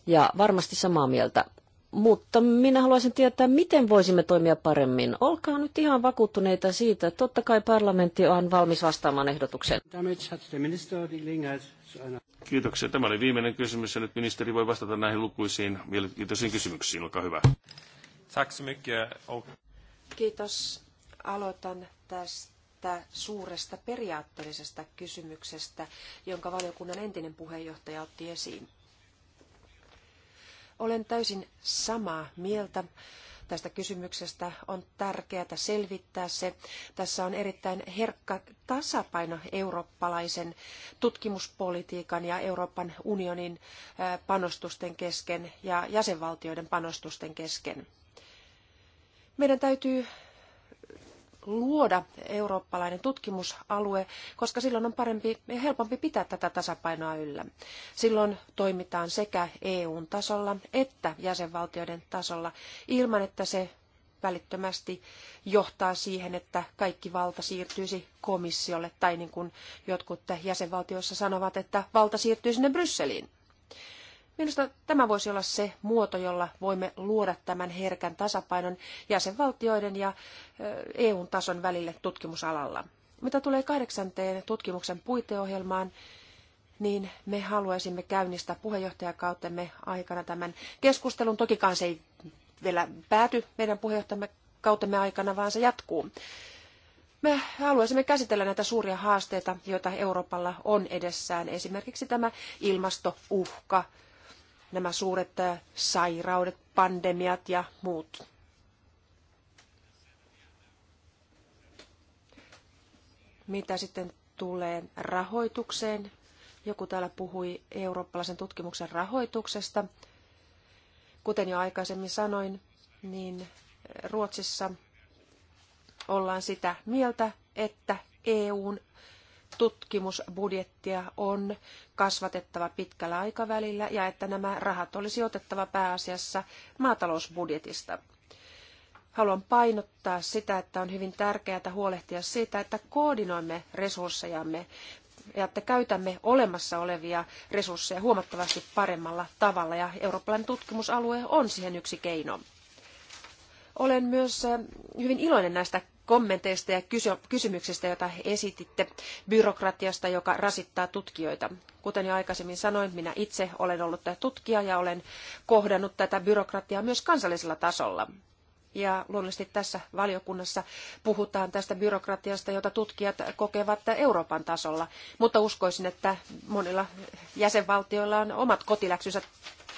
ja varmasti samaa mieltä. Mutta minä haluaisin tietää, miten voisimme toimia paremmin. Olkaa nyt ihan vakuuttuneita siitä, että totta kai parlamentti on valmis vastaamaan ehdotukseen. Kiitoksia. Tämä oli viimeinen kysymys ja nyt ministeri voi vastata näihin lukuisiin mielenkiintoisiin kysymyksiin. Olkaa hyvä. Kiitos. Aloitan tästä tästä suuresta periaatteellisesta kysymyksestä, jonka valiokunnan entinen puheenjohtaja otti esiin. Olen täysin samaa mieltä tästä kysymyksestä. On tärkeää selvittää se. Tässä on erittäin herkkä tasapaino eurooppalaisen tutkimuspolitiikan ja Euroopan unionin panostusten kesken ja jäsenvaltioiden panostusten kesken. Meidän täytyy luoda eurooppalainen tutkimusalue, koska silloin on parempi ja helpompi pitää tätä tasapainoa yllä. Silloin toimitaan sekä EUn tasolla että jäsenvaltioiden tasolla ilman, että se välittömästi johtaa siihen, että kaikki valta siirtyisi komissiolle, tai niin kuin jotkut jäsenvaltioissa sanovat, että valta siirtyy sinne Brysseliin. Minusta tämä voisi olla se muoto, jolla voimme luoda tämän herkän tasapainon jäsenvaltioiden ja EUn tason välille tutkimusalalla. Mitä tulee kahdeksanteen tutkimuksen puiteohjelmaan, niin me haluaisimme käynnistää puheenjohtajakautemme aikana tämän keskustelun. Tokikaan se ei vielä pääty meidän puheenjohtajamme kautemme aikana, vaan se jatkuu. Me haluaisimme käsitellä näitä suuria haasteita, joita Euroopalla on edessään, esimerkiksi tämä ilmastouhka, nämä suuret äh, sairaudet, pandemiat ja muut. Mitä sitten tulee rahoitukseen? Joku täällä puhui eurooppalaisen tutkimuksen rahoituksesta. Kuten jo aikaisemmin sanoin, niin Ruotsissa ollaan sitä mieltä, että EUn tutkimusbudjettia on kasvatettava pitkällä aikavälillä ja että nämä rahat olisi otettava pääasiassa maatalousbudjetista. Haluan painottaa sitä, että on hyvin tärkeää huolehtia siitä, että koordinoimme resurssejamme ja että käytämme olemassa olevia resursseja huomattavasti paremmalla tavalla ja eurooppalainen tutkimusalue on siihen yksi keino. Olen myös eh, hyvin iloinen näistä kommenteista ja kysymyksistä, joita esititte byrokratiasta, joka rasittaa tutkijoita. Kuten jo aikaisemmin sanoin, minä itse olen ollut tutkija ja olen kohdannut tätä byrokratiaa myös kansallisella tasolla. Ja luonnollisesti tässä valiokunnassa puhutaan tästä byrokratiasta, jota tutkijat kokevat Euroopan tasolla. Mutta uskoisin, että monilla jäsenvaltioilla on omat kotiläksynsä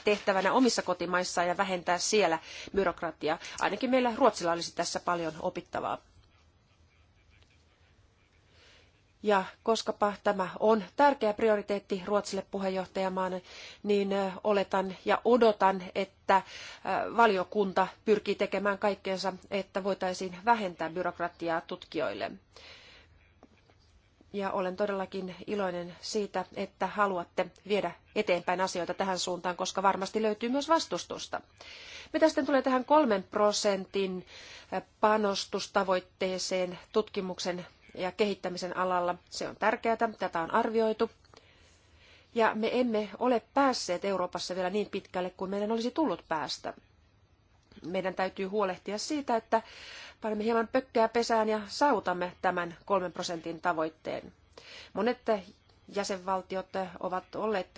tehtävänä omissa kotimaissaan ja vähentää siellä byrokratiaa. Ainakin meillä Ruotsilla olisi tässä paljon opittavaa. Ja koskapa tämä on tärkeä prioriteetti Ruotsille puheenjohtajamaana, niin oletan ja odotan, että valiokunta pyrkii tekemään kaikkeensa, että voitaisiin vähentää byrokratiaa tutkijoille. Ja olen todellakin iloinen siitä, että haluatte viedä eteenpäin asioita tähän suuntaan, koska varmasti löytyy myös vastustusta. Mitä sitten tulee tähän kolmen prosentin panostustavoitteeseen tutkimuksen ja kehittämisen alalla. Se on tärkeää, tätä on arvioitu. Ja me emme ole päässeet Euroopassa vielä niin pitkälle kuin meidän olisi tullut päästä. Meidän täytyy huolehtia siitä, että panemme hieman pökkää pesään ja saavutamme tämän kolmen prosentin tavoitteen. Monet jäsenvaltiot ovat olleet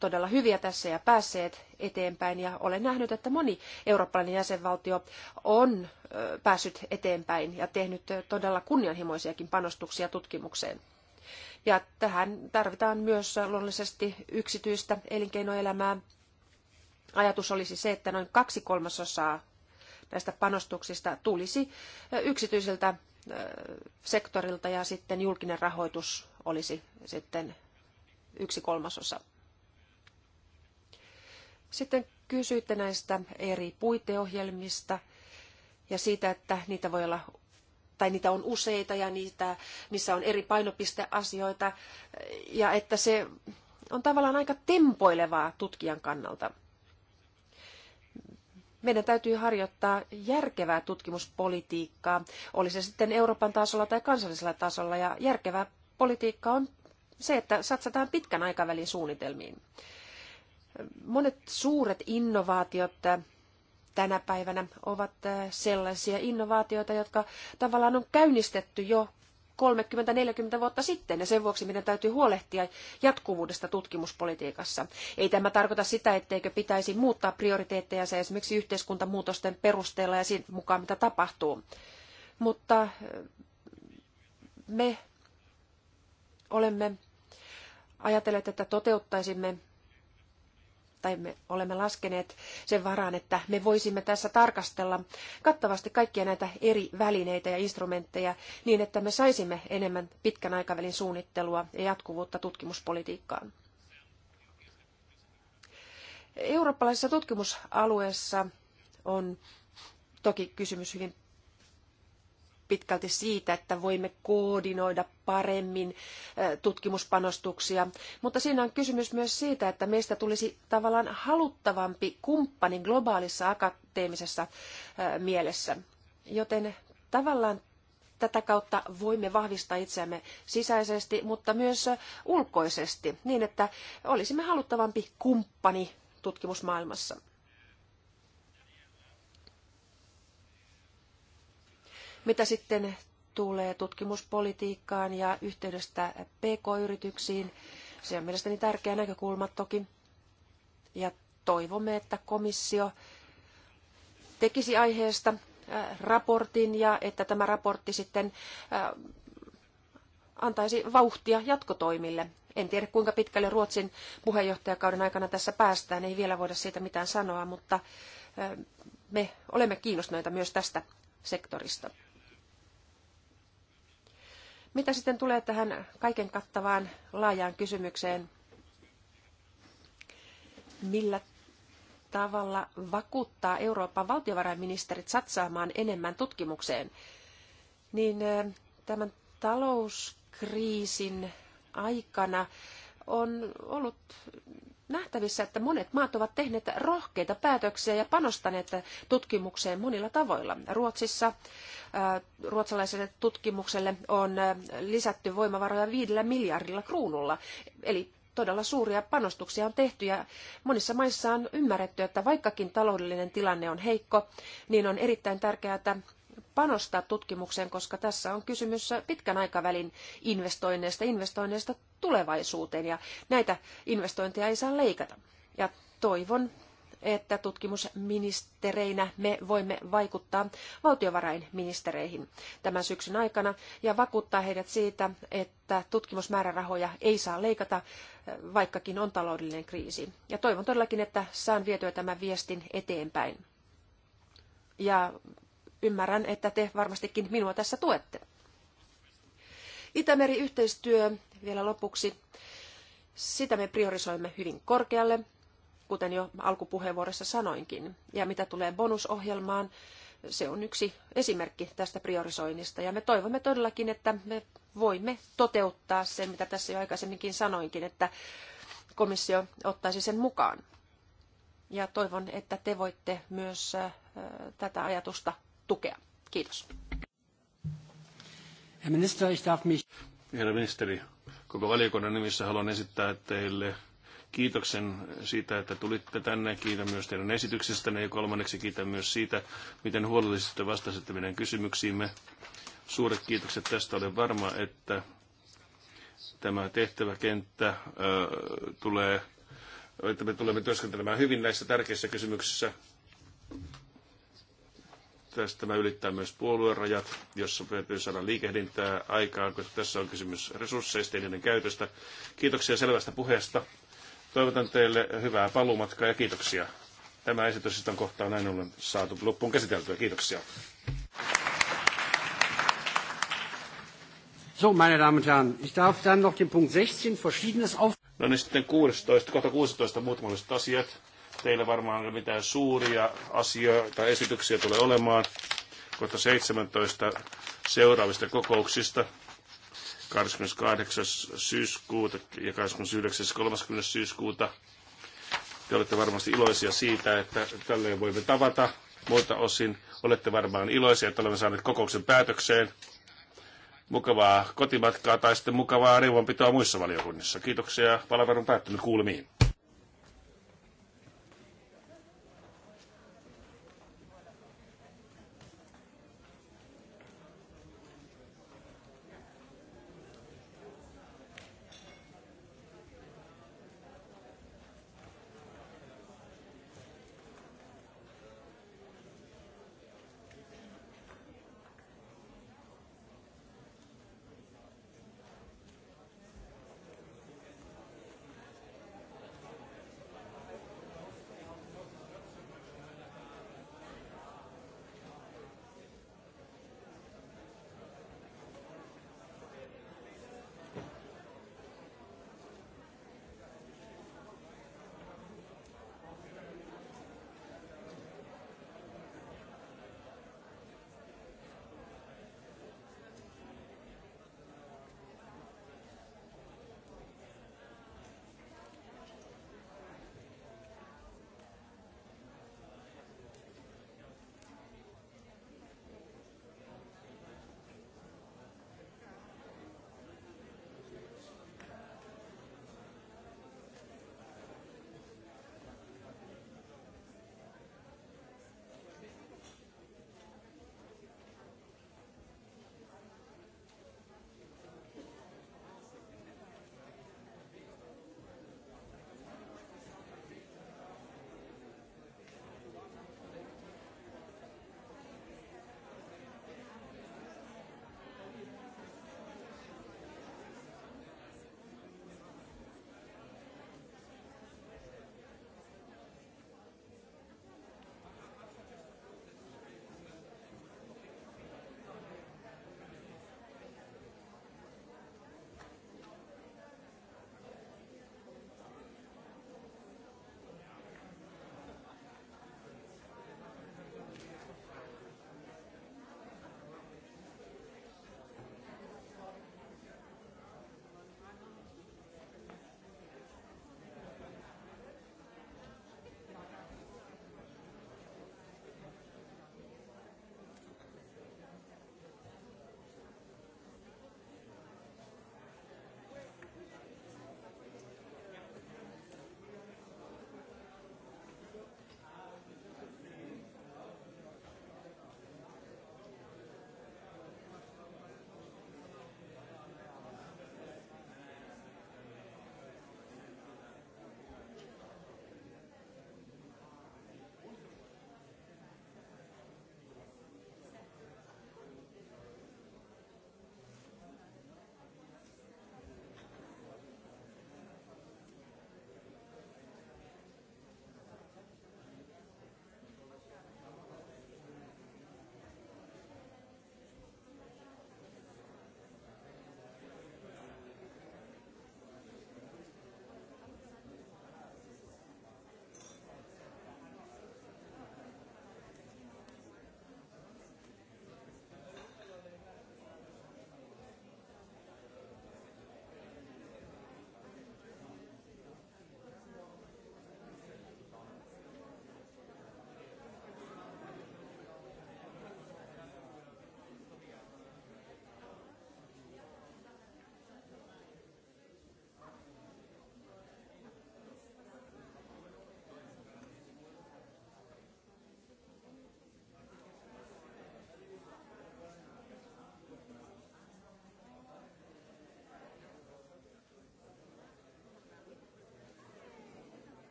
todella hyviä tässä ja päässeet eteenpäin. Ja olen nähnyt, että moni eurooppalainen jäsenvaltio on päässyt eteenpäin ja tehnyt todella kunnianhimoisiakin panostuksia tutkimukseen. Ja tähän tarvitaan myös luonnollisesti yksityistä elinkeinoelämää. Ajatus olisi se, että noin kaksi kolmasosaa näistä panostuksista tulisi yksityiseltä sektorilta ja sitten julkinen rahoitus olisi sitten yksi kolmasosa. Sitten kysyitte näistä eri puiteohjelmista ja siitä, että niitä voi olla tai niitä on useita ja niitä, niissä on eri painopisteasioita ja että se on tavallaan aika tempoilevaa tutkijan kannalta. Meidän täytyy harjoittaa järkevää tutkimuspolitiikkaa, oli se sitten Euroopan tasolla tai kansallisella tasolla, ja järkevää politiikka on se, että satsataan pitkän aikavälin suunnitelmiin. Monet suuret innovaatiot äh, tänä päivänä ovat äh, sellaisia innovaatioita, jotka tavallaan on käynnistetty jo 30-40 vuotta sitten, ja sen vuoksi meidän täytyy huolehtia jatkuvuudesta tutkimuspolitiikassa. Ei tämä tarkoita sitä, etteikö pitäisi muuttaa prioriteetteja se esimerkiksi yhteiskuntamuutosten perusteella ja sen mukaan, mitä tapahtuu. Mutta äh, me olemme ajatelleet, että toteuttaisimme tai me olemme laskeneet sen varaan, että me voisimme tässä tarkastella kattavasti kaikkia näitä eri välineitä ja instrumentteja niin, että me saisimme enemmän pitkän aikavälin suunnittelua ja jatkuvuutta tutkimuspolitiikkaan. Eurooppalaisessa tutkimusalueessa on toki kysymys hyvin pitkälti siitä, että voimme koordinoida paremmin tutkimuspanostuksia, mutta siinä on kysymys myös siitä, että meistä tulisi tavallaan haluttavampi kumppani globaalissa akateemisessa mielessä. Joten tavallaan tätä kautta voimme vahvistaa itseämme sisäisesti, mutta myös ulkoisesti, niin että olisimme haluttavampi kumppani tutkimusmaailmassa. Mitä sitten tulee tutkimuspolitiikkaan ja yhteydestä PK-yrityksiin, se on mielestäni tärkeä näkökulma toki. Ja toivomme, että komissio tekisi aiheesta äh, raportin ja että tämä raportti sitten äh, antaisi vauhtia jatkotoimille. En tiedä kuinka pitkälle Ruotsin puheenjohtajakauden aikana tässä päästään, ei vielä voida siitä mitään sanoa, mutta äh, me olemme kiinnostuneita myös tästä sektorista. Mitä sitten tulee tähän kaiken kattavaan laajaan kysymykseen, millä tavalla vakuuttaa Euroopan valtiovarainministerit satsaamaan enemmän tutkimukseen, niin tämän talouskriisin aikana on ollut nähtävissä, että monet maat ovat tehneet rohkeita päätöksiä ja panostaneet tutkimukseen monilla tavoilla. Ruotsissa ruotsalaiselle tutkimukselle on lisätty voimavaroja viidellä miljardilla kruunulla, eli todella suuria panostuksia on tehty ja monissa maissa on ymmärretty, että vaikkakin taloudellinen tilanne on heikko, niin on erittäin tärkeää, että panostaa tutkimukseen, koska tässä on kysymys pitkän aikavälin investoinneista, investoinneista tulevaisuuteen ja näitä investointeja ei saa leikata. Ja toivon, että tutkimusministereinä me voimme vaikuttaa valtiovarainministereihin tämän syksyn aikana ja vakuuttaa heidät siitä, että tutkimusmäärärahoja ei saa leikata, vaikkakin on taloudellinen kriisi. Ja toivon todellakin, että saan vietyä tämän viestin eteenpäin. Ja ymmärrän, että te varmastikin minua tässä tuette. Itämeri-yhteistyö vielä lopuksi. Sitä me priorisoimme hyvin korkealle, kuten jo alkupuheenvuorossa sanoinkin. Ja mitä tulee bonusohjelmaan, se on yksi esimerkki tästä priorisoinnista. Ja me toivomme todellakin, että me voimme toteuttaa sen, mitä tässä jo aikaisemminkin sanoinkin, että komissio ottaisi sen mukaan. Ja toivon, että te voitte myös äh, tätä ajatusta tukea. Kiitos. Herra ministeri, koko valiokunnan nimissä haluan esittää teille kiitoksen siitä, että tulitte tänne. Kiitän myös teidän esityksestänne ja kolmanneksi kiitän myös siitä, miten huolellisesti vastasitte meidän kysymyksiimme. Suuret kiitokset tästä. Olen varma, että tämä tehtäväkenttä ö, tulee, että me tulemme työskentelemään hyvin näissä tärkeissä kysymyksissä. Tästä tämä ylittää myös puoluerajat, jossa täytyy saada liikehdintää aikaan, koska tässä on kysymys resursseista ja niiden käytöstä. Kiitoksia selvästä puheesta. Toivotan teille hyvää paluumatkaa ja kiitoksia. Tämä esitys on kohtaan näin ollen saatu loppuun käsiteltyä. Kiitoksia. So, meine Damen und Herren, ich darf dann noch den Punkt 16 verschiedenes auf... No niin, sitten 16, kohta 16 muutamalliset asiat. Teillä varmaan ei mitään suuria asioita, esityksiä tulee olemaan kohta 17 seuraavista kokouksista. 28. syyskuuta ja 29. 30. syyskuuta. Te olette varmasti iloisia siitä, että tälleen voimme tavata. Muilta osin olette varmaan iloisia, että olemme saaneet kokouksen päätökseen. Mukavaa kotimatkaa tai sitten mukavaa neuvonpitoa muissa valiokunnissa. Kiitoksia. palaverun on päättynyt kuulemiin.